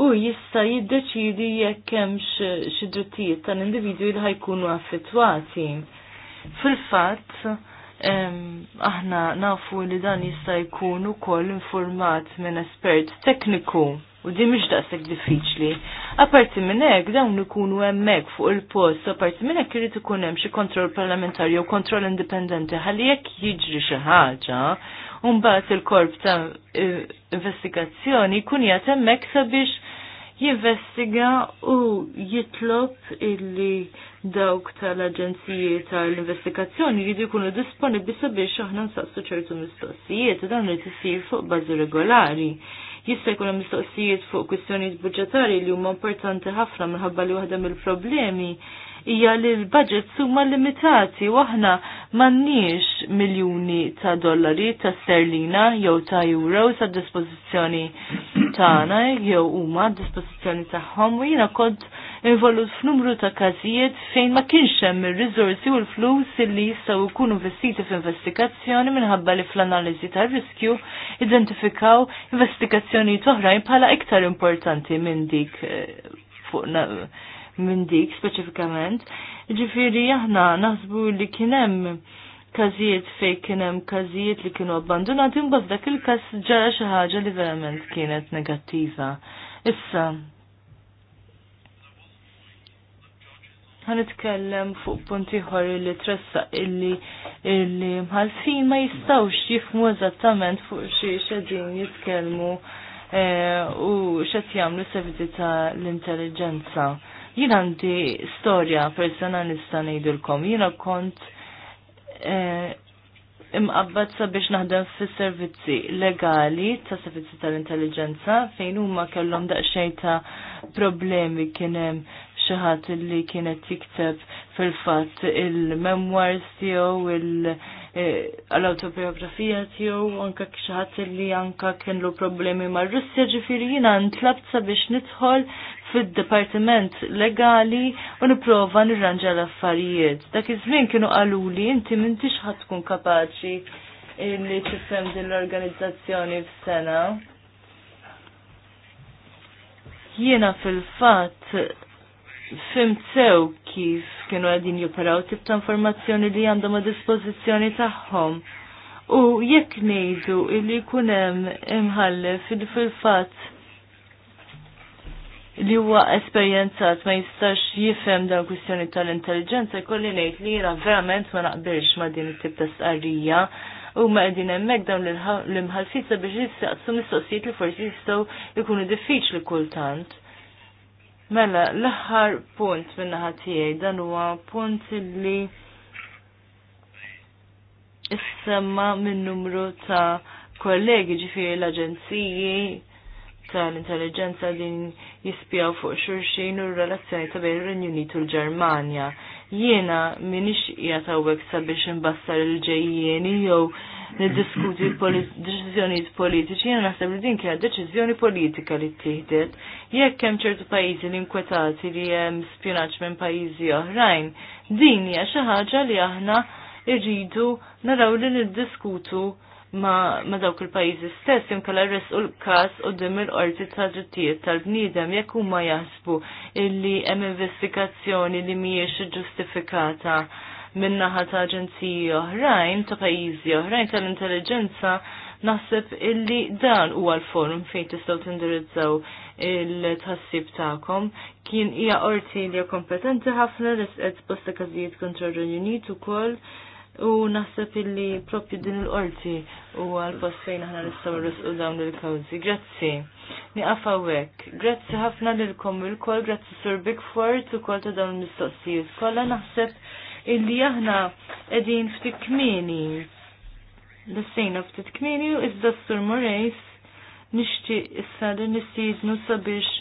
u jista jiddeċidi jekk hemmx xi drittijiet tal-individwi li ħajkunu affettwati. Fil-fatt, aħna nafu li dan jista' jkun ukoll informat minn espert tekniku. U di mhix daqshekk diffiċli. Aparti minn hekk dawn ikunu hemmhekk fuq il-post, aparti minn hekk irid ikun hemm xi kontroll parlamentari jew kontroll indipendenti ħalli jekk jiġri xi ħaġa, mbagħad il-korp ta' investigazzjoni jkun jagħt hemmhekk sabiex jivvestiga u jitlob illi dawk tal-Aġenziji tal-Investigazzjoni jridu jkunu disponibbli sabiex aħna nsaqsu ċertu mistoqsijiet u dan li tisir fuq bażi regolari jista' jkun hemm mistoqsijiet fuq kwistjonijiet budġetarji li huma importanti ħafna minħabba li waħda mill-problemi hija li l-budgets huma limitati u aħna m'għandniex miljuni ta' dollari ta' sterlina jew ta' euros għad dispożizzjoni tagħna jew huma għad ta' tagħhom u jiena kont involut f'numru ta' każijiet fejn ma kienx hemm ir-riżorsi u l-flus li jistgħu jkunu investiti f'investigazzjoni minħabba li fl-analiżi tar-riskju identifikaw investigazzjoni oħrajn bħala iktar importanti minn dik eh, fuq minn dik speċifikament. Ġifiri aħna naħsbu li kienem kazijiet fej kienem kazijiet li kienu abbandonati mbaz dak il-każ ġara xi ħaġa li verament kienet negattiva. Issa, ħanitkellem fuq punti ħor li tressa illi illi mħalfin ma jistawx jifmu eżattament fuq xie xedin jitkellmu eh, u xed jagħmlu servizzi ta' l-intelligenza. Jien għandi storja personali nista' ngħidulkom. Jiena kont eh, imqabbad sabiex naħdem fis-servizzi legali ta' servizzi tal-intelligenza fejn huma kellhom daqsxejn ta' problemi kien hemm xi ħadd li kienet jikteb fil-fatt il-memoirs tiegħu il eh, autobiografija tiegħu anke xi ħadd li anke kienlu problemi mar-Russja ġifieri jiena ntlabt sabiex nidħol fid-departiment legali u niprofa nirranġa l-affarijiet. Dak iż-żmien kienu għaluli inti m'intix ħadd tkun kapaċi li tifhem din l-organizzazzjoni f'sena. Jiena fil-fatt fim sew kif kienu għadin joperaw tip ta' informazzjoni li għandhom a dispożizzjoni tagħhom. U jekk ngħidu li jkun hemm imħallef fil-fatt li huwa esperjenzat ma jistax jifhem dan kwistjoni tal-intelligenza jkolli ngħid li jiena verament ma naqbilx ma din it-tip ta' sqarrija u ma qegħdin hemmhekk dawn l-imħalfit sabiex jistaqsu mistoqsijiet li forsi jistgħu jkunu diffiċli kultant. Mela, l-aħħar punt min-naħa tiegħi dan huwa punt li issemma minn numru ta' kollegi ġifieri l-aġenziji tal-intelligenza li jispjaw fuq xurxin u r-relazzjoni ta' bejn renju Unit u l-Ġermanja. Jiena minix qiegħed hawnhekk sabiex imbassar il-ġejjieni jew niddiskuti deċiżjonijiet politiċi, jiena naħseb li din kienet deċiżjoni politika li ttieħdet. Jekk hemm ċertu pajjiżi li nkwetati li hemm spjunaġġ minn pajjiżi oħrajn, din hija xi ħaġa li aħna irridu naraw li niddiskutu ma, ma dawk il-pajjiżi stess imkella res u l-każ qudiem il-qorti ta' drittijiet tal-bniedem jekk huma jaħsbu illi hemm investigazzjoni li mhijiex ġustifikata minnaħa ta' aġenziji oħrajn ta' pajjiżi oħrajn tal-intelligenza naħseb illi dan huwa l-forum fejn tistgħu tindirizzaw il-tħassib tagħkom kien hija qorti li kompetenti ħafna li sqed bosta każijiet kontra r-Renju Unit ukoll u naħseb illi propju din il-qorti u għal-post fejn aħna nistgħu nrisqu dawn il kawzi Grazzi. Niqafawek. Grazzi ħafna lilkom il-kol, grazzi Sir Bigford u kol ta' dawn il-mistoqsijiet. Kolla naħseb illi aħna qegħdin ftit kmieni. sejna ftit kmieni u iżda Sur Morejs nixtieq issa li nistiednu sabiex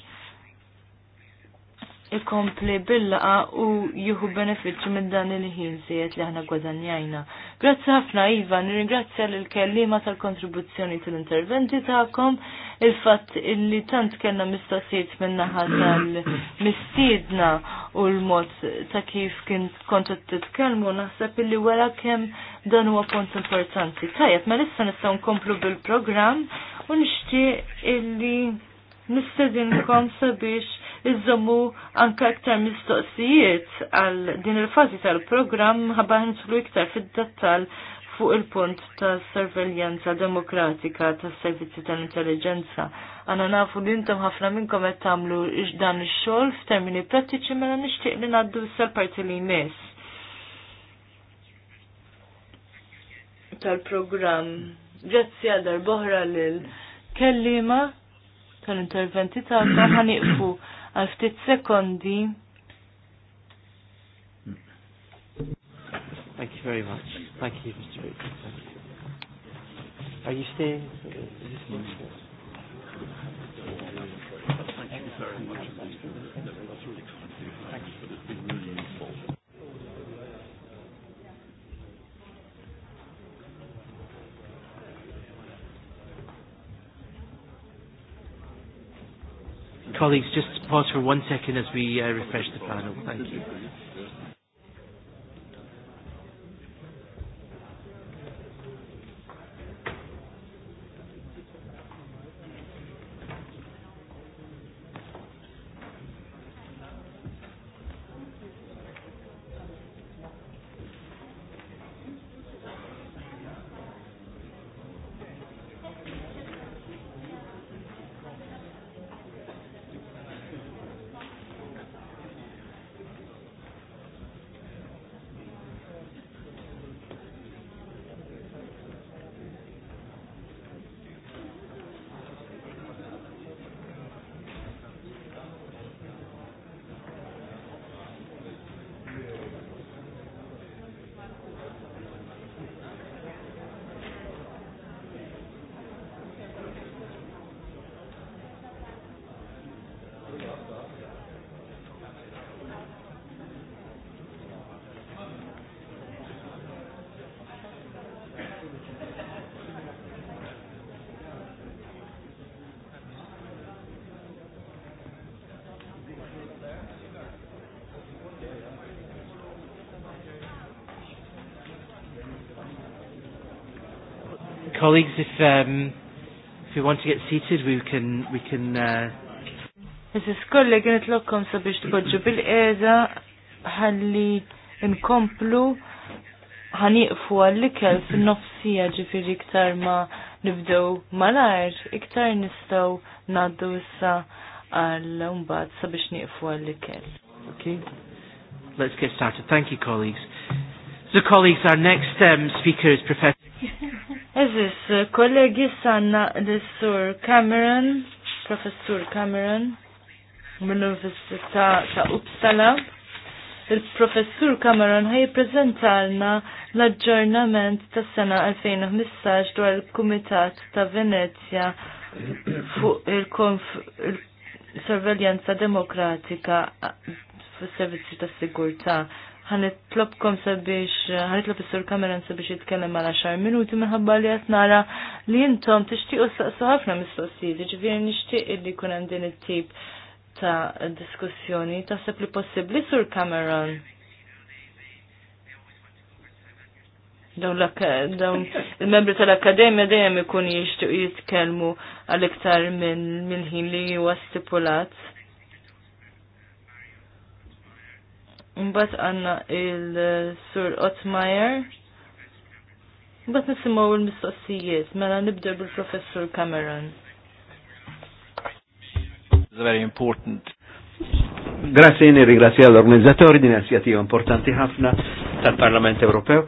ikompli billaqa u juhu beneficju minn dan il-ħin zijiet li ħna gwadanjajna. Grazzi ħafna Iva, nirringrazzja l kellima tal-kontribuzzjoni tal-interventi ta'kom, il-fatt illi tant kellna mistoqsijiet min-naħa tal mistiedna u l-mod ta' kif kien kontu titkellmu naħseb illi wara kemm dan huwa punt importanti. Tajjeb, ma lissa nistgħu nkomplu bil-programm u nixtieq illi nistedinkom sabiex iżommu anka iktar mistoqsijiet għal din il-fazi tal-programm ħabba nslu iktar fid-dettal fuq il-punt ta' sorveljanza demokratika ta' servizzi tal-intelligenza. Għana nafu li intom ħafna minnkom qed tagħmlu dan ix-xogħol f'termini prattiċi mela nixtieq li ngħaddu sal-parti li jmiss. tal-programm. Grazzi għadar boħra l kellima tal-interventi ta' ħaniqfu għal ftit sekondi. Thank you very much. Thank you, Mr. Rick. Thank you. Are you staying? Is this Colleagues, just pause for one second as we uh, refresh the panel. Thank you. Colleagues, if um, if you want to get seated, we can we can. Uh, Mrs. kollegi nitlokkom sabiex tpoġġu bil-qeda ħalli nkomplu ħaniqfu għall-ikel fin-nofsija ġifieri iktar ma nibdew malajr, iktar nistgħu ngħaddu issa għal mbagħad sabiex nieqfu għall-ikel. Okay. Let's get started. Thank you, colleagues. So, colleagues, our next um, speaker is Professor. Eżis, kollegi sanna l-Sur Cameron, Professur Cameron, mill-Università ta' Uppsala. Il-Professur Cameron ħaj prezentalna l-aġġornament ta' sena 2015 dwar il-Kumitat ta' Venezia fuq il-Sorveljanza Demokratika fis servizzi ta' Sigurtà ħanitlobkom sabiex, ħanitlob is-sur Cameron sabiex jitkellem għal 10 minuti minħabba li qed nara li intom tixtiequ saqsu ħafna mistoqsijiet, jiġifieri nixtieq li jkun hemm din it-tip ta' diskussjoni. Taħseb li possibbli sur Cameron? dawn il-membri tal-akkademja dejjem ikun jixtiequ jitkellmu għal iktar minn ħin li huwa stipulat. Mbagħad għanna il-Sur Otmajer. Mbagħad nisimaw il mistoqsijiet mela nibdew bil professor Cameron. Very important. Grazie nirringrazzja l-organizzatori din inizjattiva importanti ħafna tal-Parlament Ewropew.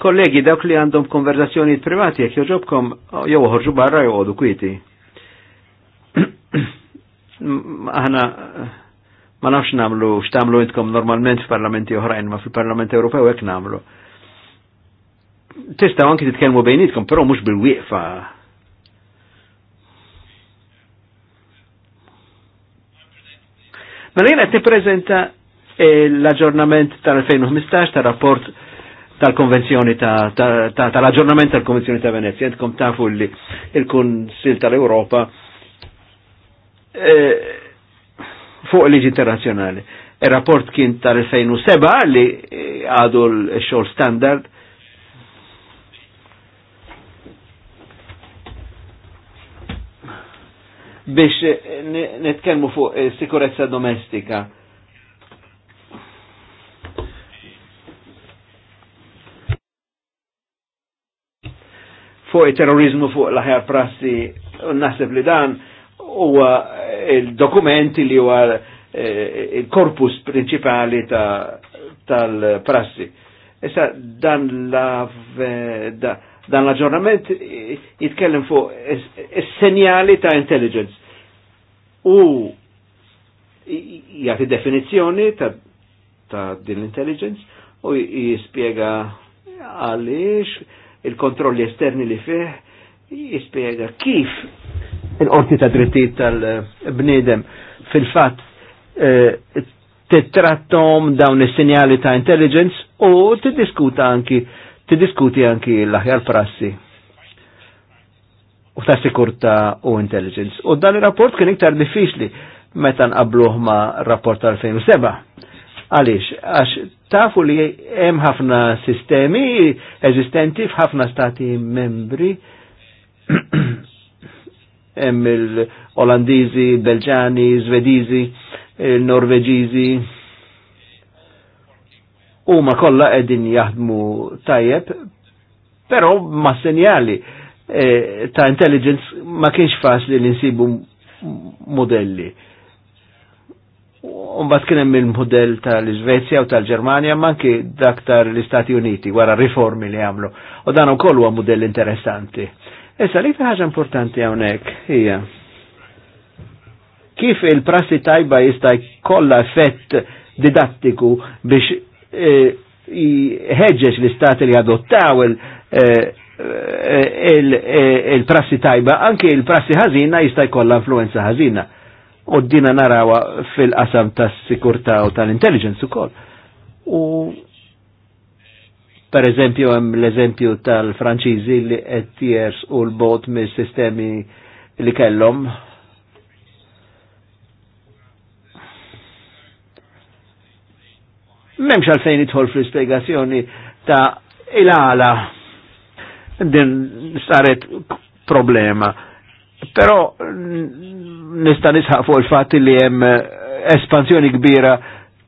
Kollegi, dawk li għandhom konverzazzjoni privati jekk joġobkom jew ħorġu barra jew għodu kwiti. [CLEARS THROAT] Aħna Ma nafx namlu x'tamlu intkom normalment f'parlamenti oħrajn, ma fil-Parlament Ewropew hekk namlu. Tistgħu anki titkellmu bejnietkom, però mhux bil-wieqfa. Mela jiena qed tippreżenta eh, l-aġġornament tal-2015 tar-rapport tal-konvenzjoni tal-aġġornament tal-konvenzjoni ta' Venezia, jentkom tafu li il-Kunsil tal-Europa eh, fuq liġi internazjonali. Il-rapport e kien tal-2007 li eh, għadu l-xol standard. biex eh, netkelmu fuq eh, sikurezza domestika. Fuq terrorizmu fuq l-ħjar prassi, naħseb li dan huwa eh, il-dokument li huwa eh, il-korpus principali tal-prassi. Issa dan la eh, dan l-aġġornament jitkellem fuq is-senjali ta' intelligence. U jagħti definizzjoni ta', ta din l-intelligence u jispjega għaliex il-kontrolli esterni li fih jispjega kif il-qorti ta' drittijiet tal-bnidem fil-fatt eh, titrattom dawn is-sinjali ta' intelligence u tiddiskuta anki tiddiskuti anki l-aħjar prassi u ta' sikurta u intelligence. U dan il-rapport kien iktar diffiċli meta nqabluh ma' rapport tal-2007. Għaliex, għax tafu li hemm ħafna sistemi eżistenti f'ħafna stati membri [CLEARS THROAT] hemm il-Olandiżi, Belġani, Svediżi, il-Norveġiżi. Huma kollha qegħdin jaħdmu tajjeb, però ma' senjali e, ta' intelligence ma kienx faċli li nsibu modelli. Umbat kien hemm il-modell tal-Iżvezja u tal-Ġermanja manki dak tal-Istati Uniti wara riformi li għamlu. U dan ukoll huwa modell interessanti. Issa li ħaġa importanti hawnhekk hija kif il-prassi tajba jista' jkollha effett didattiku biex e, ħeġġeġ l-istati li adottaw il- e, e, prassi tajba, anki il-prassi ħażina jista' jkollha influenza ħażina. U dina narawa fil-qasam tas-sikurtà u tal-intelligence ukoll. U Per eżempju, hemm l-eżempju tal-Franċiżi li qed u l-bot mis-sistemi li kellhom memx għalfejn idħol fl-ispiegazzjoni ta' il-għala din saret problema. Pero nista' nisħaq fuq il-fatt li hemm espansjoni kbira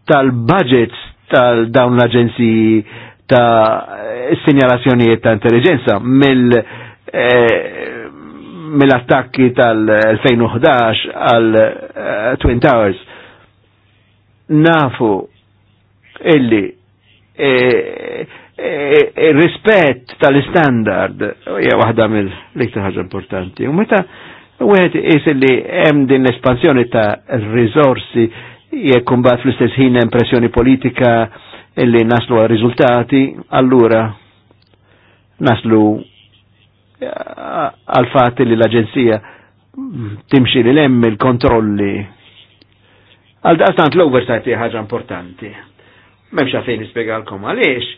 tal-budgets tal-dawn l-aġenziji ta' sinjalazzjonijiet ta' intelligenza mill eh, mill-attakki tal-2011 għal uh, Twin Towers nafu illi eh, eh, il-rispett eh, tal-standard hija waħda mill-iktar ħaġa importanti. U meta Wieħed is li hemm din l-espansjoni ta' rizorsi jekk kumbat fl-istess ħin impressjoni politika illi naslu għal riżultati, allura naslu eh, għal fat li l-Aġenzija timxi li lemm il-kontrolli. Għal daqstant l-oversight hija ħaġa importanti. M'hemmx għalfejn nispjegalkom għaliex.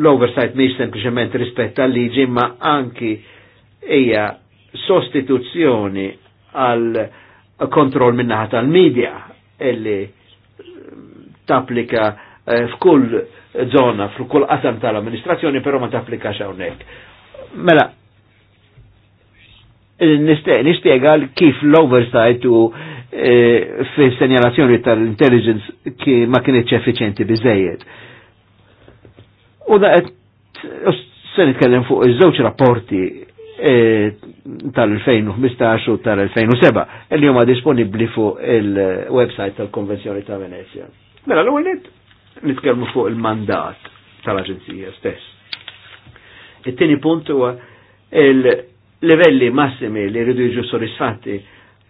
L-oversight mhix sempliċement rispett għal-liġi ma anki hija sostituzzjoni għal kontroll min-naħa tal-medja illi tapplika eh, f'kull zona, f'kull qasam tal-amministrazzjoni, però ma tapplikax hawnhekk. Mela, eh, nispiega kif l-oversight u eh, fi segnalazzjoni tal-intelligence ki ma kienieċ effiċenti biżejjed. U da se nitkellem fuq iż-żewġ rapporti tal-2015 u tal-2007 li huma disponibbli fuq il-website tal-Konvenzjoni ta' Venezia. Mela l-għonet nitkellmu fuq il-mandat tal-Aġenzija stess. It-tieni punt huwa il-livelli massimi li rridu jiġu soddisfatti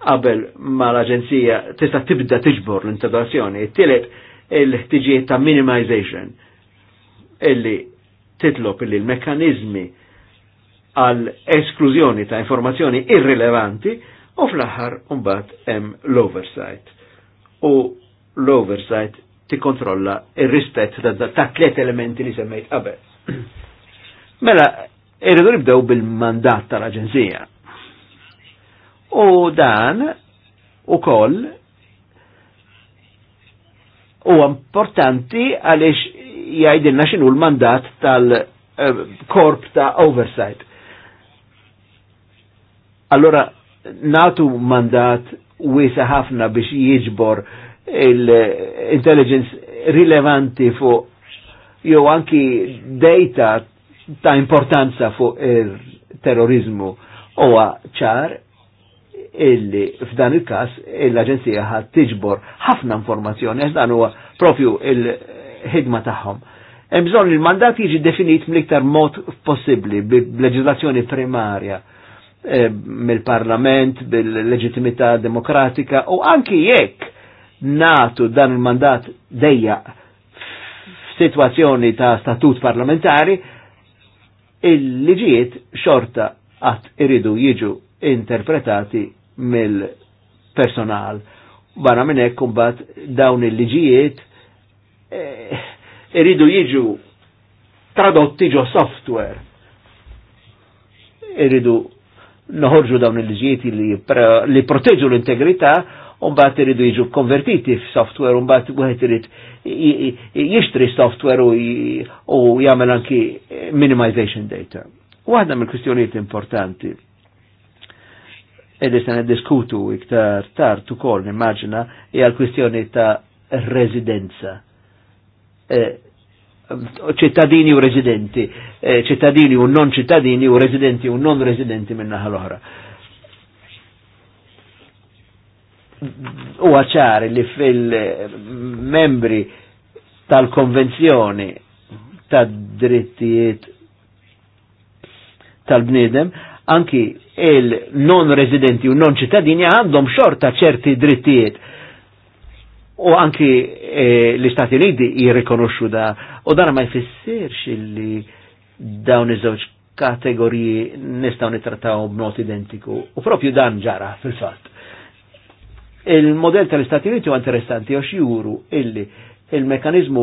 qabel ma l-Aġenzija tista' tibda tiġbor l-integrazzjoni. It-tielet il-ħtiġijiet ta' minimization illi titlob illi l-mekkanizmi għal esklużjoni ta' informazzjoni irrilevanti u fl-aħħar mbagħad hemm l-oversight. U l-oversight tikkontrolla il rispett ta' tliet elementi li semmejt qabel. [CLEARS THROAT] Mela, irridu nibdew bil-mandat tal-Aġenzija. U dan ukoll u importanti għaliex jgħidilna x'inhu l-mandat tal-korp eh, ta' oversight. Allora natu mandat wisa ħafna biex jiġbor uh, il-intelligence rilevanti fuq jew anki data ta' importanza fuq il-terrorizmu huwa ċar illi f'dan il-kas l-Aġenzija ħadd ħad tiġbor ħafna informazzjoni għax dan huwa propju il-ħidma tagħhom. Hemm bżonn il-mandat jiġi definit mill-iktar mod possibbli bil leġislazzjoni primarja eh, mill-Parlament, bil-leġittimità demokratika u anki jekk natu dan il-mandat dejja f'sitwazzjoni ta' statut parlamentari, il-liġijiet xorta għat iridu jiġu interpretati mill-personal. Barra minnek kumbat dawn il-liġijiet eh, iridu jiġu tradotti ġo software. Iridu noħorġu dawn il-liġijiet li, li proteġu l-integrità un-bat iridu jiġu konvertiti f'software un-bat wieħed irid jishtri software u jagħmel anki minimization data. Waħda mill-kwistjonijiet importanti illi se diskutu iktar tu kol, immaġina hija l-kwistjoni ta' residenza. E, ċittadini u residenti, e, ċittadini u non ċittadini u residenti u non residenti minna l-oħra u għacħari li fil-membri tal-konvenzjoni tad drittijiet tal-bnidem, anki il-non-residenti u non-ċittadini għandhom xorta ċerti drittijiet. U anki e, l-Istati Uniti jirrikonoxxu da, u dana ma jfissirx li dawn iż-żewġ kategoriji nistgħu nittrattaw b'mod identiku. U propju dan ġara fil-fatt. Il-modell tal-Istati Uniti huwa interessanti għax juru illi il-mekanizmu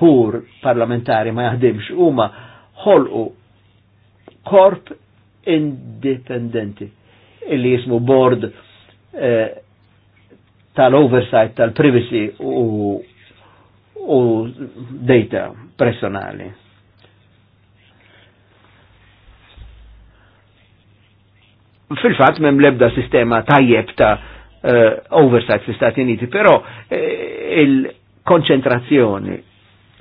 pur parlamentari ma jaħdimx huma ħolqu korp indipendenti illi jismu board eh, tal-oversight tal-privacy u, u data personali. Fil-fat mem lebda sistema tajjeb ta' uh oversight fi stati Uniti, però eh, il-konċentrazzjoni,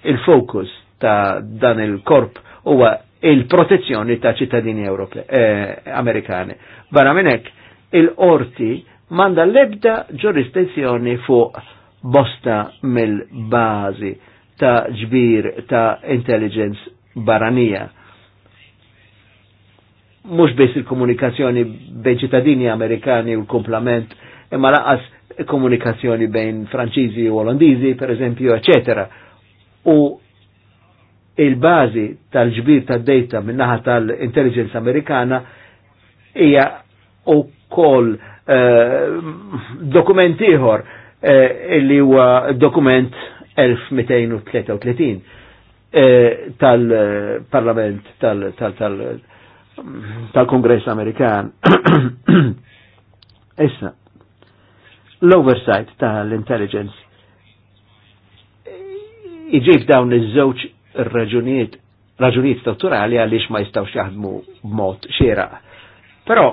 il-fokus ta' dan il-korp huwa il-protezzjoni ta' ċittadini Europe eh, Amerikani. Barra minnek, il-orti manda lebda ġurisdizzjoni fuq bosta mill-bazi ta' ġbir ta' intelligence baranija. Mux biss il-komunikazzjoni bejn ċittadini Amerikani u l-komplament imma laqas komunikazzjoni bejn Franċiżi u Olandiżi, per eżempju, eccetera. U il-bażi tal-ġbir tad-data minnaħa tal-intelligence Amerikana hija ukoll eh, dokument ieħor eh, li huwa dokument 1233 eh, tal-Parlament tal-Kongress tal tal tal Amerikan. [COUGHS] Issa, l-oversight tal-intelligence iġib dawn iż-żewġ raġunijiet raġunijiet strutturali għaliex ma jistawx jaħdmu b'mod xiera. Però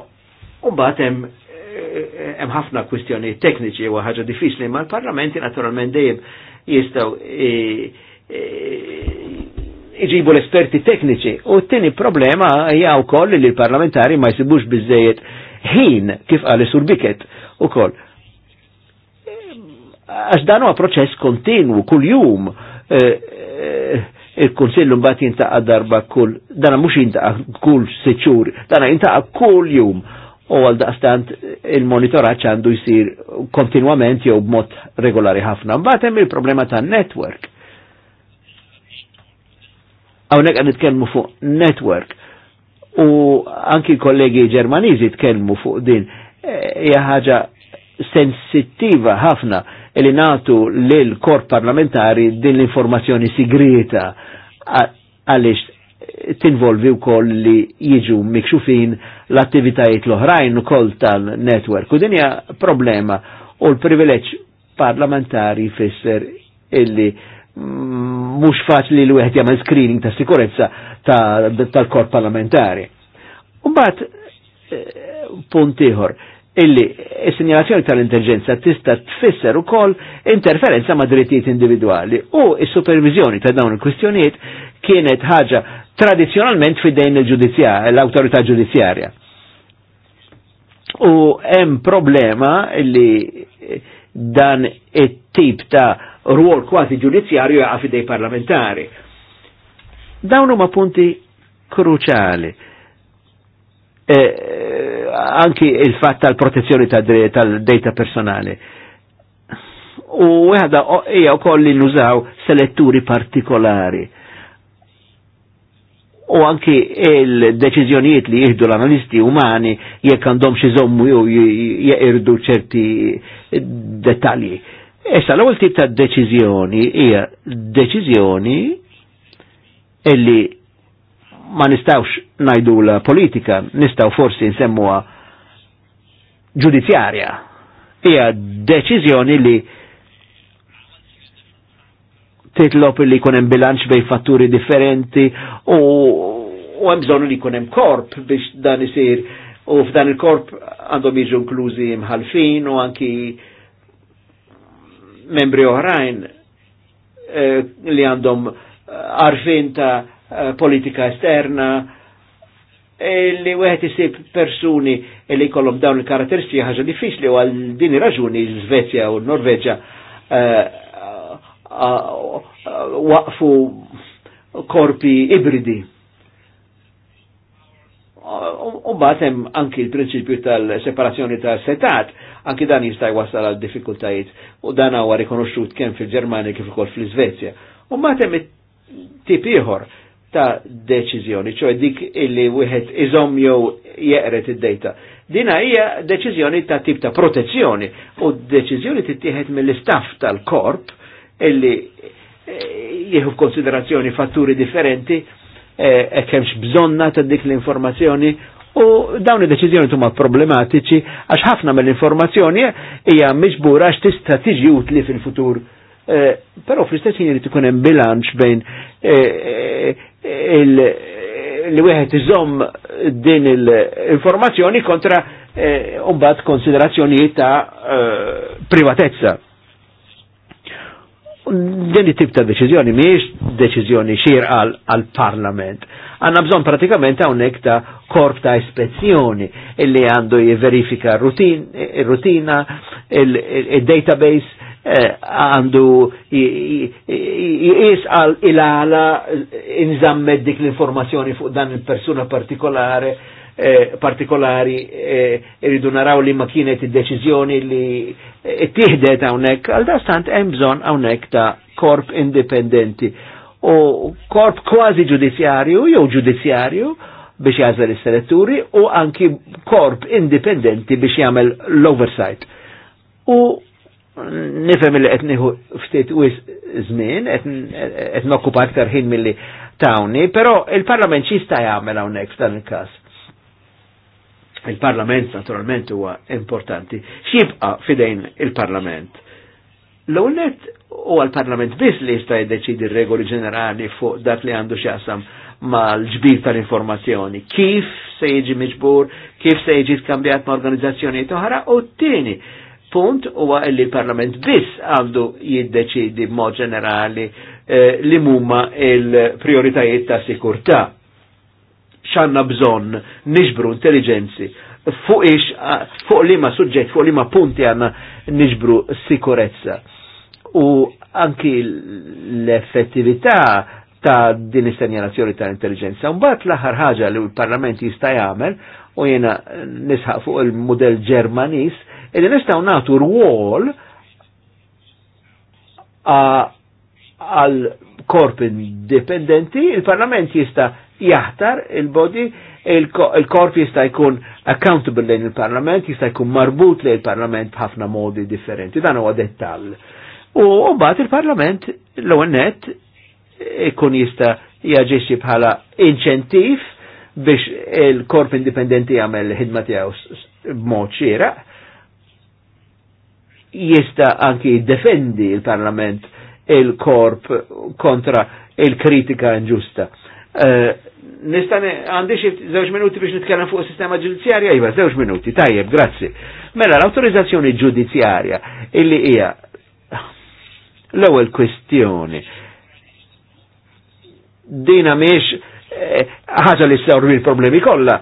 mbagħad hemm eh, hemm ħafna kwistjoni tekniċi u ħaġa diffiċli ma l-parlamenti naturalment dejjem jistgħu eh, eh, iġibu l-esperti tekniċi. U t tini problema hija wkoll li l-parlamentari ma jsibux biżejjed ħin kif qal sur Biket ukoll għax dan huwa proċess kontinwu kuljum eh, eh, il-Kunsillu mbagħad jintaqa' darba kull dana mhux jintaqa' kull sitt xhur, dana jintaqa' kull jum u għal daqstant il-monitoraċ għandu jisir kontinuament jew b'mod regolari ħafna. Mbagħad hemm il-problema ta' network. Hawnhekk qed nitkellmu fuq network u anki kollegi Ġermaniżi tkellmu fuq din eh, hija ħaġa sensittiva ħafna li natu lil korp parlamentari din l-informazzjoni sigrita għalix tinvolvi u koll li jiġu mikxufin l-attivitajiet l-oħrajn u koll tal-network. U dinja problema u l-privileċ parlamentari fisser illi mux faċli li wieħed jaman screening ta' sikurezza tal-korp parlamentari. bat eh, punt ieħor, illi il sinjalazzjoni tal-intelligenza tista' tfisser ukoll interferenza ma' drittijiet Individuali u il supervizjoni ta' dawn il-kwistjonijiet kienet ħaġa tradizjonalment fidejn l-autorità ġudizzjarja. U hemm problema illi dan it-tip ta' ruol kważi ġudizzjarju għafidej parlamentari. Dawn huma punti kruċali eh, anki il-fat tal-protezzjoni tal-data personali. U għada ija u li nużaw seletturi partikolari. U anki il-deċiżjonijiet li jihdu l-analisti umani jekk għandhom xi żommu jew jeqirdu ċerti dettalji. Issa l-ewwel tip ta' deċiżjoni hija deċiżjoni illi ma nistawx najdu la politika, nistaw forsi nsemmuha ġudizzjarja. Hija deċiżjoni li titlop li jkun hemm bilanċ bej fatturi differenti u u hemm bżonn li jkun hemm korp biex dan isir u f'dan il-korp għandhom jiġu inklużi mħalfin u anki membri oħrajn eh, li għandhom eh, arfin ta' Eh, politika esterna, e li wieħed jisib persuni li jkollhom dawn il-karatteristiċi ħaġa diffiċli u għal din raġuni l-Svezja u l-Norveġa eh, eh, waqfu korpi ibridi. U batem anki il-prinċipju tal-separazzjoni ta' setat, anki dan jista' wasal għal diffikultajiet u dan huwa rikonoxxut kemm fil-Ġermanja kif ukoll fl-Iżvezja. U batem tip ieħor ta' deċiżjoni, ċoħe dik illi wieħed iżom jew jeqret id-dejta. Dina hija deċiżjoni ta' tip ta' protezzjoni u deċiżjoni tittieħed mill-istaff tal-korp illi eh, jieħu konsiderazzjoni fatturi differenti eh, e kemx bżonna ta' dik l-informazzjoni u dawn il deċiżjoni tuma problematiċi għax ħafna mill-informazzjoni hija miġbura għax tista' tiġi utli fil-futur. Eh, però fl-istess jien irid ikun hemm bilanċ bejn li wieħed iżomm din l-informazzjoni kontra eh, umbat konsiderazzjonijiet ta' eh, privatezza. Din it-tip ta' deċiżjoni mhijiex deċiżjoni xir għal-Parlament. Għanna bżon pratikament hawnhekk ta' korp ta' ispezzjoni illi għandu jiverifika rutina, il-database, għandu jisqal il-għala inżammed dik l-informazzjoni fuq dan il-persuna partikolare eh, partikolari eh, irridu naraw li ma kienet id-deċizjoni li eh, tiħdet hawnhekk għal dastant hemm bżonn hawnhekk ta' korp indipendenti u korp kważi ġudizzjarju jew ġudizzjarju biex jażel is-seletturi u anki korp indipendenti biex jagħmel l-oversight. U nifem li etniħu ftit u zmin, qed nokkupa aktar ħin milli tawni, però il-Parlament xista jagħmel hawnhekk f'dan il-każ. Il-Parlament naturalment huwa importanti. X'jibqa' fidejn il-Parlament? L-ewwel u għal-Parlament biss li jista' jiddeċidi regoli ġenerali fuq dak li għandu x'jaqsam mal-ġbir tal-informazzjoni. Kif se jiġi miġbur, kif se jiġi skambjat ma' organizzazzjonijiet oħra u t-tieni punt huwa li l-Parlament biss għandu jiddeċidi b'mod ġenerali eh, li mumma il-prioritajiet ta' sikurtà. Xanna bżonn niġbru intelligenzi fuq ix, fuq li ma suġġett, fuq li ma punti għanna niġbru sikurezza. U anki l-effettività ta' din is-senjalazzjoni ta' intelligenza. Mbagħad l-aħħar ħaġa li l-Parlament jista' jagħmel u jiena nisħaq fuq il-mudell Ġermaniż illi nistaw natu wall għal korp indipendenti, il-parlament jista jaħtar il-body, il-korp jista jkun accountable lejn il-parlament, jista jkun marbut lejn il-parlament bħafna modi differenti, dan huwa dettall. U mbagħad il-parlament l-ewwel net ikun jista jaġixxi bħala inċentiv biex il-korp indipendenti jagħmel ħidma tiegħu b'mod xieraq jista anki defendi il-Parlament il-korp kontra il-kritika inġusta. Eh, Nistane, għandix zewġ żewġ minuti biex nitkellem fuq is-sistema ġudizzjarja, jiva żewġ minuti, tajjeb, grazzi. Mela l-awtorizzazzjoni ġudizzjarja illi hija l-ewwel kwestjoni. Dina miex eh, ħaġa li s il-problemi kollha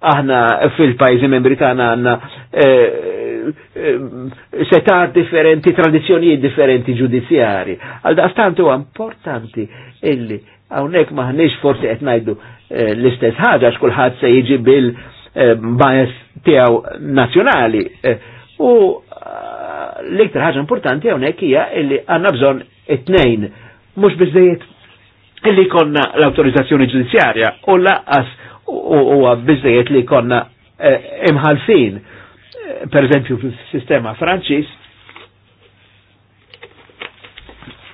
aħna fil-pajzi membri tagħna għandna eh, eh, setat differenti, tradizzjonijiet differenti ġudizzjari. Għal daqstant huwa importanti illi hawnhekk maħniex forsi qed ngħidu eh, l-istess ħaġa x'kulħadd se jiġi bil-bajes tiegħu nazzjonali. U l-iktar ħaġa importanti hawnhekk hija illi għandna bżonn it-tnejn mhux biżejjed illi konna l-autorizzazzjoni ġudizzjarja u laqqas u għabbiżejiet li konna eh, imħalfin. Eh, per eżempju, fil-sistema Franċis,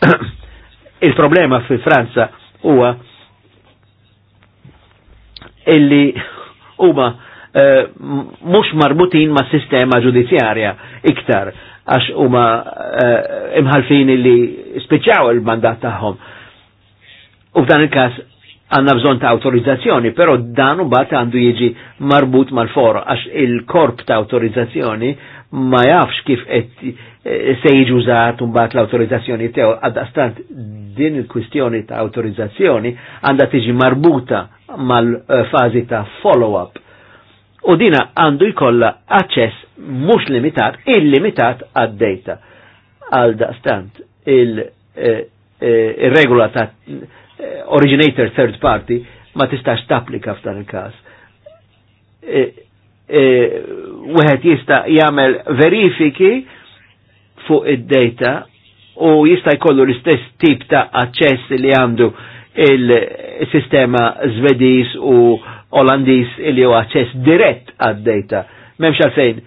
[COUGHS] il-problema fil Franza huwa illi huma eh, mux marbutin ma' sistema ġudizzjarja iktar għax huma imħalfin illi spiċċaw il-mandat tagħhom. U f'dan il-każ għanna bżon ta' autorizzazzjoni, pero dan u bat għandu jieġi marbut mal-for, għax il-korp ta' autorizzazzjoni ma jafx kif eh, se jieġi użat un bat l-autorizzazzjoni tew, għaddastant din il-kwistjoni ta' autorizzazzjoni għanda tiġi marbuta mal-fazi ta' follow-up. U dina għandu jkolla access mux limitat, illimitat għad-data. Għal eh, eh, il-regola ta' Eh, originator third party ma tistax tapplika f'dan il-każ. E, e, wieħed jista' jagħmel verifiki fuq id-data u jista' jkollu l-istess tip ta' aċċess li għandu il-sistema Zvediż u Olandiż li huwa aċċess dirett għad-data. M'hemmx għalfejn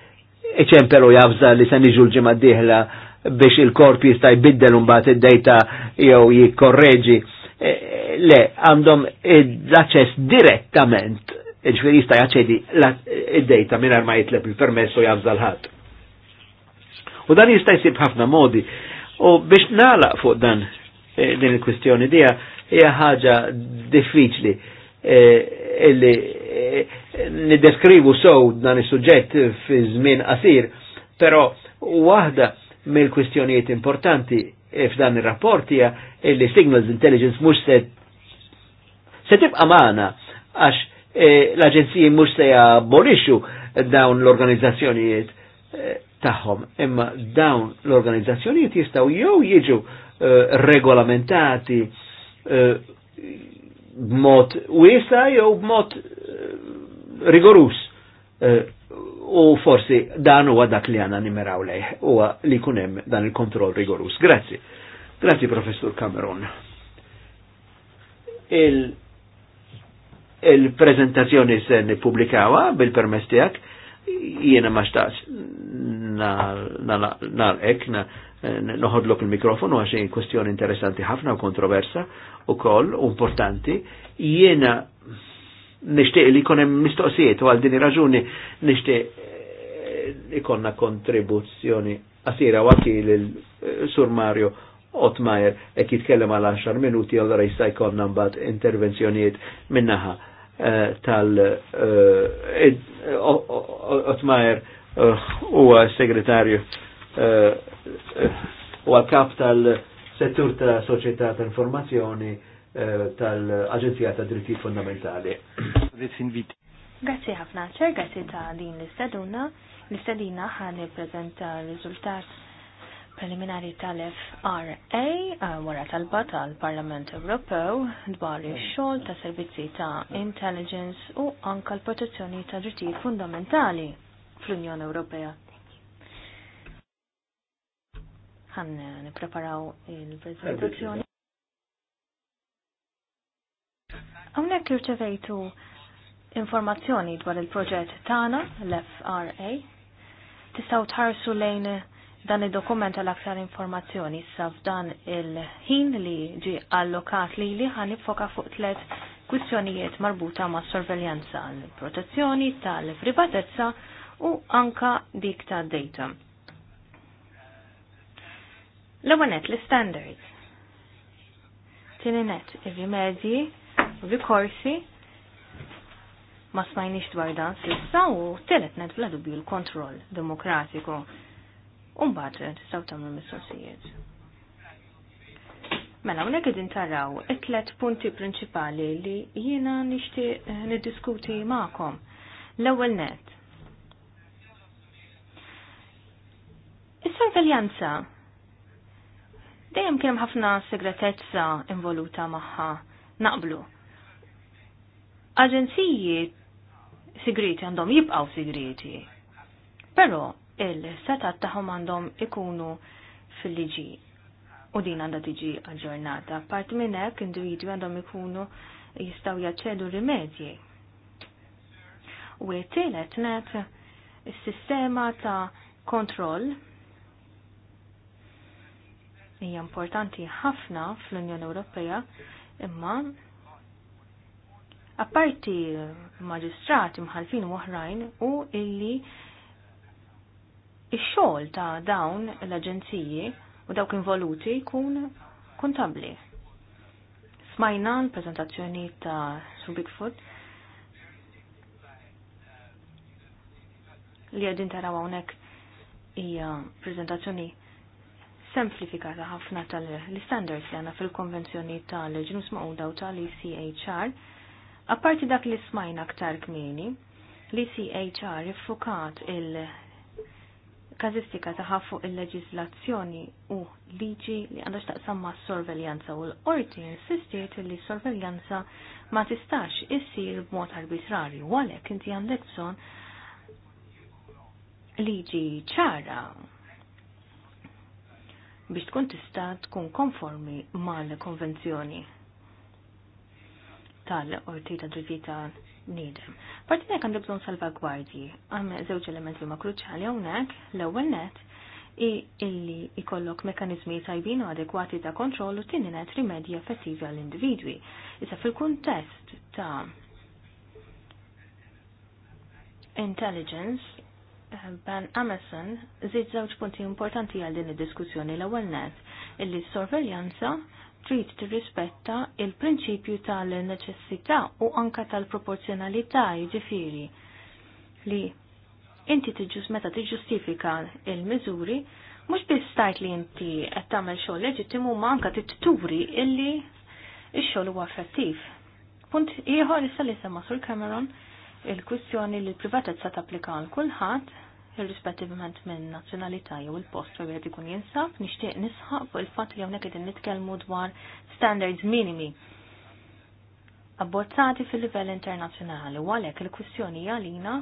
iċempelu jafza li se niġu l-ġimgħa dieħla biex il-korp jista' jbiddel mbagħad id data jew jikkorreġi Eh, le għandhom l-aċċess direttament, ġifieri jista' jaċċedi eh, id-dejta mingħajr ma jitleb il-permess u jafżal ħadd. U dan jista' jsib ħafna modi. U biex nagħlaq fuq dan eh, din il-kwistjoni dija hija ħaġa diffiċli illi nideskrivu sow dan is-suġġett fi żmien qasir, però waħda mill-kwistjonijiet importanti E f'dan ir-rapport hija li signals intelligence mhux se se tibqa' magħna għax e, l-aġenziji mhux se jabolixxu dawn l-organizzazzjonijiet e, tagħhom, imma dawn l-organizzazzjonijiet jistgħu jew jiġu regolamentati b'mod wiesa jew b'mod rigorus. U forsi dan huwa dak li għana nimeraw lej, u li kunem dan il kontrol rigorus. Grazzi. Grazie, Professor Cameron. Il- il-prezentazzjoni se nippubblikawa bil-permess tiegħek jiena ma xtaqx nal-ek noħodlok il-mikrofonu għax kwestjoni interessanti ħafna u kontroversa u koll u importanti jiena nishtiq li konem mistoqsijiet u għal dini raġuni nishtiq eh, ikonna kontribuzzjoni asira għasili l-Sur eh, Mario Otmajer e jitkellem għal 10 minuti għal rejsa jkollna mbagħad intervenzjonijiet minnaħa eh, tal Otmajer huwa segretarju u għal kap tal-settur ta' soċieta ta' informazzjoni Eh, tal-Aġenzija ta' dritti Fundamentali. Grazzi ħafna, ċer grazie ta' din l-istaduna. L-istadina ħan prezenta r-riżultat preliminari tal-FRA eh, wara talba tal-Parlament Ewropew dwar ix-xogħol ta' servizzi ta' intelligence u anka l-protezzjoni ta' dritti fundamentali fl-Unjoni Ewropea. Ħan eh, nippreparaw il-prezentazzjoni. Hawnhekk irċevejtu informazzjoni dwar il-proġett tagħna l-FRA. Tistgħu tħarsu lejn dan id-dokument għal aktar informazzjoni issa f'dan il-ħin li ġi allokat li li ħan nifoka fuq tliet kwistjonijiet marbuta ma' sorveljanza l protezzjoni tal-privatezza u anka dik ta' data. L-ewwel l-standards. Tininet, evi ir-rimedji korsi ma smajni dwar dan sissa u telet net bla bi l-kontroll demokratiku. Umbat tistaw tagħmlu sosijiet Mela hawnhekk qegħdin taraw it-tlet punti prinċipali li jiena nixtieq eh, niddiskuti magħkom. L-ewwel net. Is-sorveljanza dejjem kemm ħafna segretezza involuta magħha naqblu aġenziji sigriti għandhom jibqaw sigriti. Pero il-setat taħom għandhom ikunu fil-liġi u din għandha tiġi aġġornata. Part minn hekk individwi għandhom ikunu jistgħu jaċċedu rimedji. U t-tielet net is-sistema ta' kontroll hija importanti ħafna fl-Unjoni Ewropea imma apparti maġistrati mħalfin u oħrajn u illi il xogħol ta' dawn l-aġenziji u dawk involuti kun kontabli. Smajna l-prezentazzjoni ta' Su Bigfoot li għedin taraw hawnhekk hija prezentazzjoni semplifikata ħafna tal-standards li għandna fil-konvenzjoni tal ġinus ma' u tal-ECHR Apparti dak li smajna aktar kmini, li CHR iffukat il- kazistika taħafu il-leġislazzjoni u liġi li għandax taqsam s sorveljanza u l-qorti insistiet li sorveljanza ma tistax issir b'mod arbitrarju għalhekk inti għandek son liġi ċara biex tkun tista' tkun konformi mal-konvenzjoni tal orti ta' Drittijiet ta' Nidem. Parti nek għandu bżonn salvagwardji, għam żewġ elementi huma kruċjali hawnhekk, l-ewwel net illi ikollok mekanizmi tajbin u adekwati ta' kontrollu tinni net rimedji effettivi għall-individwi. Issa fil-kuntest ta' intelligence, Ban Amazon zid żewġ punti importanti għal din id-diskussjoni l-ewwel net illi s-sorveljanza trid tirrispetta il-prinċipju tal-neċessità u anka tal-proporzjonalità jiġifieri li inti tiġus meta tiġġustifika il-miżuri mhux biss tajt li inti qed tagħmel xogħol leġittimu ma anka titturi illi x-xogħol huwa effettiv. Punt ieħor issa li sema sur Cameron il-kwistjoni li l-privatezza tapplika għal kulħadd irrispettivament minn nazzjonalità jew il-post fejn wieħed ikun jinsab, nixtieq nisħaq fuq il-fatt li hawnhekk qegħdin nitkellmu dwar standards minimi abbozzati fil-livell internazzjonali u għalhekk il-kwistjoni għalina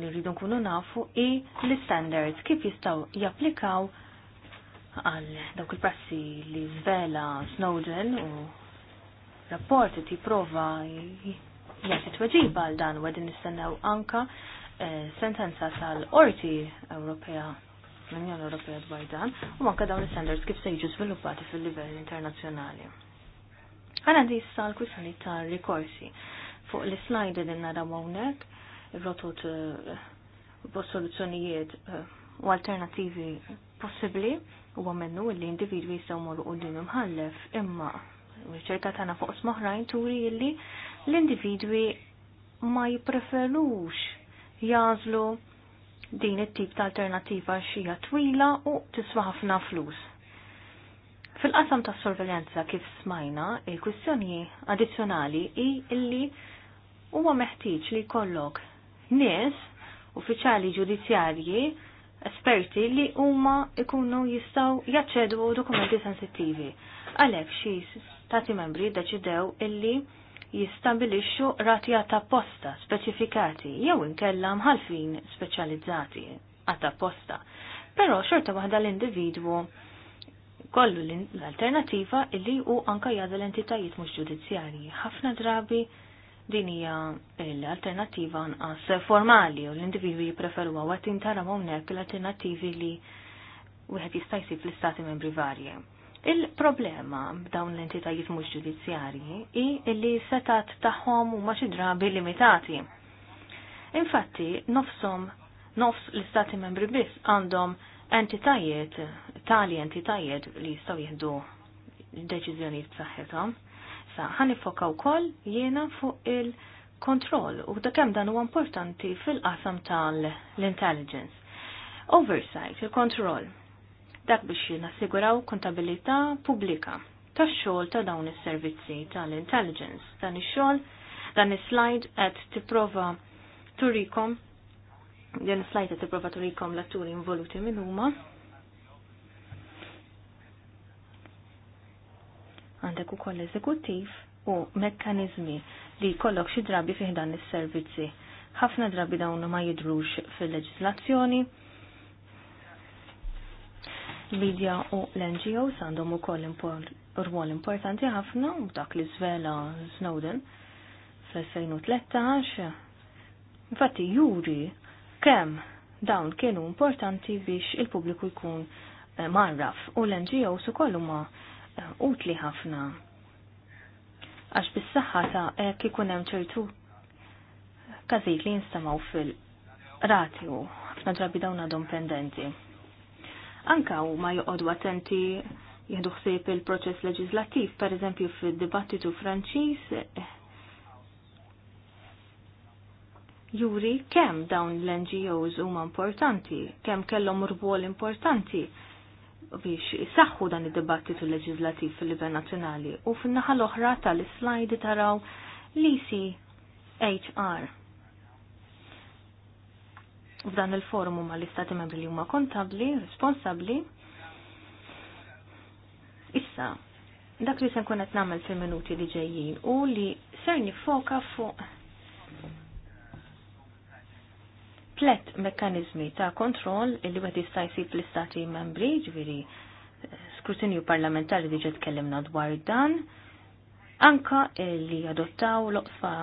li rridu nkunu nafu i l-standards kif jistgħu japplikaw għal dawk il-prassi li zvela Snowden u rapporti ti prova jgħati tweġiba għal dan u għedin nistennew anka Eh, sentenza tal-Orti Ewropea l-Unjoni Ewropea dwar dan u anke dawn l-standards kif se jiġu sviluppati fil-livell internazzjonali. Għana di issa l-kwissjoni ta' rikorsi. Fuq l-slide li nara hawnhekk ir-rotot eh, soluzzjonijiet eh, u alternativi possibbli huwa minnu li individwi jistgħu moru quddiem imħallef imma riċerka tagħna fuq smoħrajn turi li l-individwi ma jippreferux jażlu din it-tip ta' alternativa xija twila u tiswa ħafna flus. Fil-qasam ta' sorveljanza kif smajna, il-kwistjoni addizzjonali i illi huwa meħtieġ li jkollok nies, uffiċjali ġudizzjarji, esperti li huma ikunu jistaw jaċċedu dokumenti sensittivi. Għalhekk xi stati membri deċidew illi jistabilixxu rati ta' posta speċifikati jew inkella mħalfin speċjalizzati għata posta. Però xorta waħda l-individwu kollu l-alternativa illi u anka jgħadha l-entitajiet mhux ġudizzjarji. Ħafna drabi din hija l-alternativa nqas formali u l-individwi jippreferuha waqt intara hawnhekk l-alternattivi li wieħed jista' jsib fl-istati membri varji. Il-problema b'dawn l-entitajiet mhux ġudizzjarji hi li setat tagħhom huma xi drabi limitati. Infatti, nofsom nofs l-istati membri biss għandhom entitajiet, tali entitajiet li jistgħu jieħdu deċiżjonijiet b'saħħithom. Sa ħanifoka wkoll jiena fuq il-kontroll u da kemm dan huwa importanti fil-qasam tal-intelligence. Oversight, il-kontroll dak biex nassiguraw kontabilità pubblika tax-xogħol ta' dawn is-servizzi tal-intelligence. Dan ix-xogħol dan is-slide qed tipprova turikom din is-slide qed tipprova turikom l-atturi involuti minn huma. Għandek ukoll eżekuttiv u mekkanizmi li jkollok xi drabi fih dan is-servizzi. Ħafna drabi dawn ma jidrux fil-leġislazzjoni Media u l-NGOs għandhom ukoll rwol importanti ħafna u dak li żvela Snowden fl-2013. Infatti juri kemm dawn kienu importanti biex il-pubbliku jkun eh, marraf u l-NGOs ukoll huma eh, utli ħafna għax bis-saħħa ta' hekk ikun hemm ċertu każijiet li jinstamaw fil-ratju ħafna drabi dawn għadhom pendenti anka huma joqodu attenti jieħdu ħsieb il-proċess leġislattiv, pereżempju fil dibattitu Franċiż eh, juri kemm dawn l-NGOs huma importanti, kemm kellhom rwol importanti biex saħħu dan id-dibattitu leġislattiv fil-livell nazzjonali u fin-naħa l-oħra tal-slajdi taraw l-ECHR F'dan il-forum huma l-istati membri li huma kontabli, responsabbli. Issa, dak li se nkun qed nagħmel fil-minuti li ġejjin u li ser nifoka fuq tlet mekkanizmi ta' kontroll li wieħed jista' jsib fl-istati membri, ġifieri eh, skrutinju parlamentari diġa tkellimna dwar dan, anka li adottaw l-oqfa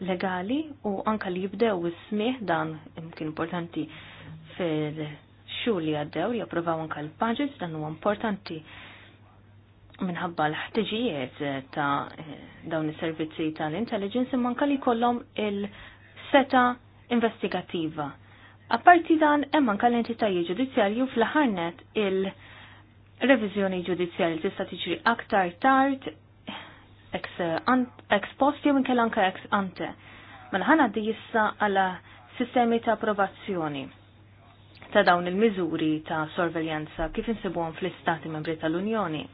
legali u anka li jibdew ismih dan imkien importanti fil-xhur li għaddew li approvaw anka l-budget dan huwa importanti minħabba l-ħtiġijiet ta' dawn is-servizzi tal-intelligence imma kalli li il-seta investigativa. Apparti dan hemm kalli l-entitajiet ġudizzjarji fl-ħarnet il- Revizjoni ġudizzjali tista' tiġri aktar tard ex post jew minkella anke ex ante. Mela ħana di jissa għala sistemi ta' approvazzjoni ta' dawn il-miżuri ta' sorveljanza kif insibuhom fl-Istati Membri tal-Unjoni.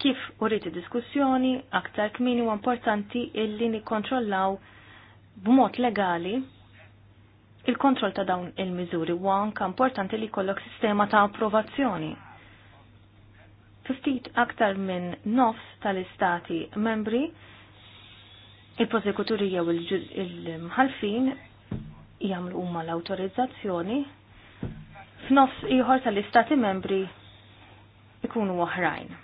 Kif urrit diskussjoni aktar kmini u importanti illi nikkontrollaw b'mod legali il-kontroll ta' dawn il-miżuri u anka importanti li kollok sistema ta' approvazzjoni ftit aktar minn nofs tal-istati membri il-prosekuturi jew il-mħalfin jagħmlu huma l-awtorizzazzjoni f'nofs ieħor tal-istati membri ikunu oħrajn.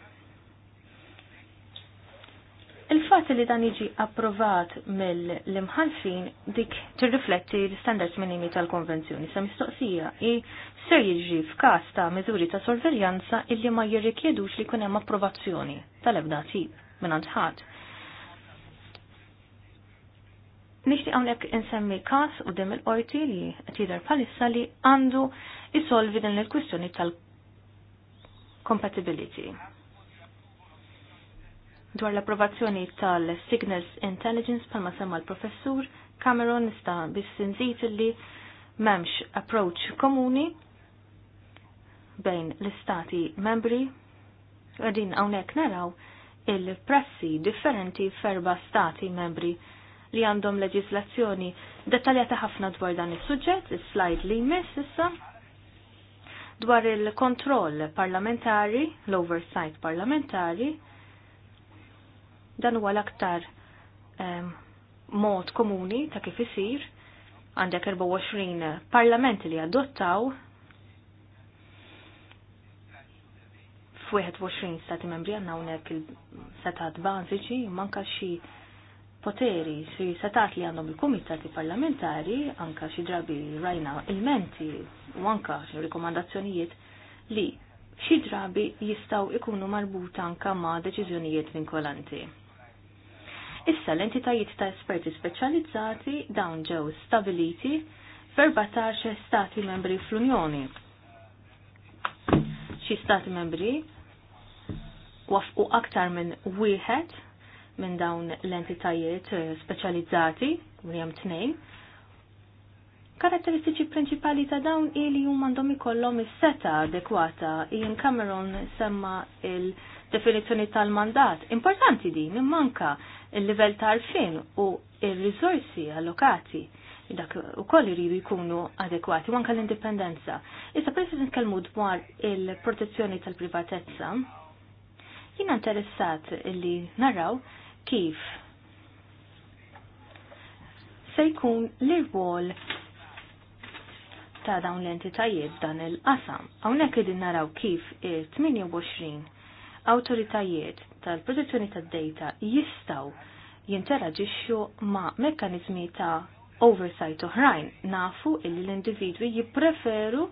Il-fat li dan jiġi approvat mill-imħalfin dik tirrifletti l-standards minimi tal-konvenzjoni sa mistoqsija i ser jiġi f'każ ta' miżuri ta' sorveljanza illi ma jirrikjedux li kunem approvazzjoni tal-ebda tip minn ħadd. Nishti għawnek insemmi kas u dem il-qorti li tider palissa li għandu jisolvi din il-kwistjoni tal-compatibility dwar l-approvazzjoni tal-Signals Intelligence palma semma l-professur Cameron nista biss sinżit li memx approach komuni bejn l-istati membri għadin għawnek naraw il-prassi differenti ferba stati membri li għandhom leġislazzjoni dettaljata ħafna dwar dan is-suġġett, is-slide li jmiss issa dwar il-kontroll parlamentari, l-oversight parlamentari, Dan huwa l-aktar ehm, mod komuni ta' kif isir għandek 24 parlament li adottaw f-21 stati membri għanna unek il-setat bażiċi manka xi poteri xi setat li għandhom il-komitati parlamentari anka xi drabi rajna il-menti u anka xi rikomandazzjonijiet li xi drabi jistaw ikunu marbuta anka ma' deċiżjonijiet vinkolanti. Issa l-entitajiet ta' esperti speċjalizzati dawn ġew stabiliti f'14 stati membri fl-Unjoni. Xi stati membri wafqu aktar minn wieħed minn dawn l-entitajiet speċjalizzati, li hemm tnejn. Karatteristiċi prinċipali ta' dawn ili jum għandhom ikollhom is-seta adekwata. jien Cameron semma il- definizzjoni tal-mandat. Importanti din, manka il-livell tal-fin u il-rizorsi allokati dak u koll iridu jkunu adekwati, u l-indipendenza. Issa President kelmu dwar il-protezzjoni tal-privatezza, jina interessat li naraw kif se jkun l-irwol ta' dawn l-entitajiet dan il-qasam. Hawnhekk id naraw kif 28 awtoritajiet tal-protezzjoni tad-data jistaw jinteraġixxu ma' mekkanizmi ta' oversight oħrajn nafu illi l-individwi jippreferu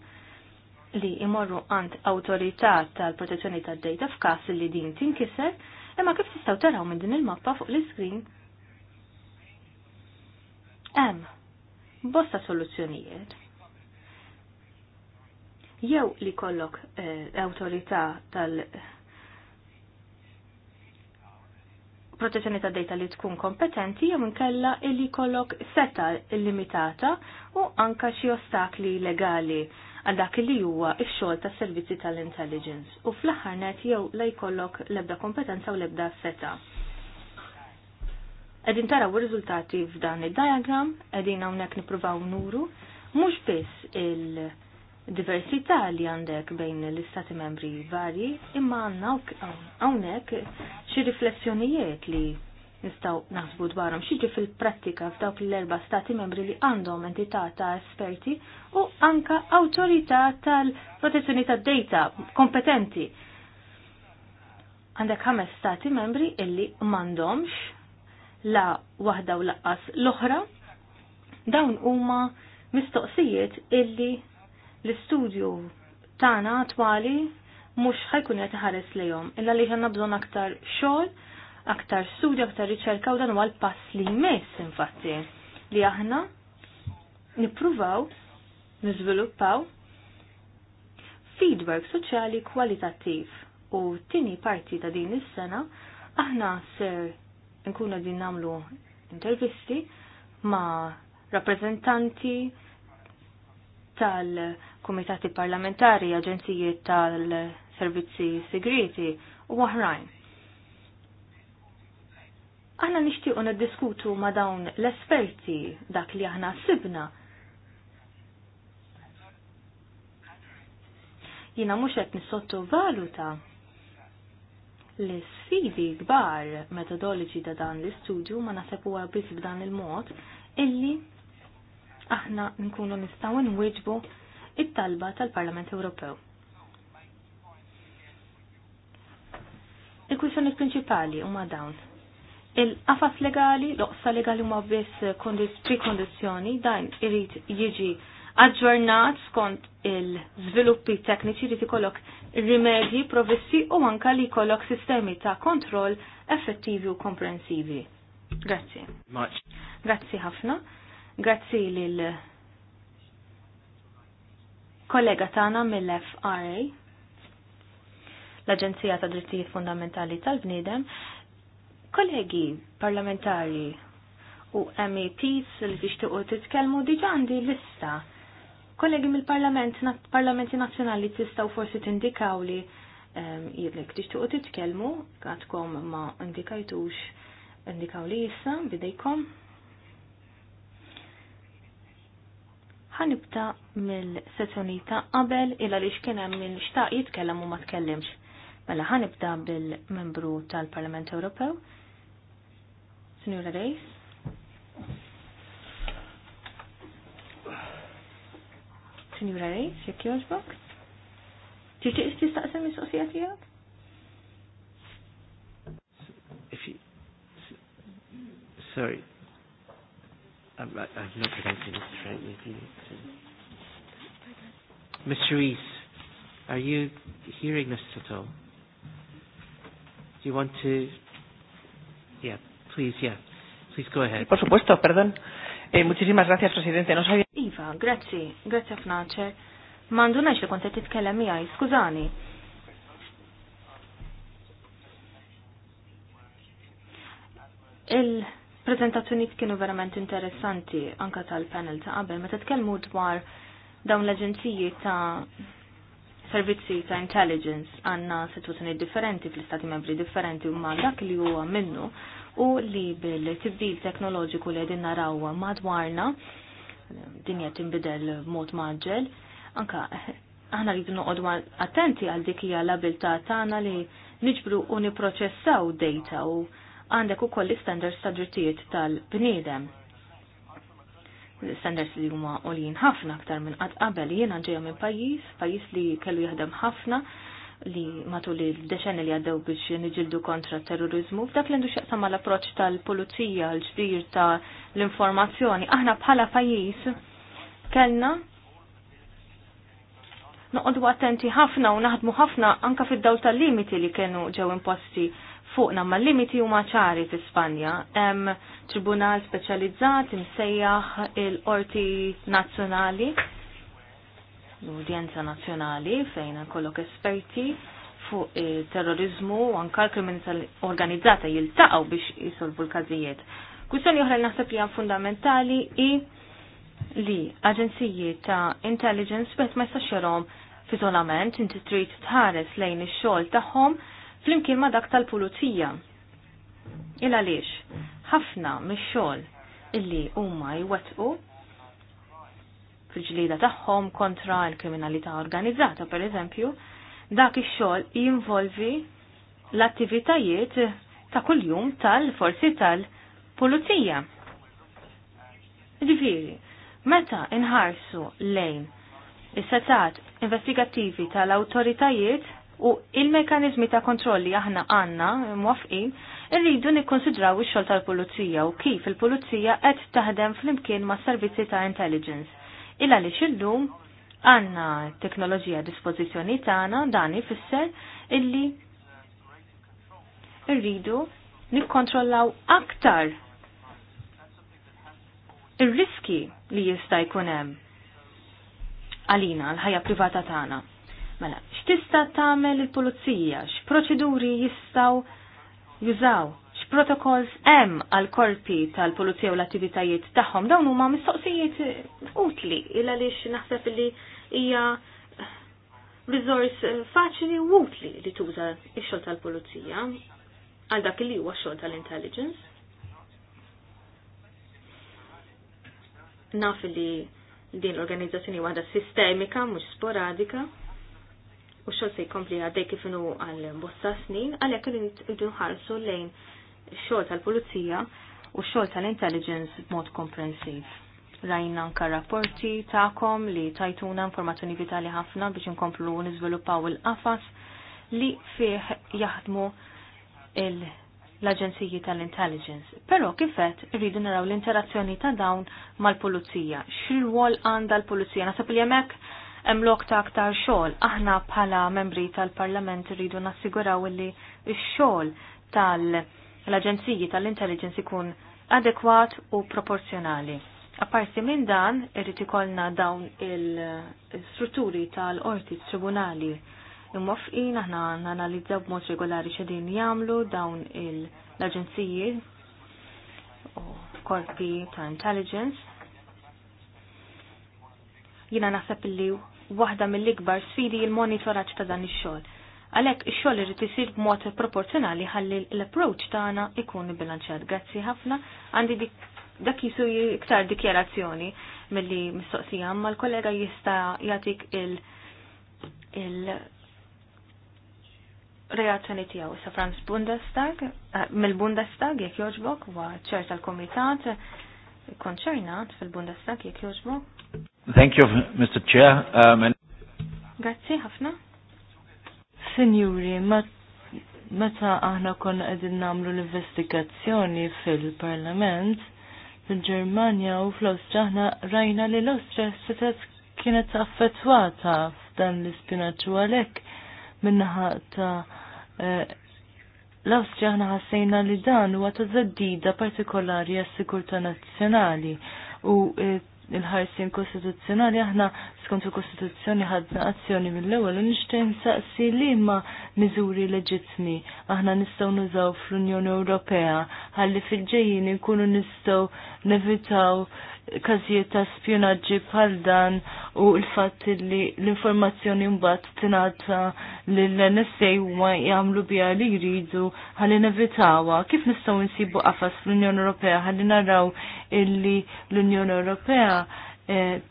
li imorru għand awtorità tal-protezzjoni tad-data f'każ li din tinkiser, imma kif tistgħu taraw minn din il-mappa fuq l-iskrin hemm bosta soluzzjonijiet jew li kollok eh, autorità tal protezzjoni ta' data li tkun kompetenti jew inkella illi kollok seta limitata u anka xi ostakli legali għal dak li huwa x-xogħol tas servizzi tal-intelligence u fl-aħħar net jew la jkollok l-ebda kompetenza u l-ebda seta. Qegħdin taraw ir-riżultati f'dan id-diagram, qegħdin hawnhekk nippruvaw nuru mhux biss il- diversità li għandek bejn l-istati membri varji, imma għanna għawnek xi riflessjonijiet li nistaw naħsbud dwarhom xieġi fil-prattika f'dawk l-erba' stati membri li għandhom entità ta' esperti u anka awtorità tal-protezzjoni tad-data kompetenti. Għandek ħames stati membri illi m'għandhomx la waħda u laqqas l-oħra, dawn huma mistoqsijiet illi L-istudju tagħna twali mhux ħajkun qed iħares lejhom, illa li ħanna bżonn aktar xogħol, aktar studju, aktar riċerka u dan huwa l-pass li jmiss infatti li aħna nippruvaw niżviluppaw feedback soċjali kwalitattiv u tini parti ta' din is-sena aħna ser nkunu din namlu intervisti ma' rappresentanti tal kumitati parlamentari, aġenzijiet tal-servizzi segreti u oħrajn. Aħna nixtiequ niddiskutu ma' dawn l-esperti dak li aħna sibna. Jina mhux qed valuta l-sfidi kbar metodoloġi ta' dan l-istudju ma naħseb huwa biss b'dan il-mod illi aħna nkunu nistgħu nwieġbu it-talba tal-Parlament Ewropew. Il-kwissjoni prinċipali huma dawn. Il-qafas legali, l-oqsa legali huma biss prekondizzjoni dan irid jiġi aġġornat skont il-żviluppi tekniċi li ikollok rimedji provissi u anka li jkollok sistemi ta' kontroll effettivi u komprensivi. Grazzi. Grazzi ħafna. Grazzi lil kollega tagħna mill-FRA, l-Aġenzija ta' Drittijiet Fundamentali tal-Bniedem, kollegi parlamentari u MEPs li tixtiequ titkellmu diġà għandi lista. Kollegi mill-Parlament, Parlamenti Nazzjonali tistgħu forsi tindikaw li ehm, jidlek tixtiequ titkellmu, għadkom ma indikajtux indikaw li issa bidejkom. Ħanibta mill-sessjoni ta' qabel illa li xkien hemm min xtaq jitkellem u ma tkellimx. Mela ħanibda bil-membru tal-Parlament Ewropew, Sinjura Reis. Sinjura Reis, jekk jogħġbok? staqsem mis soqsija tiegħek? Sorry, I'm, I'm not pronouncing this correctly. Ms. Reese, are you hearing this at all? Do you want to? Yeah, please, yeah. Please go ahead. Por supuesto, perdón. Eh, muchísimas gracias, Presidente. No sabía... Iva, grazie. Grazie, Fnace. Fnacer. Mandunax li kontet titkellem miegħi, skużani. Il- Prezentazzjoni kienu verament interessanti anka tal-panel ta' qabel meta tkellmu dwar dawn l-aġenziji ta' servizzi ta' intelligence għanna situazzjoni differenti fl-istati membri differenti u ma' dak li huwa minnu u li bil-tibdil teknoloġiku li għedin naraw madwarna dinja timbidel mod maġġel anka aħna rridu noqogħdu attenti għal dik hija l-abilità tagħna li nġbru u niproċessaw data u għandek ukoll l-standards ta' drittijiet tal-bniedem. Standards li huma għoljin ħafna aktar minn qatt qabel jiena ġejja minn pajjiż, pajjiż li kellu jaħdem ħafna li matul il-deċenni li għaddew biex niġildu kontra terrorizmu, f'dak li għandu xaqsam l approċ tal-pulizija, l ġdir tal informazzjoni aħna bħala pajjiż kellna noqogħdu attenti ħafna u naħdmu ħafna anka fid-dawl tal-limiti li kienu ġew imposti fuqna ma limiti huma ċari fi Spanja. Hemm tribunal speċjalizzat imsejjaħ il-Qorti Nazzjonali, l-Udjenza Nazzjonali fejn kollok esperti fuq terrorizmu u anka l-kriminalità organizzata jiltaqgħu biex jisolvu l-każijiet. Kwistjoni oħra li naħseb li fundamentali i li aġenzijiet ta' intelligence bet ma jistax jarhom f'iżolament inti trid tħares lejn ix-xogħol tagħhom flimkien ma dak tal-pulizija. Il għaliex, ħafna mix-xogħol illi huma jwettqu fil-ġlida tagħhom kontra l-kriminalità organizzata, per eżempju, dak ix-xogħol jinvolvi l-attivitajiet ta' kuljum tal-forzi tal-pulizija. Ġifiri, meta inħarsu lejn is-setat investigattivi tal-awtoritajiet u il-mekanizmi ta' kontrolli aħna għanna mwafqin irridu nikkonsidraw ix-xogħol tal-pulizija u kif il-pulizija qed taħdem flimkien ma' servizzi ta' intelligence. Illa li xillum għanna teknoloġija dispożizzjoni tagħna dan ifisser illi irridu nikkontrollaw aktar ir-riski li jista' jkun hemm għalina l-ħajja privata tagħna. Mela, x'tista' tagħmel il-pulizija, x'proċeduri jistgħu jużaw, x'protokolls hemm għal korpi tal-pulizija u l-attivitajiet tagħhom dawn huma mistoqsijiet utli il għaliex naħseb li hija resource faċli u utli li tuża x-xogħol tal-pulizija għal dak li huwa xogħol tal-intelligence. Naf li din l-organizzazzjoni waħda sistemika mhux sporadika u xol se jkompli għaddej kif inhu għal bosta snin, għalhekk irridu nħarsu lejn xogħol tal-pulizija u xogħol tal-intelligence b'mod komprensiv. Rajna anka rapporti ta'kom li tajtuna informazzjoni vitali ħafna biex inkomplu niżviluppaw il-qafas li fih jaħdmu l-Aġenziji tal-Intelligence. Però kifet rridu naraw l-interazzjoni ta' dawn mal-Pulizija. wol għandha l-Pulizija? Nasab li hemmhekk hemm lok ta' aktar xogħol. Aħna bħala membri tal-Parlament rridu nassiguraw li x-xogħol tal-Aġenziji tal-Intelligence ikun adekwat u proporzjonali. Apparti minn dan, irrid ikollna dawn il-strutturi tal-qorti tribunali imwafqin aħna nanalizzaw b'mod regolari xedin jagħmlu dawn l-aġenziji u korpi ta' intelligence. Jina naħseb li waħda mill-ikbar sfidi il-monitoraġġ ta' dan ix-xogħol. Għalhekk ix-xogħol irid isir b'mod proporzjonali ħalli l-approċċ tagħna ikun bilanċjat. Grazzi ħafna għandi dik dak jisu iktar dikjarazzjoni milli mistoqsija, ma l-kollega jista' jagħtik il- il reazzjoni tiegħu sa Franz Bundestag, eh, mill-Bundestag jekk jogħġbok, wa ċerta tal-Komitat konċernat fil-Bundestag jekk jogħġbok. Thank you, Mr. Chair. Um, and... Grazie, ħafna. Signori, ma meta aħna konna qegħdin nagħmlu l-investigazzjoni fil-Parlament fil-Ġermanja u fl-Awstrija aħna rajna li l-Awstrija s-sitet kienet affettwata f'dan l-ispinaċu għalhekk minnaħa ta' eh, l-Awstrija aħna ħassejna li dan huwa ta' żeddida partikolari għas-sigurtà nazzjonali u eh, il-ħarsin kostituzzjonali aħna skont il-Kostituzzjoni ħadna azzjoni mill-ewwel u nixtieq nsaqsi li ma miżuri leġitmi aħna nistgħu nużaw fl-Unjoni Ewropea ħalli fil-ġejjin nkunu nistgħu nevitaw każijiet ta' spjonaġġi bħal dan u l-fatt li l-informazzjoni mbagħad tingħata lill-NSA huma jagħmlu biha li jridu ħalli nevitawha. Kif nistgħu nsibu qafas fl-Unjoni Ewropea ħalli naraw illi l-Unjoni Ewropea eh,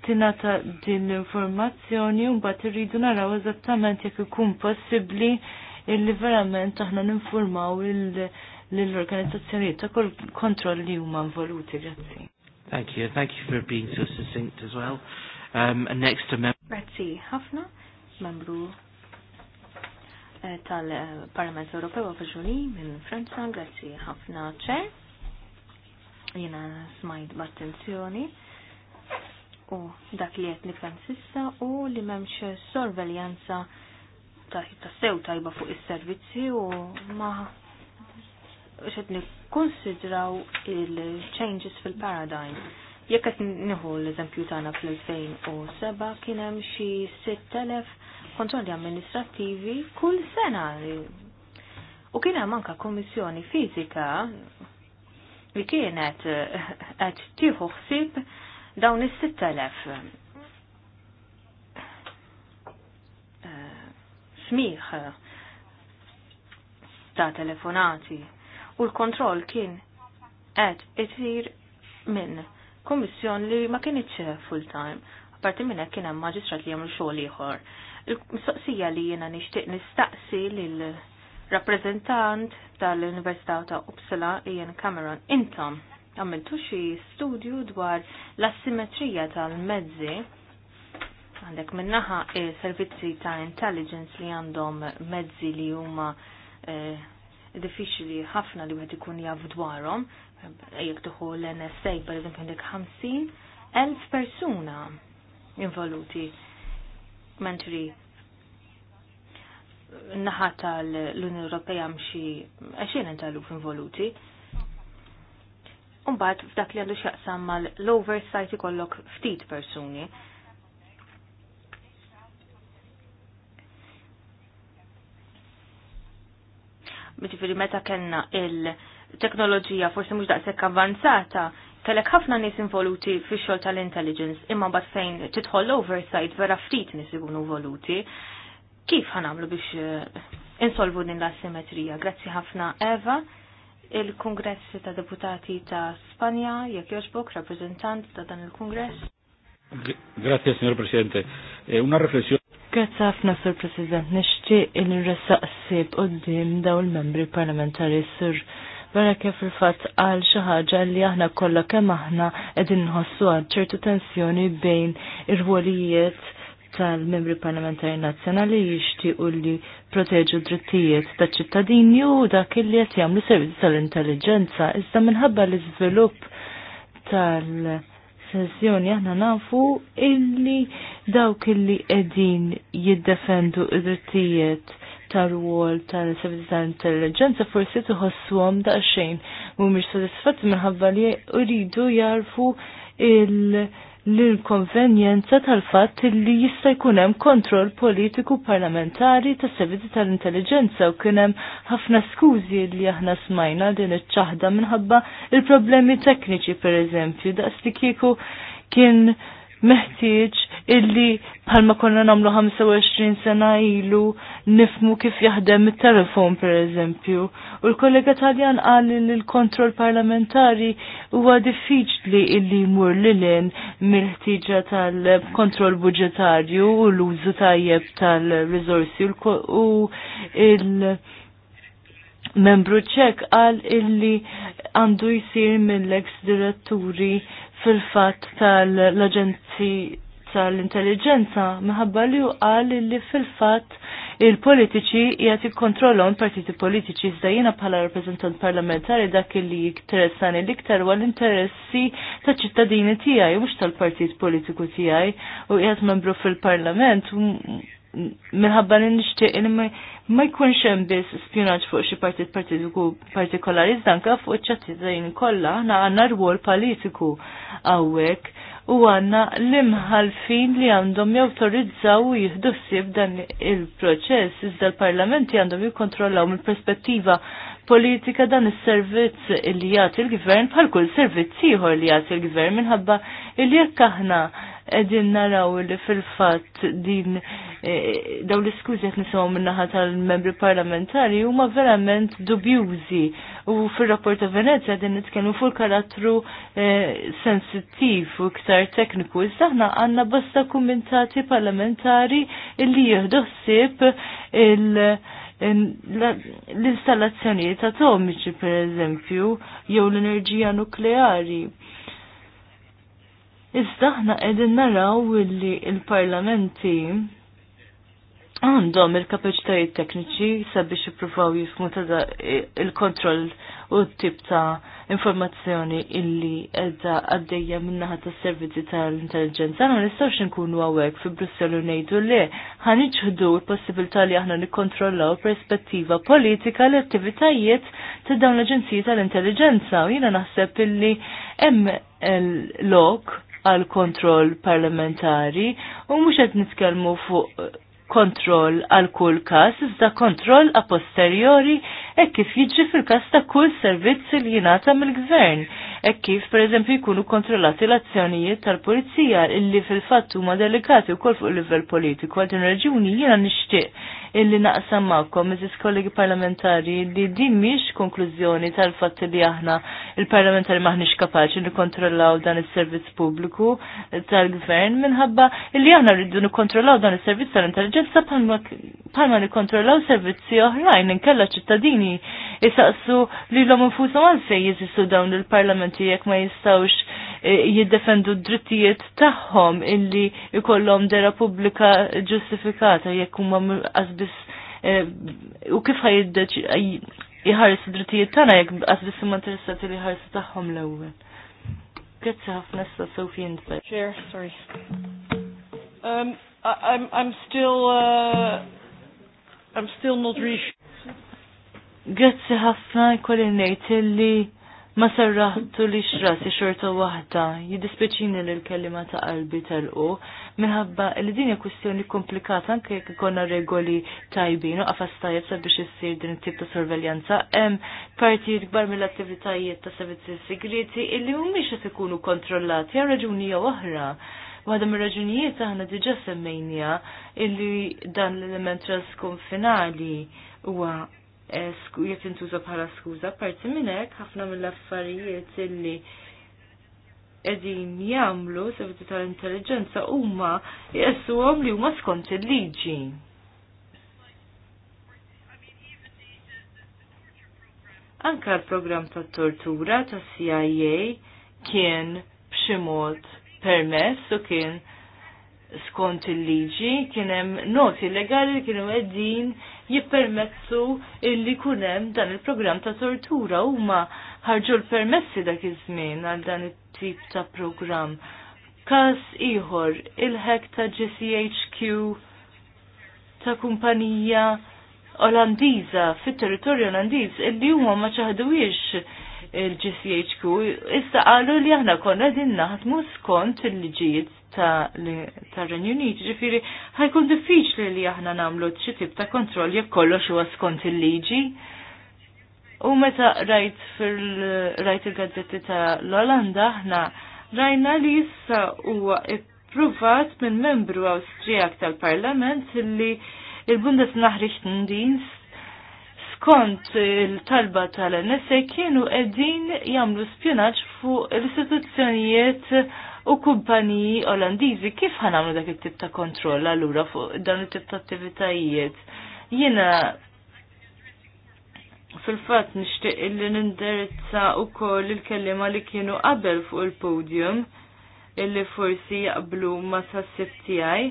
tingħata din l-informazzjoni u mbagħad irridu naraw eżattament jekk ikun possibbli illi verament aħna ninfurmaw l-organizzazzjonijiet ta' kol kontroll li huma involuti, grazzi. Thank you. Thank you for being so succinct as well. Um, and next to member. Grazie, Hafna, membru eh, tal-Parlament Ewropew Faġuni minn Franza, grazzi ħafna ċer. Jena smajt b'attenzjoni u dak li qed nifhem u li memx sorveljanza ta' sew tajba fuq is-servizzi u ma xed konsidraw il-changes fil-paradigm. Jekk qed nieħu l-eżempju tagħna fl-2007 kien hemm xi 6000 kontrolli amministrattivi kull sena. U kien hemm anke kummissjoni fiżika li kienet qed tieħu ħsieb dawn is-6000. Eh, Smiħ ta' telefonati u l-kontroll kien qed isir minn kummissjoni li ma kienitx full time. Apparti minn hekk kien hemm maġistrat li jagħmlu xogħol ieħor. Il-mistoqsija li jiena nixtieq nistaqsi lil rappreżentant tal-Università ta' Uppsala Ian Cameron intom għamiltu xi studju dwar l-assimetrija tal-mezzi għandek minnaħa e servizzi ta' intelligence li għandhom mezzi li huma eh, diffiċli ħafna li wieħed ikun jaf dwarhom, jekk tuħu l-NSA pereżempju għandek 50 elf persuna involuti mentri naħa tal-Unjoni Ewropea mxi 20 tal-luf involuti. Umbat f'dak li għandu xaqsam mal-l-oversight ikollok ftit persuni ġifiri meta kellna il-teknoloġija forsi mhux daqshekk avanzata, kellek ħafna nies involuti fix-xogħol tal-intelligence, imma bad fejn titħol oversight vera ftit nis ikunu voluti. Kif ħanamlu biex eh, insolvu din l-asimetrija? Grazzi ħafna Eva, il-Kongress ta' Deputati ta' Spanja, jek jogħġbok, rappreżentant ta' dan il-Kongress. Grazie, signor Presidente. Eh, una riflessione. Grazie ħafna sur President, nixtieq il-resaqsib qudiem daw il-membri parlamentari sur vera kif il-fatt għal xi ħaġa li aħna kollha kemm aħna qegħdin nħossu għal ċertu tensjoni bejn ir-rwolijiet tal-membri parlamentari nazzjonali jixtiequ li proteġu drittijiet taċ ċittadini u dak kelli qed jagħmlu servizi tal-intelligenza iżda minħabba l-iżvilupp tal-, -tal sessjoni aħna nafu illi dawk illi qegħdin jiddefendu id-drittijiet tar-wol tal-servizzi tal-intelligenza forsi tħossuhom daqsxejn mhumiex sodisfatti minħabba li uridu jarfu il- l inkonvenjenza tal-fatt li jista' jkun hemm kontroll politiku parlamentari tas servizzi tal-intelligenza u kien hemm ħafna skużi li aħna smajna din iċ-ċaħda minħabba il-problemi tekniċi pereżempju daqs li kieku kien meħtieġ illi bħalma konna namlu 25 sena ilu nifmu kif jaħdem il telefon per eżempju. U l-kollega Taljan qal li l-kontroll parlamentari huwa diffiċli illi jmur lilin mill-ħtiġa tal-kontroll budġetarju u l-użu tajjeb tal rizorsi u il- Membru ċek għal illi għandu jisir mill-ex diretturi fil-fat tal-Aġenzi tal-Intelligenza minħabba li għal li fil-fat il-politiċi jgħat jikkontrollhom partiti politiċi iżda jiena bħala rappreżentant parlamentari dak li jinteressani l-iktar huwa l-interessi ta' ċittadini tiegħi mhux tal-partit politiku tiegħi u jgħat membru fil-Parlament minħabba li nixtieq li ma jkunx hemm biss spjunaġġ fuq xi partit partitiku partikolari żdanka fuq iċ-ċattizajn kollha aħna għandna rwol politiku hawnhekk u għandna l-imħalfin li għandhom jawtorizzaw u jieħdu ssib dan il-proċess iżda l-parlamenti għandhom jikkontrollaw mill-perspettiva politika dan is-servizz li jagħti l-gvern bħal kull servizz ieħor li jagħti l-gvern minħabba li jekk aħna edin naraw li fil-fat din e, daw l-iskużi għet nisimaw minnaħat tal-membri parlamentari huma verament dubjużi u fil-rapport ta' Venezia din nitkellmu fuq karattru e, sensittiv u iktar tekniku. Iżdaħna għanna bosta kummintati parlamentari li jihdossib il- l-installazzjonijiet atomiċi per eżempju, jew l-enerġija nukleari. Iżda ħna qegħdin naraw illi l-parlamenti għandhom il-kapaċitajiet tekniċi sabiex jippruvaw jifmu ta' il-kontroll u t-tip ta' informazzjoni illi edda għaddejja minnaħat ta' servizzi tal-intelligenza. Għana nistawx nkunu għawek fi Brussel u nejdu li ħaniġħdu l-possibilità li aħna nikkontrollaw perspettiva politika l-attivitajiet ta' dawn l agenzijiet tal-Intelligenza. U jina naħseb illi hemm l-lok għal kontroll parlamentari u mhux qed nitkellmu fuq kontroll għal kull każ, iżda kontroll a posteriori hekk kif jiġri fil-każ ta' kull servizz li jingħata mill-gvern. Ek kif pereżempju jkunu kontrollati l-azzjonijiet tal-pulizija illi fil-fatt huma delikati wkoll fuq livell politiku għal din raġuni jiena nixtieq illi naqsam magħkom mizis kollegi parlamentari li din mhix konklużjoni tal-fatt li aħna il-parlamentari maħniex kapaċi nikkontrollaw dan is-servizz pubbliku tal-gvern minħabba illi aħna rridu nikkontrollaw dan is-servizz tal-intelligenza bħalma nikkontrollaw servizzi oħrajn inkella ċittadini jisaqsu li l-om infushom għalfejn jizisu dawn il-parlament studenti jekk ma jistawx e, jiddefendu d-drittijiet tagħhom illi ikollhom dera pubblika ġustifikata jekk huma qasbis e, u kif jħarsu drittijiet tagħna jekk qasbis huma interessati li jħarsu tagħhom l-ewwel. Grazzi ħafna sta Sophie Chair, sorry. Um, I, I'm, I'm still uh, I'm still not reached. Grazzi ħafna jkolli li ma sarraħtu li xrasi xorta wahda, jidispeċini l-kellima ta' qalbi tal-u, minħabba li din hija komplikata anke jekk ikonna regoli tajbin u qafas sa' sabiex issir din tip ta' sorveljanza, hemm partijiet kbar mill-attivitajiet ta' servizzi segreti illi mhumiex qed ikunu kontrollati għal raġuni jew oħra. Waħda raġunijiet aħna diġà semmejnija illi dan l-element transkonfinali huwa jekk intuża bħala skuża, parti minn hekk ħafna mill-affarijiet illi qegħdin jagħmlu servizzi tal-intelligenza huma jqessuhom li huma skont il-liġi. Anka l-programm ta' tortura ta' CIA kien b'xi mod permess u kien skont il-liġi kien hemm noti legali li kienu qegħdin jippermezzu illi kunem dan il-programm ta' tortura huma ħarġu l-permessi dak iż-żmien għal dan it-tip ta' programm. Kas ieħor il-ħek ta' GCHQ ta' kumpanija Olandiża fit-territorju Olandiż illi huma ma ċaħduwiex il-GCHQ issa qalu li aħna konna din naħdmu skont il-liġijiet tar-Renju Unit, ġifiri ħajkun diffiċli li aħna nagħmlu xi tip ta' kontroll jekk kollox huwa skont il-liġi. U meta rajt fil-rajt il-gazzetti ta' l-Olanda aħna rajna li issa huwa ippruvat minn membru Awstrijak tal-Parlament li il-Bundesnachrichtendienst skont il-talba tal-NSA kienu edin jamlu spionaċ fuq l-istituzzjonijiet u kumpaniji Olandiżi kif ħanamlu dak it-tip ta' kontroll allura fuq dan it-tip ta' attivitajiet. Jiena fil-fatt nixtieq li nindirizza wkoll il-kellima li kienu qabel fuq il-podium illi forsi jaqblu ma tas tiegħi.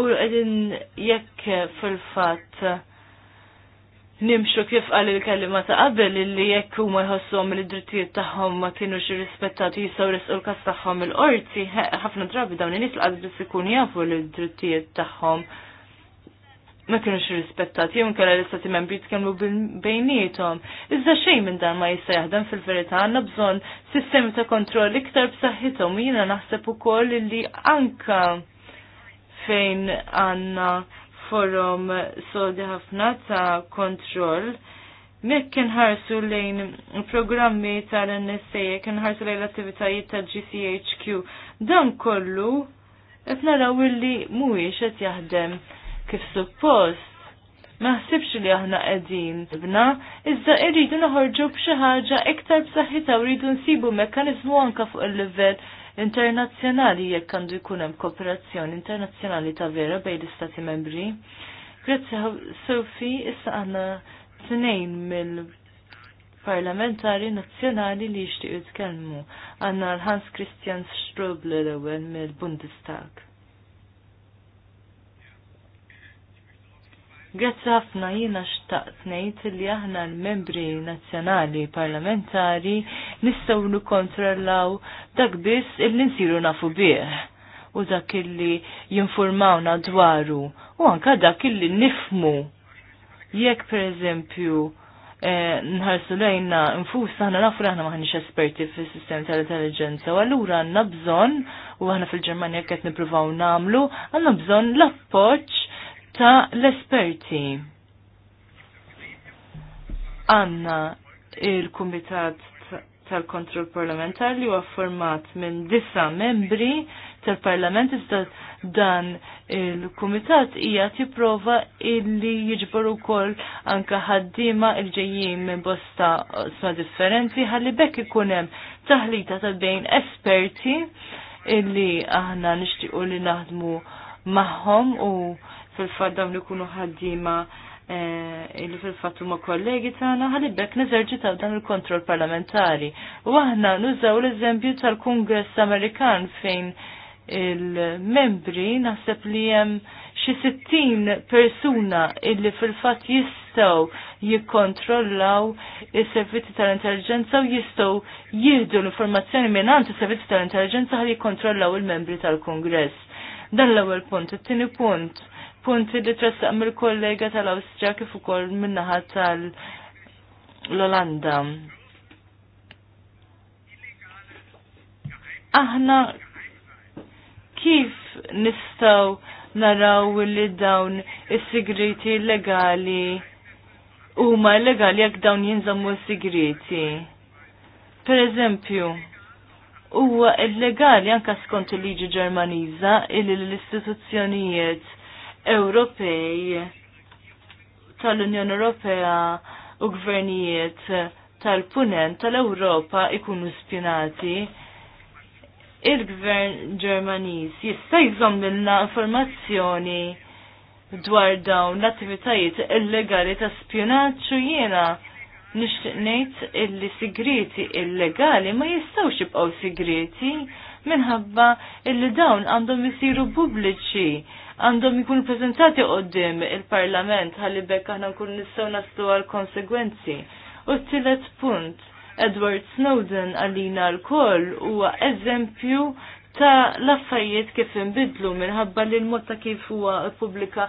U għedin jekk fil-fat nimxu kif qal il kellima ta' qabel illi jekk huma jħossuhom li drittijiet tagħhom ma kienux irrispettati jisaw risqu l-każ tagħhom il-qorti, ħafna drabi dawn in-nies laqas biss ikun jafu li d-drittijiet tagħhom ma kienux irrispettati jom kalla l-istati membri tkellmu bejnietom. Iżda xejn minn dan ma jista' jaħdem fil-verità għandna bżonn sistemi ta' kontroll iktar b'saħħithom jiena naħseb ukoll li anka fejn għandna forum sodi ħafna ta' kontroll. Mek kien ħarsu lejn programmi tal-NSA, kien ħarsu lejn l-attivitajiet tal-GCHQ. Dan kollu, qed naraw illi mhuwiex qed jaħdem kif suppost. Ma ħsibx li aħna qegħdin bna, iżda irridu noħorġu b'xi ħaġa iktar b'saħħitha u rridu nsibu mekkaniżmu anke fuq il-livell internazzjonali jekk għandu jkun hemm kooperazzjoni internazzjonali ta' vera bejn l-Istati membri. Grazzi Sofi, issa għandna tnejn mill-parlamentari nazzjonali li jixtiequ jitkellmu. Għandna l-Hans Christian Strobl l-ewwel mill-Bundestag. Grazzi ħafna jiena xtaqt ngħid li aħna l-membri nazzjonali parlamentari nistgħu nikkontrollaw dak biss illi nsiru nafu bih u dak illi jinformawna dwaru u anka dak illi nifmu jekk pereżempju eh, nħarsu lejna nfus aħna nafu aħna maħni esperti fis-sistem tal-intelligenza u allura għandna bżonn u aħna fil-Ġermanja qed nippruvaw nagħmlu għandna bżonn l ta' l-esperti. Anna, il-Kumitat tal-Kontroll Parlamentari huwa format minn disa membri tal-Parlament iżda dan il-Kumitat hija tipprova illi jiġbor ukoll anke ħaddiema l ġejjin minn bosta sma differenti ħalli bekk ikun hemm taħlita ta' bejn esperti illi aħna nixtiequ li naħdmu magħhom u fil-fat dawn li kunu ħaddima eh, illi fil-fat huma kollegi tagħna ħalibek ta' dan il-kontroll parlamentari. U aħna nużaw l-eżempju tal kongress Amerikan fejn il-membri naħseb li hemm xi sittin persuna illi fil-fatt jistgħu jikkontrollaw is-servizzi tal-intelligenza u jistgħu jieħdu l-informazzjoni mingħand is-servizzi tal-intelligenza ħalli jikkontrollaw il-membri tal kongress Dan l-ewwel punt, it-tieni punt punti li tressaq mill-kollega tal-Awstrija kif ukoll min-naħa tal-Olanda. Aħna kif nistaw naraw li dawn is-sigriti legali huma legali jekk dawn jinżammu s-sigriti. Per eżempju, huwa illegali anka skont il-liġi Ġermaniża illi l-istituzzjonijiet Ewropej tal-Unjoni Ewropea u gvernijiet tal-punent tal-Ewropa ikunu spinati il-gvern Ġermaniż jista' jżomm lilna informazzjoni dwar dawn l-attivitajiet illegali ta' spjonaċċu jiena nixtieq ngħid illi sigriti illegali ma jistgħux jibqgħu sigriti minħabba illi dawn għandhom isiru pubbliċi għandhom jkunu prezentati qoddim il-Parlament ħalli bekk aħna nkunu nistaw naslu għal konsegwenzi. U t-tielet punt, Edward Snowden għallina l-koll huwa eżempju ta' laffajiet affarijiet kif inbidlu minħabba li l-mod ta' kif huwa pubblika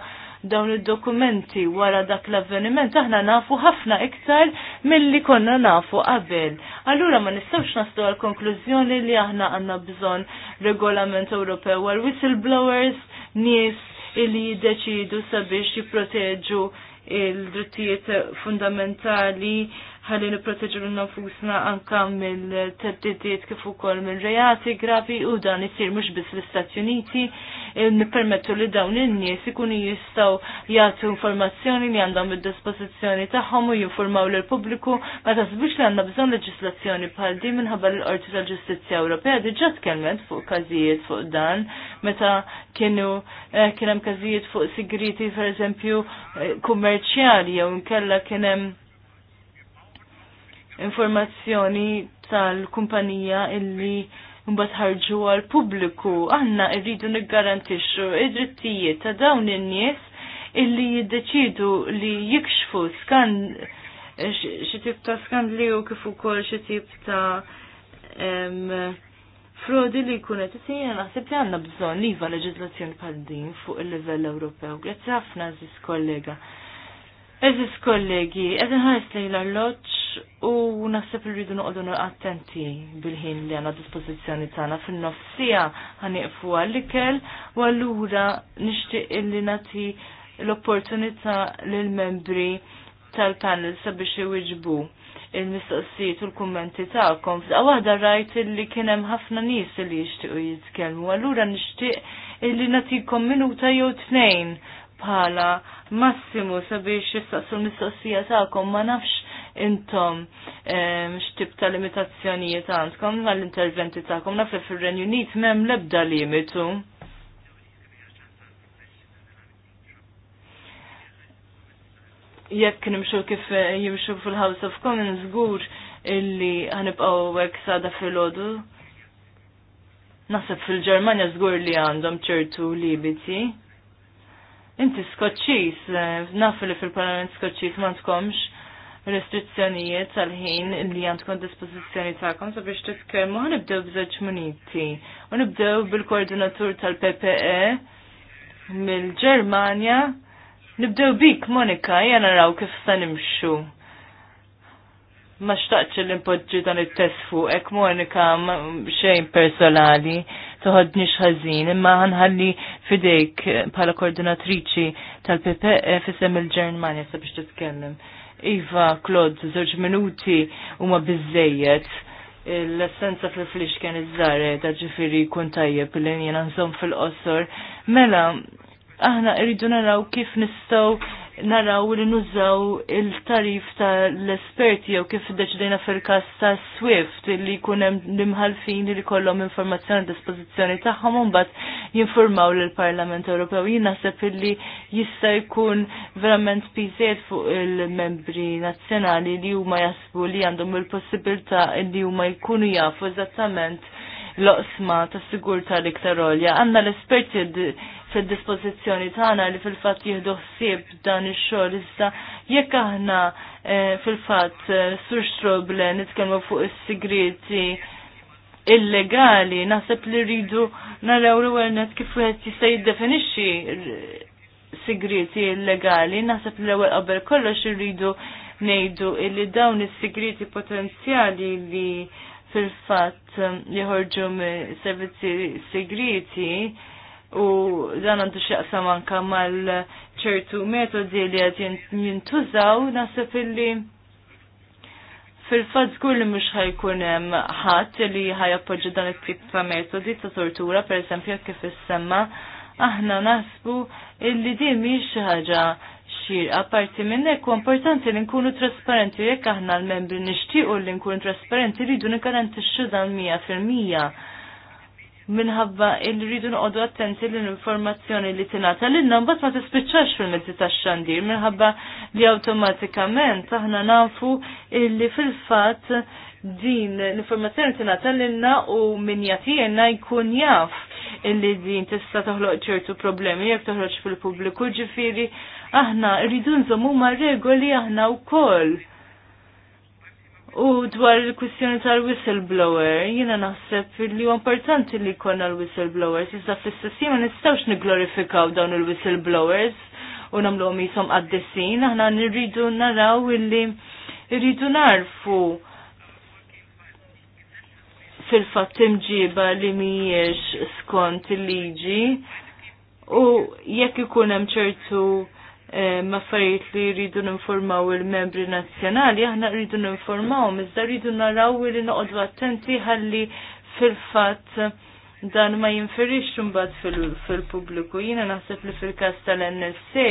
dawn id-dokumenti wara dak l-avveniment aħna nafu ħafna iktar milli konna nafu qabel. Allura ma nistgħux naslu għal konklużjoni li aħna għandna bżonn regolament Ewropew għal whistleblowers nies li jiddeċidu sabiex jipproteġu il-drittijiet fundamentali ħalli nipproteġu l nafusna anka mill-teddidiet kif ukoll mill-rejati gravi u dan isir mhux biss l-Istati Uniti e, nippermettu li dawn in-nies ikunu jistgħu jagħtu informazzjoni li għandhom id-dispożizzjoni tagħhom u jinformaw lil pubbliku ma tasbux li għandna bżonn leġislazzjoni bħal din minħabba l-Qorti tal-Ġustizzja Ewropea diġà tkellmet fuq każijiet fuq dan meta kienu eh, kien hemm każijiet fuq sigriti pereżempju eh, kummerċjali jew inkella kien hemm informazzjoni tal-kumpanija illi mbagħad ħarġu għal pubbliku. Aħna rridu niggarantixxu id-drittijiet ta' dawn in-nies illi jiddeċidu li jikxfu skan xi tip ta' skandli u kif ukoll xi tip ta' frodi li kunet isija naħseb li għanna bżon iva leġizlazzjoni bħal din fuq il-livell Ewropew. Grazzi ħafna ziz kollega. Eżis kollegi, eżin ħajs li l-arloċ u naħseb l-ridu noqogħdu attenti bil-ħin li għandna dispożizzjoni tagħna fin-nofsija ħanieqfu għall-ikel u allura nixtieq illi nagħti l-opportunità l membri tal-panel sabiex iwiġbu il-mistoqsijiet u l-kummenti tagħkom. Waħda rajt illi kien hemm ħafna nies li jixtiequ jitkellmu, allura nixtieq illi nagħtikom minuta jew tnejn bħala massimu sabiex jistaqsu l-mistoqsija tagħkom ma nafx intom x'tib ta' limitazzjonijiet għandkom għall-interventi tagħkom naf li fir-Renju Unit m'hemm l-ebda limitu. jekk nimxu kif jimxu fil-House of Commons gur illi ħanibqaw hekk sada fil-ħodu. Nasib fil-Ġermanja żgur li għandhom ċertu limiti. Inti skoċċis, eh, naf li fil-Parlament skoċċis ma tkomx restrizzjonijiet tal ħin li għandkom dispożizzjoni tagħkom sabiex titkellmu nibdew b'żewġ minuti. U nibdew bil-koordinatur tal-PPE mill-Ġermanja. Nibdew bik, Monika, jana raw kif se nimxu. Ma xtaqx l-impoġġi dan it-test hekk Monika, xejn personali toħodni xħazin, imma ħanħalli fidejk bħala koordinatriċi tal ppf e isem il-Ġermania sabiex titkellem. Iva, Klod, żewġ minuti huma biżejjed l-essenza fil-flix kien iż-żare ta' ġifiri kun tajjeb li jena nżom fil-qosor. Mela, aħna irridu naraw kif nistgħu naraw li nużaw il-tarif tal-esperti jew kif deċidejna fil-kas ta' Swift li kunem l-imħalfin li kollom informazzjoni dispozizjoni tagħhom mbagħad jinformaw lill-Parlament Ewropew. Jina naħseb illi jista' jkun verament piżiet fuq il-membri nazzjonali li huma jasbu li għandhom il-possibilità li huma jkunu jafu eżattament l-osma ta' sigurta l-iktar Għanna l-esperti fil-dispozizjoni tagħna li fil-fatt jieħdu ħsieb dan ix-xogħol issa jekk aħna eh, fil-fatt eh, sur xtroble nitkellmu fuq is-sigriti illegali naħseb li rridu naraw l-ewwel net kif wieħed jista' jiddefinixxi sigriti illegali, naħseb l ewwel qabel kollox irridu ngħidu illi dawn is-sigriti potenzjali li fil-fatt eh, joħorġu servizzi segreti u dan għandu xaqsam anka mal ċertu metodi li għad jintużaw nasib illi fil-fat zgur li mux ħajkun ħadd li ħajappoġġi dan it-tip ta' metodi ta' tortura per esempio kif issemma aħna nasbu illi din mhix xi ħaġa xir, apparti minn hekk u importanti li nkunu trasparenti jekk aħna l-membri nixtiequ li nkunu trasparenti li jdu nikarantixxu dan mija minħabba il n noqogħdu attenti l informazzjoni li tingħata lilna mbagħad ma tispiċċax fil-mezzi tax-xandir minħabba li awtomatikament aħna nafu illi fil-fatt din l-informazzjoni tingħata lilna u min jagħtina jkun jaf illi din tista' toħloq ċertu problemi jekk toħroġ fil-pubbliku ġifieri aħna rridu nżommu ma' regoli aħna wkoll U dwar il-kwistjoni tal-whistleblower, jina naħseb li huwa importanti li jkollna l-whistleblowers, iżda fl ma nistgħux nigglorifikaw dawn il-whistleblowers u nagħmluhom ishom qaddisin, aħna nirridu naraw illi rridu narfu fil-fatt imġiba li mhijiex skont il-liġi u jekk ikun hemm ċertu Eh, maffariet li rridu n-informaw il-membri nazjonali, aħna rridu ninformaw, iżda rridu naraw li noqogħdu attenti ħalli fil-fatt dan ma jinferix mbagħad fil-pubbliku. Jiena naħseb li fil-każ tal-NSA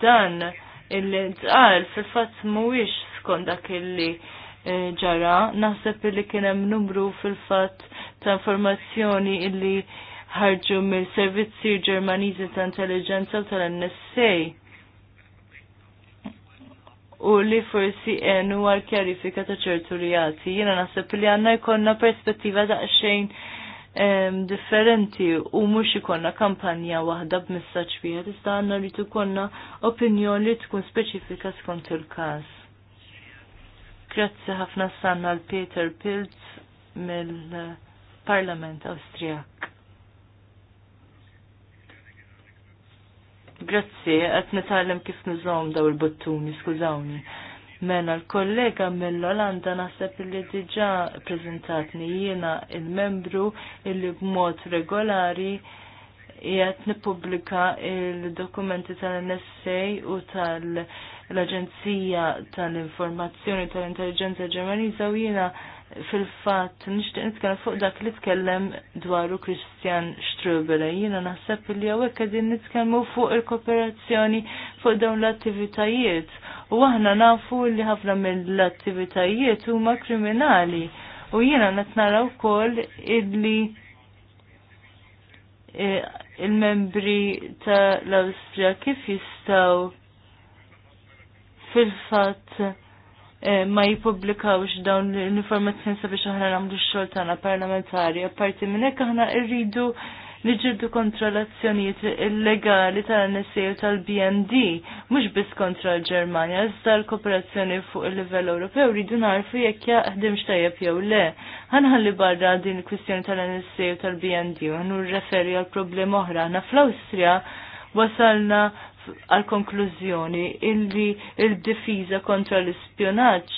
dan il-tqal fil-fatt mhuwiex skont dak eh, ġara, naħseb li kien hemm numru fil-fatt ta' informazzjoni illi ħarġu mill-servizzi Ġermaniżi ta' intelligenza u tal-NSA u li forsi enu għal kjarifika ta' ċertu għati. Jena nasib li għanna jkonna perspettiva ta' xejn um, differenti u mux ikonna kampanja wahda b'messaċ fija, iżda għanna li tukonna opinjoni li tkun speċifika skont il-każ. Grazzi ħafna sanna l-Peter Pilz mill-Parlament Awstrijak. Grazzi, għet nitalem kif nizom daw il-bottuni, skużawni. Mena l-kollega mill-Olanda naħseb li diġa prezentatni jiena il-membru illi b'mod regolari jgħat nipublika il-dokumenti tal-NSA u tal-Aġenzija tal-Informazzjoni tal-Intelligenza Ġermaniza u jiena fil-fat nishtiq nitkellem fuq dak li tkellem dwaru Christian Strubele. Jiena naħseb li hawnhekk qegħdin nitkellmu fuq il-kooperazzjoni fuq dawn l-attivitajiet. U aħna nafu li ħafna mill-attivitajiet huma kriminali. U jiena qed nara wkoll illi e, il-membri ta' l-Awstrija kif jistgħu fil-fatt Eh, ma jipubblikawx dawn l-informazzjoni sabiex aħna nagħmlu x-xogħol tagħna parlamentari. Apparti minn hekk aħna rridu niġġieldu kontra l-azzjonijiet illegali tal-NSA u tal-BND, mhux biss kontra l-Ġermanja, iżda l-kooperazzjoni fuq il-livell Ewropew rridu narfu jekk jaħdimx tajjeb jew le. Ħanħalli barra din il-kwistjoni tal-NSA u tal-BND u ħnu referi għal problema oħra. Aħna fl-Awstrija wasalna għal-konklużjoni illi il-difiża kontra l-ispjonaġġ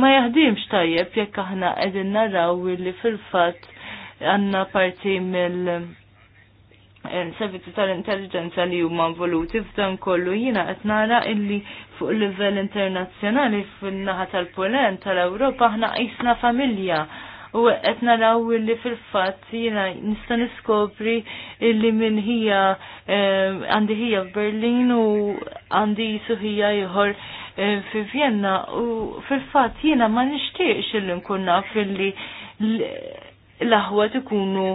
ma jaħdimx tajjeb jekk aħna qegħdin naraw illi fil-fatt għandna parti mill servizzi tal-intelligenza li huma involuti f'dan kollu jiena qed nara illi fuq livell internazzjonali fin-naħa tal-Polent tal-Ewropa aħna qisna familja u qed naraw li fil-fatt jiena nista' niskopri li min hija għandi hija f'Berlin u għandi jisu hija ieħor fi Vienna u fil-fatt jiena ma nixtieqx illi nkun fil-li l ahwa tikunu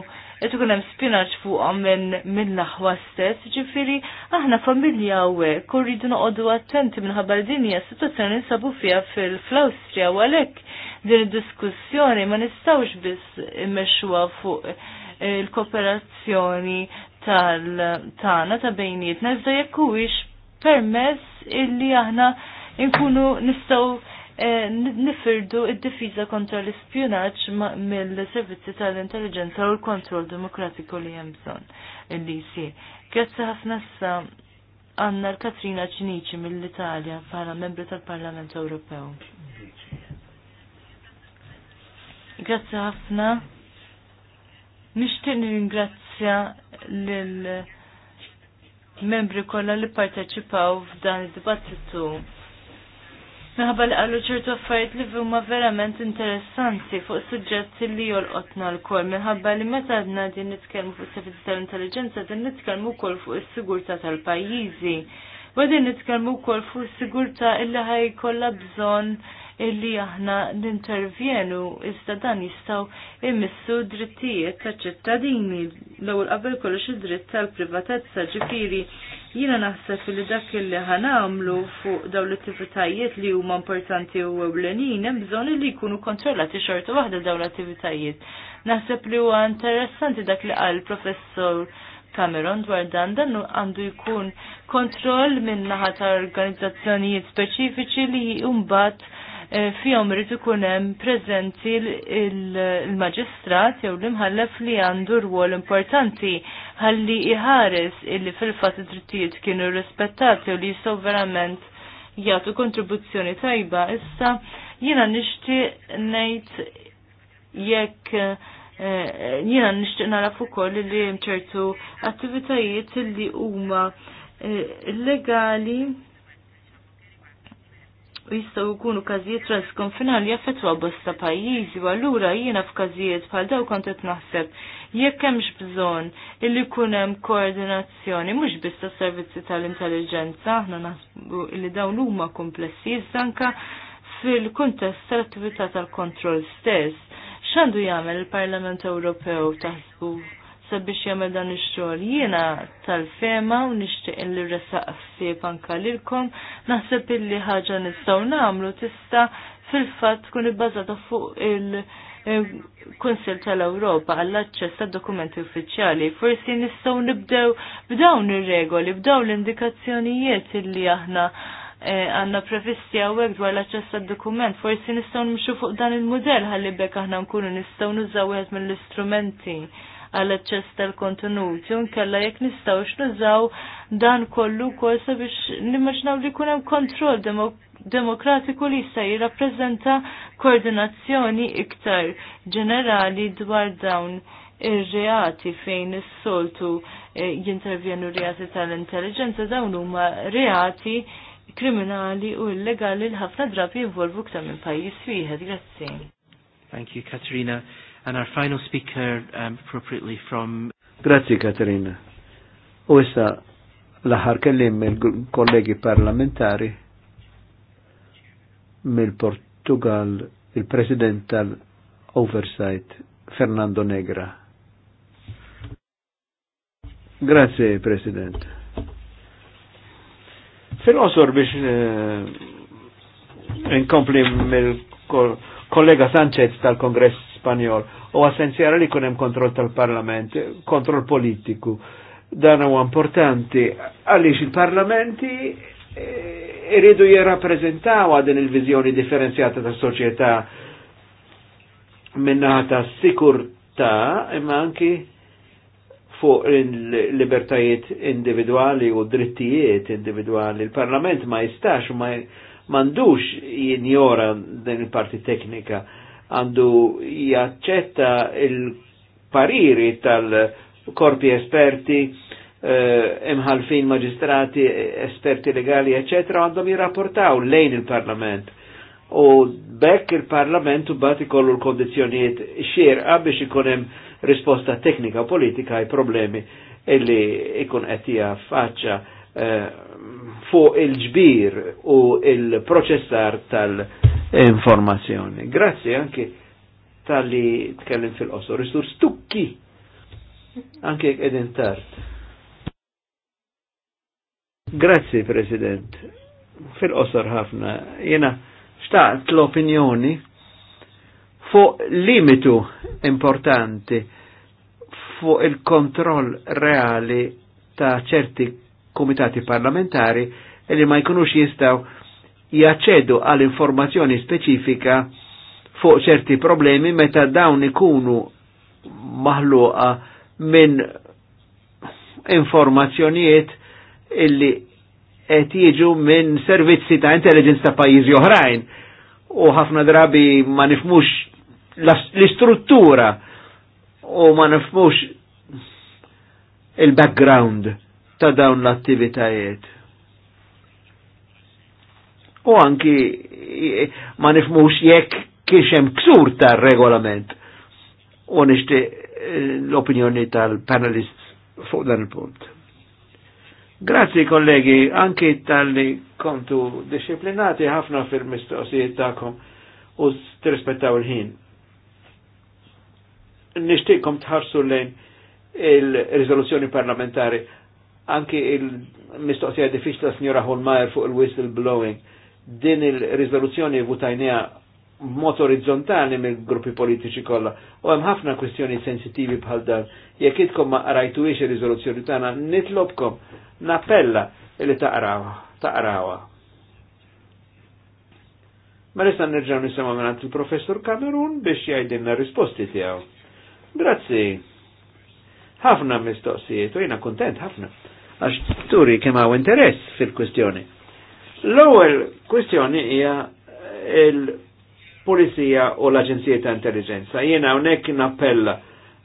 qed hemm spinaċ fuqhom minn mill-aħwa stess, ġifieri aħna familja hawnhekk u rridu noqogħdu attenti minħabba din hija sitwazzjoni nsabu fiha fil flawstrija u għalhekk din id-diskussjoni ma nistgħux biss immexxuha fuq eh, il-kooperazzjoni tal-tana ta' bejnietna, iżda jekk huwiex permess illi aħna nkunu nistgħu Eh, nifirdu id-difiża kontra l-ispjunaġġ mill-servizzi tal-intelligenza u l-kontroll demokratiku li hemm bżonn li jsir. Grazzi ħafna issa għandna l-Katrina Ċiniċi mill-Italja bħala membru tal-Parlament Ewropew. Grazzi ħafna. Nixtieq ringrazzja lill membri kollha li parteċipaw f'dan id-dibattitu Minħabba li qalu ċertu affarijiet li huma verament interessanti fuq suġġetti li jolqotna l-kol. Minħabba li meta għadna din nitkellmu fuq s-sefiz tal-intelligenza din nitkellmu wkoll fuq is-sigurtà tal-pajjiżi. din nitkellmu wkoll fuq is-sigurtà illi kolla bżonn illi aħna n-intervjenu iżda dan jistaw immissu drittijiet ta' ċittadini l-ewwel qabel kollox id-dritt tal-privatezza ġifieri Jina naħseb li dak li ħanamlu fuq dawn l-attivitajiet li huma importanti u ewlenin hemm bżonn li jkunu kontrollati xorta waħda dawn l-attivitajiet. Naħseb li huwa interessanti dak li qal professor Cameron dwar dan dan għandu jkun kontroll minn naħa ta' organizzazzjonijiet speċifiċi li jumbat Eh, fihom irid ikun hemm il-maġistrat jew l-imħallef li għandu rwol importanti ħalli iħares illi fil fat drittijiet kienu rispettati u li jistgħu verament jagħtu kontribuzzjoni tajba. Issa jina nixtieq ngħid jekk eh, jiena nixtieq naraf ukoll li hemm ċertu attivitajiet li huma eh, legali u jistaw ikunu każijiet transkonfinali jaffetwa bosta pajjiżi u allura jiena f'każijiet bħal daw kont qed naħseb jekk hemmx bżonn illi jkun hemm koordinazzjoni mhux biss tas-servizzi tal-intelligenza aħna naħsbu li dawn huma komplessi anka fil-kuntest tal-attività tal-kontroll stess. X'għandu jagħmel il-Parlament Ewropew taħsbu sabiex jagħmel dan ix-xogħol. Jiena tal-fema u nixtieq li resaq fi panka lilkom, naħseb illi ħaġa nistgħu nagħmlu tista' fil-fatt tkun ibbażata fuq il- Kunsil tal-Ewropa għall-aċċess ta' dokumenti uffiċjali, forsi nistgħu nibdew b'dawn ir-regoli, b'daw l-indikazzjonijiet illi aħna eh, għanna previsti għawek dwar l-aċċess tad dokument forsi nistgħu nimxu fuq dan il-mudell ħalli bekk aħna nkunu nistgħu nużaw wieħed mill-istrumenti għall ċestel tal-kontenut. Unkella jekk nistaw xnużaw dan kollu kolsa sabiex nimmaġnaw li jkun hemm kontroll demokratiku li jista' jirrappreżenta koordinazzjoni iktar ġenerali dwar dawn ir-reati fejn is-soltu eh, jintervjenu reati tal-intelligenza dawn huma reati kriminali u illegali l-ħafna drabi jinvolvu ktar minn pajjiż wieħed. Grazzi. Thank you, Katrina. And our final speaker, um, appropriately from... Grazie, Caterina. U issa l-ħar kellim il-kollegi parlamentari mill-Portugal, il-President tal-Oversight, Fernando Negra. Grazie, President. Fil-qosor biex eh, inkompli mill-kollega Sanchez tal-Kongress Spanjol u essenzjali li kunem kontroll tal-Parlament, kontroll politiku. Dan huwa importanti għaliex il-parlamenti eh, iridu jirrappreżentaw din il vizjoni differenzjata ta' soċjetà minnaħa ta' sikurta imma anki fuq il-libertajiet individuali u drittijiet individuali. Il-Parlament ma jistax ma mandux jinjora din il-parti teknika għandu jaċċetta il-pariri tal-korpi esperti eh, imħalfin maġistrati, esperti legali, eccetera, għandhom jirrapportaw lejn il-Parlament. U bekk il-Parlament u bat ikollu l-kondizjoniet xirqa biex ikonem risposta teknika u politika ai problemi illi ikun qed faċċa eh, fuq il-ġbir u il-proċessar tal- informazzjoni. Grazzi anche tal-li tkellim fil-qosor, istur stukki, anke edin tard. Grazzi, President, fil-qosor ħafna, jena xtaqt l-opinjoni fu limitu importanti fu il-kontroll reali ta' ċerti komitati parlamentari li ma jkunux jistaw jaċċedu għal informazzjoni speċifika fuq ċerti problemi meta dawn ikunu maħluqa minn informazzjonijiet illi qed jiġu minn servizzi ta' intelligence ta' pajjiżi oħrajn u ħafna drabi ma nifmux l-istruttura u ma nifmux il-background ta' dawn l-attivitajiet u anki ma nifmux jekk kiexem ksur tar regolament u nishti eh, l-opinjoni tal-panelist fuq dan il-punt. Grazzi kollegi, anki tal-li kontu disciplinati ħafna fil-mistoqsijiet ta'kom u t-rispettaw il-ħin. Nishtiqkom tħarsu lejn il-rizoluzzjoni parlamentari anki il-mistoqsija diffiċla s-njura Holmajer fuq il-whistleblowing din il-rizoluzzjoni votajnija mod orizzontali mill gruppi politiċi kollha. U hemm ħafna kwestjoni sensitivi bħal dan. Jekk idkom ma qrajtuhiex ir-riżoluzzjoni tagħna, nitlobkom nappella li taqrawha, taqrawha. Ma nista' nerġgħu nisimgħu mingħand il-Professur Kamerun biex jgħidilna risposti tiegħu. Grazzi. Ħafna mistoqsijiet u jiena kuntent ħafna għax turi kemm hawn interess fil-kwestjoni L-ewwel kwistjoni hija il-Pulizija u l-Aġenzija ta' Intelligenza. Jiena hawnhekk nappella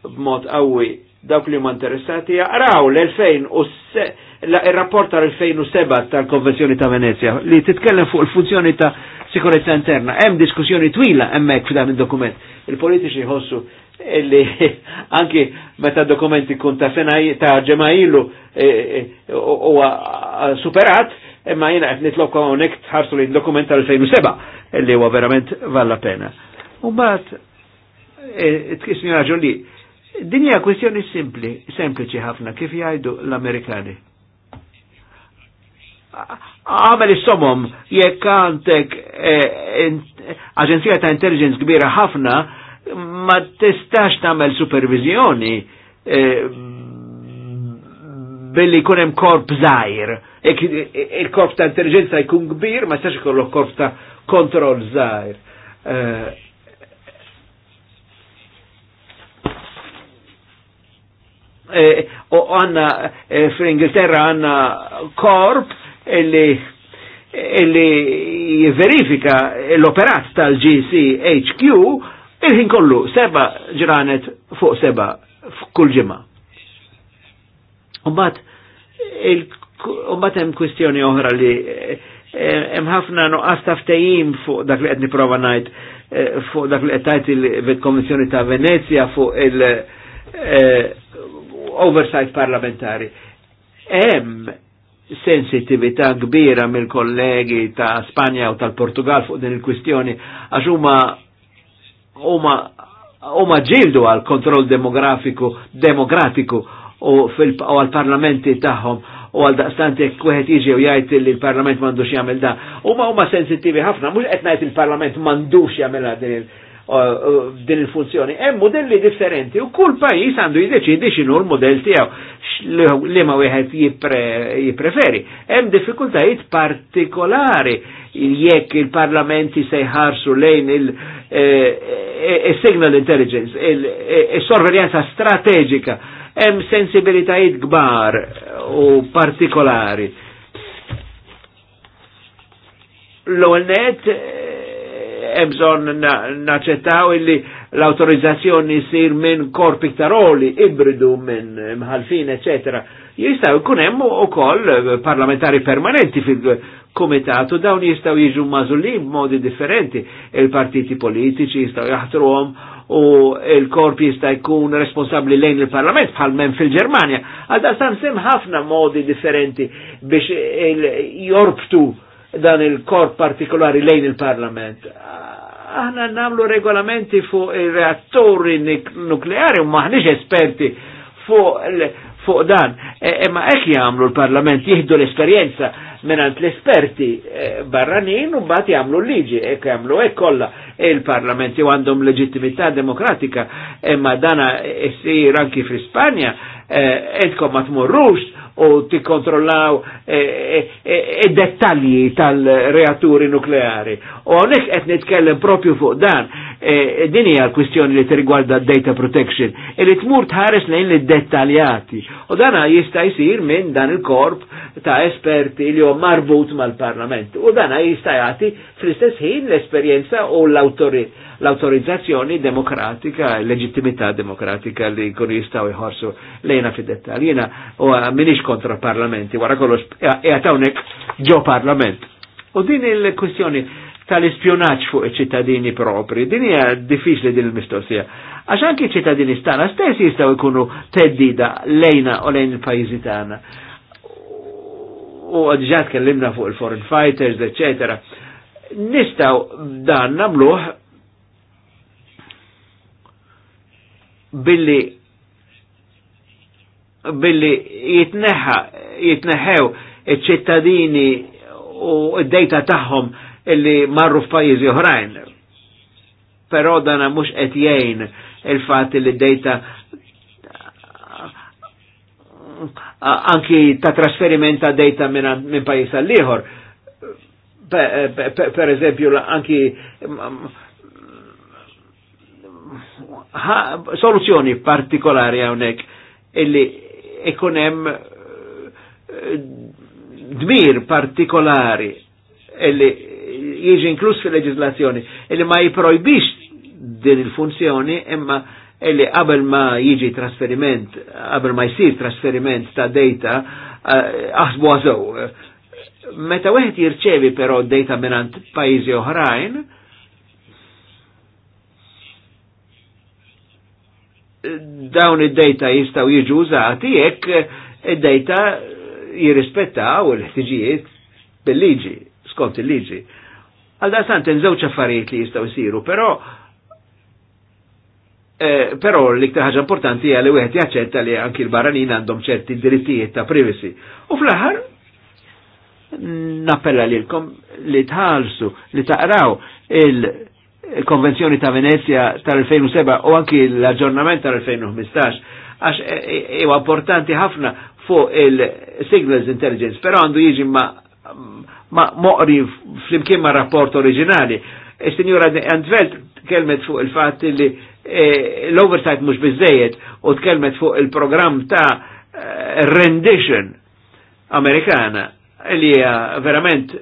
b'mod qawwi dawk li huma interessati jaqraw l-2000 il-rapport tal-2007 tal-Konvenzjoni ta' Venezia li titkellem fuq il-funzjoni ta' sikurezza interna. Hemm diskussjoni twila hemmhekk f'dan id-dokument. Il-politiċi jħossu illi [LAUGHS] anki meta dokumenti kun ta' sena ta' ġemajlu e- e- e- huwa superat, imma jena għet nitlok għonek tħarsu li dokumenta l-2007 li huwa verament valla pena. Umbat, e, tkisni raġun li, dinja kwestjoni simpli, sempliċi ħafna, kif jgħajdu l-Amerikani. Għamel is-somom jekk għandek e, aġenzija ta' intelligence kbira ħafna, ma tistax tagħmel supervizjoni e, billi kunem korp zaħir. Il-korp ta' intelligenza jkun kbir, ma jistax kollu korp ta' kontrol zaħir. U eh, eh, għanna eh, fl-Ingilterra għanna korp illi illi verifika l-operat tal-GCHQ il-ħin kollu seba ġranet fuq seba f'kull ġimma. Umbat, umbat hemm kwistjoni oħra li eh, hemm ħafna nuqqas ta' ftehim fuq dak li qed nipprova ngħid eh, fuq dak li qed tajt il-Kommissjoni ta' Venezia fuq il-oversight eh, parlamentari. Hemm sensitività kbira mill-kollegi ta' Spanja u tal-Portugal fuq din il-kwistjoni għax huma huma huma ġildu għal kontroll demografiku demokratiku, demokratiku u għal-parlamenti taħħom u għal daqstanti jekk wieħed jiġi u jgħid li l-Parlament m'għandux jagħmel da. Huma huma sensittivi ħafna, mhux qed ngħid il-Parlament m'għandux jagħmel din il-funzjoni. Hemm modelli differenti u kull pajjiż għandu jiddeċidi x'inhu l-modell tiegħu li ma wieħed jippreferi. Hemm diffikultajiet partikolari jekk il-parlamenti se jħarsu lejn il-signal eh, eh, eh, intelligence, il-sorveljanza strateġika hemm sensibilitajiet kbar u partikolari. L-ewwel net eh, hemm bżonn naċċettaw illi l-autorizzazzjoni jsir minn korp oli ibridu minn mħalfin, eccetera. Jistaw ikun hemm ukoll parlamentari permanenti fil-komitatu dawn jistaw jiġu mażulin b'modi differenti. Il-partiti politiċi jistaw jaħtruhom u il-korp jista' jkun responsabbli lejn il-Parlament bħal men fil-Ġermanja. Għal dastan sem ħafna modi differenti biex jorbtu dan il-korp partikolari lejn il-Parlament. Aħna namlu regolamenti fuq il-reattori nukleari u maħniġ esperti fuq fuq dan. Imma e, jamlu l-Parlament jieħdu l-esperjenza menant l-esperti e, barranin u mbagħad jagħmlu l-liġi hekk jagħmlu hekk kollha e, il-Parlamenti għandhom leġittimità demokratika imma dana issir anki fl-Ispanja edkom ma tmurrux u tikkontrollaw id-dettalji e, e, tal-reatturi nukleari. U għonek qed nitkellem propju fuq dan E, e, din hija l-kwistjoni li tirgwarda data protection. E li tmur tħares lejn li dettaljati. U dana jista' jsir minn dan il-korp ta' esperti li huwa marbut mal-Parlament. U dana jista' jagħti fl-istess ħin l-esperjenza u l-autorizzazzjoni demokratika, l-leġittimità demokratika li jkunu jistgħu jħorsu lejna fid-dettalj. Jiena minix kontra parlamenti, wara kollox qiegħed e, hawnhekk ġo parlament. U din il-kwistjoni tal-ispjonaċ fuq iċ-ċittadini propri. Din hija diffiċli din il-mistoqsija. Għax anki ċittadini stana stess jistgħu jkunu teddida lejna u lejn il-pajjiżi tagħna. U diġà tkellimna fuq il-foreign fighters, eccetera. Nistgħu dan nagħmluh billi billi jitneħħa jitneħħew iċ-ċittadini u d-dejta tagħhom illi marru f'pajjiżi oħrajn. Però dana mhux qed jgħin il-fatt li dejta anki ta' trasferiment ta' dejta minn pajjiż għal ieħor. Per eżempju, anki soluzzjoni partikolari hawnhekk illi ikun hemm eh, dmir partikolari illi jieġi inkluż fil-leġislazzjoni illi ma jiprojbix din il-funzjoni imma illi qabel ma jiġi trasferiment, qabel ma jisir trasferiment ta' data, eh, aħsbu għazow. Meta wieħed jirċevi però data minant pajjiżi oħrajn, dawn id-data jistaw jiġu użati jekk id-data jirrispettaw l ħtiġijiet bil-liġi, skont il-liġi. Għal da sant affarijiet li jistaw siru, però eh, però l-iktar ħaġa importanti hija li wieħed jaċċetta li anki l-barranin għandhom ċerti drittijiet ta' privacy. U fl-aħħar nappella lilkom li tħalsu li taqraw il-Konvenzjoni ta' Venezia tal-2007 u anki l-aġġornament tal-2015 għax eh, eh, huwa importanti ħafna fuq il-Signals Intelligence, però għandu jiġi ma' ma moqri flimkien ma' rapport oriġinali. Is-Sinjura e, Antvelt kelmet fuq il-fatt li e, l-oversight mhux biżejjed u tkellmet fuq il-programm ta' e, rendition Amerikana li hija verament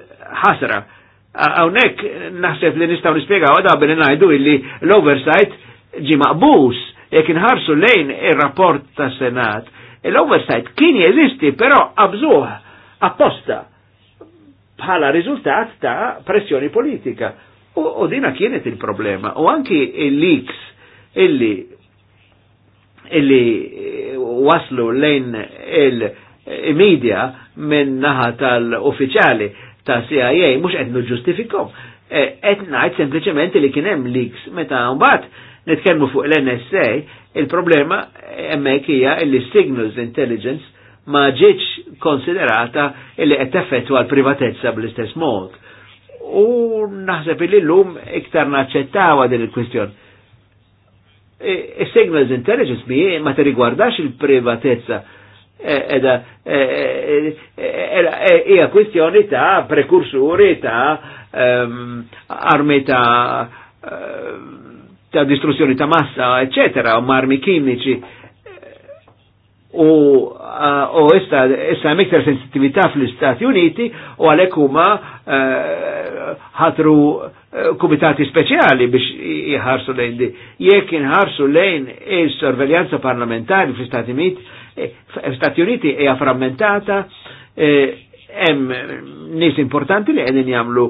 ħasra. Hawnhekk naħseb li nistgħu nispjegaw għadha billi ngħidu illi l-oversight ġi maqbus jekk inħarsu lejn ir-rapport tas-Senat. L-oversight kien jeżisti però abżuħ apposta bħala riżultat ta' pressjoni politika. U, u dina kienet il-problema. U anki il-leaks illi illi eh, waslu lejn il-media eh, minn naħa tal-uffiċjali ta' CIA mhux qed ġustifikom. Etnajt eh, sempliciment sempliċement li kien hemm leaks meta mbagħad nitkellmu fuq l-NSA, il-problema hemmhekk hija il signals intelligence ma ġietx konsiderata illi qed effettwa l-privatezza bl-istess mod. U naħseb li l-lum iktar naċċettawa din il-kwistjon. Is-signals intelligence mi ma tirrigwardax il-privatezza e, edha e, e, hija kwistjoni ta' prekursuri ta' ehm, armi ta' ehm, ta' distruzzjoni ta' massa, eccetera, u marmi kimiċi u eh, u issa issa miktar sensitività fl-Istati Uniti u għalhekk huma eh, ħatru eh, kumitati speċjali biex jħarsu lejn di. Jekk inħarsu lejn il-sorveljanza parlamentari fl-Istati Uniti, fl-Istati Uniti hija frammentata hemm nies importanti li qegħdin jagħmlu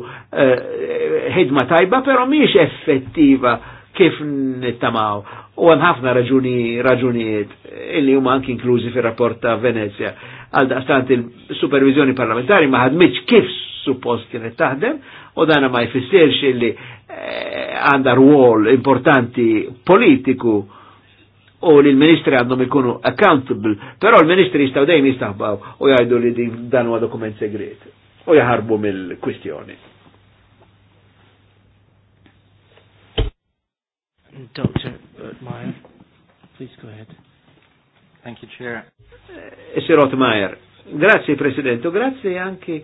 ħidma tajba, però mhix effettiva kif nittamaw. U għan ħafna raġuni raġunijiet illi huma anki inklużi fir-rapport ta' Venezia. Għal daqstant il-supervizjoni parlamentari ma ħadmitx kif suppost kienet taħdem u dana ma jfissirx illi eh, għandha rwol importanti politiku u li l-ministri għandhom ikunu accountable, però l-ministri jistaw dejjem jistaħbaw u jgħidu li dan huwa dokument segret u jaħarbu mill-kwistjoni. Dr. Rottmeyer. Please go ahead. Thank you, Chair. Eh, Sir Rottmeyer, grazie Presidentu, grazie anche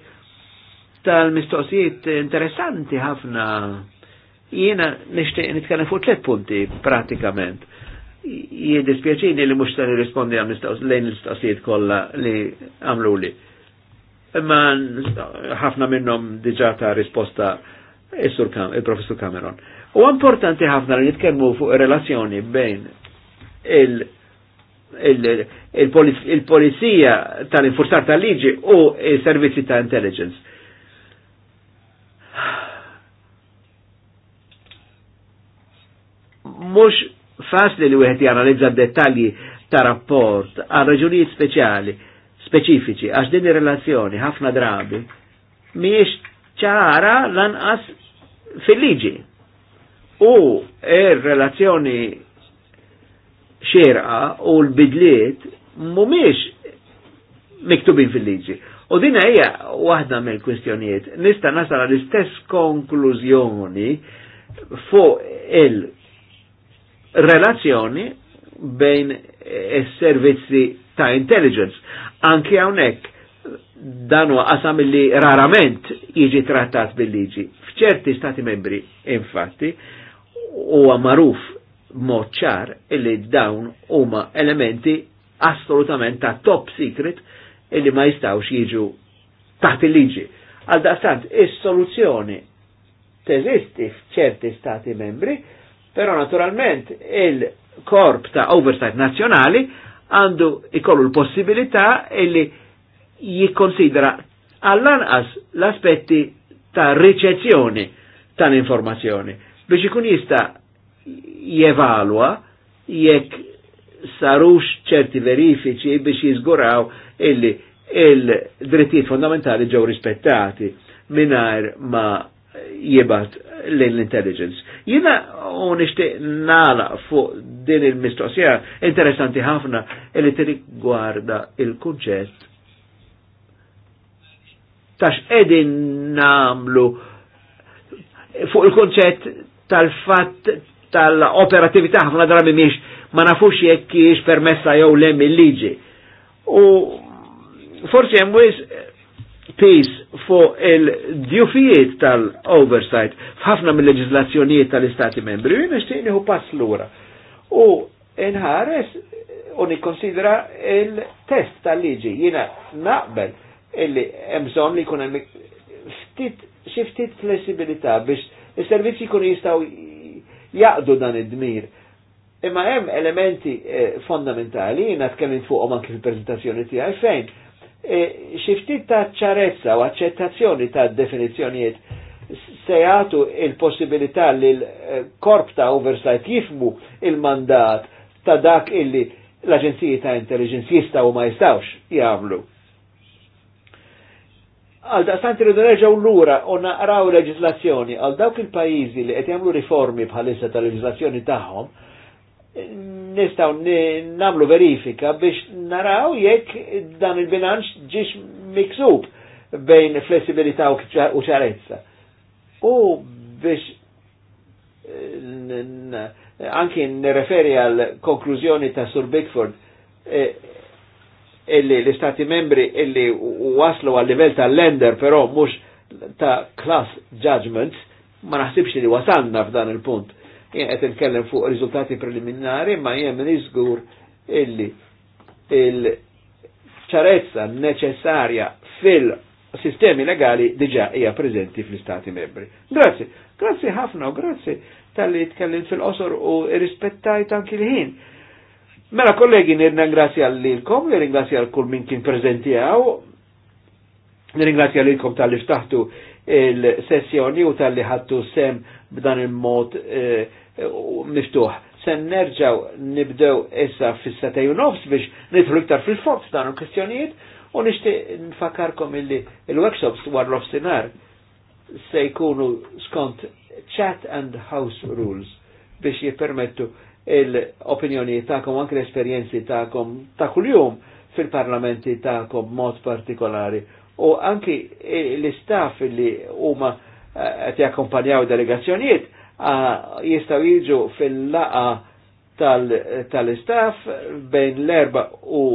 tal-mistoqsijiet interessanti ħafna. Jiena nishtiq nitkellem fuq tliet punti pratikament. Jiddispjaċini li mhux se nirrispondi għal lejn l-istoqsijiet kollha li għamlu li. Imma ħafna minnhom diġà ta' risposta il-professur Cameron. U importanti ħafna li nitkellmu fuq relazzjoni bejn il- il-polizija polizija tal tal-liġi u il-servizzi ta' intelligence. Mux fasli li wieħed janalizza dettalji ta' rapport għal raġunijiet speċjali, speċifiċi, għax din ir-relazzjoni ħafna drabi miex ċara lanqas fil-liġi u il-relazzjoni xerqa u l-bidliet mumiex miktubin fil-liġi. U dina hija waħda mill-kwistjonijiet. Nista' nasal l-istess konklużjoni fuq il-relazzjoni bejn is-servizzi ta' intelligence. Anki hawnhekk dan huwa qasam li rarament jiġi trattat bil-liġi. F'ċerti stati membri, infatti, huwa maruf mod ċar illi dawn huma elementi assolutament ta' top secret illi ma jistawx jiġu taħt il-liġi. Għal daqstant, is-soluzzjoni teżisti f'ċerti stati membri, però naturalment il-korp ta' oversight nazjonali għandu ikollu l-possibilità illi jikkonsidra għall-anqas l-aspetti ta' ricezzjoni tal-informazzjoni biex ikun jista jevalwa jekk sarux ċerti verifiċi biex jizguraw illi il-drittijiet fondamentali ġew rispettati minnajr ma jibat l-intelligence. Jina unishti nala fuq din il-mistoqsija interessanti ħafna t gwarda il-kunċett tax edin namlu fuq il kunċett tal fat tal-operatività ħafna drabi miex ma nafux jekk kiex permessa jew lem il-liġi. U forsi hemm wis eh, pis fuq il-djufijiet tal-oversight f'ħafna mill-leġislazzjonijiet tal-Istati membri, u nixtieq nieħu pass lura. U inħares u nikkonsidra il-test tal-liġi. Jiena naqbel illi hemm bżonn li jkun hemm ftit xi ftit flessibilità biex Is-servizzi jkunu jistgħu jaqdu dan id-dmir. Imma hemm elementi eh, fondamentali, jiena tkellimt fuqhom anke fil-preżentazzjoni tiegħi fejn, eh, xiftit ta' ċarezza u accettazzjoni ta' definizzjonijiet se jagħtu il-possibilità li l-korp eh, ta' oversight jifmu il-mandat ta' dak illi l-aġenziji ta' intelligence jistaw ma jistawx jgħamlu. Għal daqstant irridu nerġaw lura u naqraw leġislazzjoni għal dawk il-pajjiżi li qed jagħmlu riformi bħalissa tal-leġislazzjoni tagħhom, nistaw namlu verifika biex naraw jekk dan il-bilanċ ġiex miksub bejn flessibilità u ċarezza. U biex eh, anki nireferi għal konklużjoni ta' Sur Bigford, eh, illi l-istati membri illi waslu għal livell tal-lender però mhux ta' class judgments ma naħsibx li wasanna f'dan il-punt. Jien qed nitkellem fuq riżultati preliminari ma jien żgur illi il-ċarezza neċessarja fil-sistemi legali diġa hija preżenti fl-istati membri. Grazzi, grazzi ħafna u grazzi tal-li tkellim fil-qosor u rispettajt anki l-ħin Mela kollegi nirringrazzja lilkom, nirringrazzja l-kull minn kien prezenti għaw, nirringrazzja lilkom tal-li ftaħtu il-sessjoni u tal-li ħattu sem b'dan il-mod eh, miftuħ. Sen nerġaw nibdew issa fis-setej u nofs biex nidħlu iktar fil-forz dan il-kwestjonijiet u nishti nfakarkom illi il-workshops war l-ofsinar se jkunu skont chat and house rules biex jipermettu il-opinjoni ta'kom, anke l-esperienzi ta'kom ta' kuljum fil-parlamenti ta'kom mod partikolari. U anki eh, l-istaff li huma qed eh, jakkompanjaw delegazzjonijiet eh, jistgħu jiġu fil-laqa tal-istaff bejn l-erba u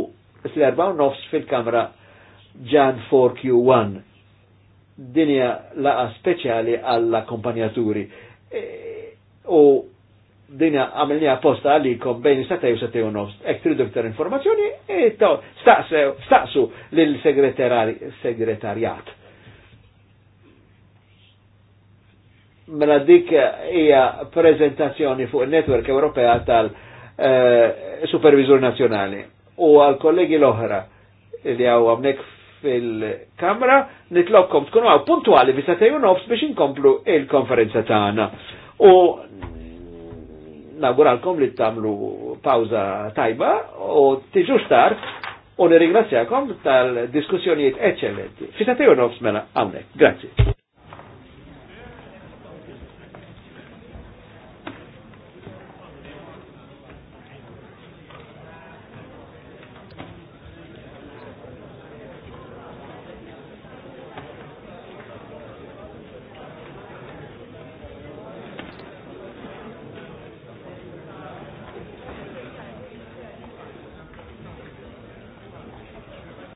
l-erba u nofs fil-kamra ġan 4Q1. Dinja laqa speċjali għall-akkompanjaturi. U din għamilni apposta għalikom bejn satej u satej u nofs. Ek tridu ktar informazzjoni, e, staqsu lill-segretarjat. Mela dik hija prezentazzjoni fuq il-Network Ewropea tal-Supervisur eh, Nazjonali. u għal-kollegi l-oħra li għaw għamnek fil-kamra, nitlokkom tkunu għaw puntuali bi satej u nofs biex inkomplu il-konferenza ta' U nawguralkom li tamlu pauza tajba u tiġu xtar u nirringrazzjakom tal-diskussjonijiet eccellenti. Fitatejo nofs mela għawnek. Grazie.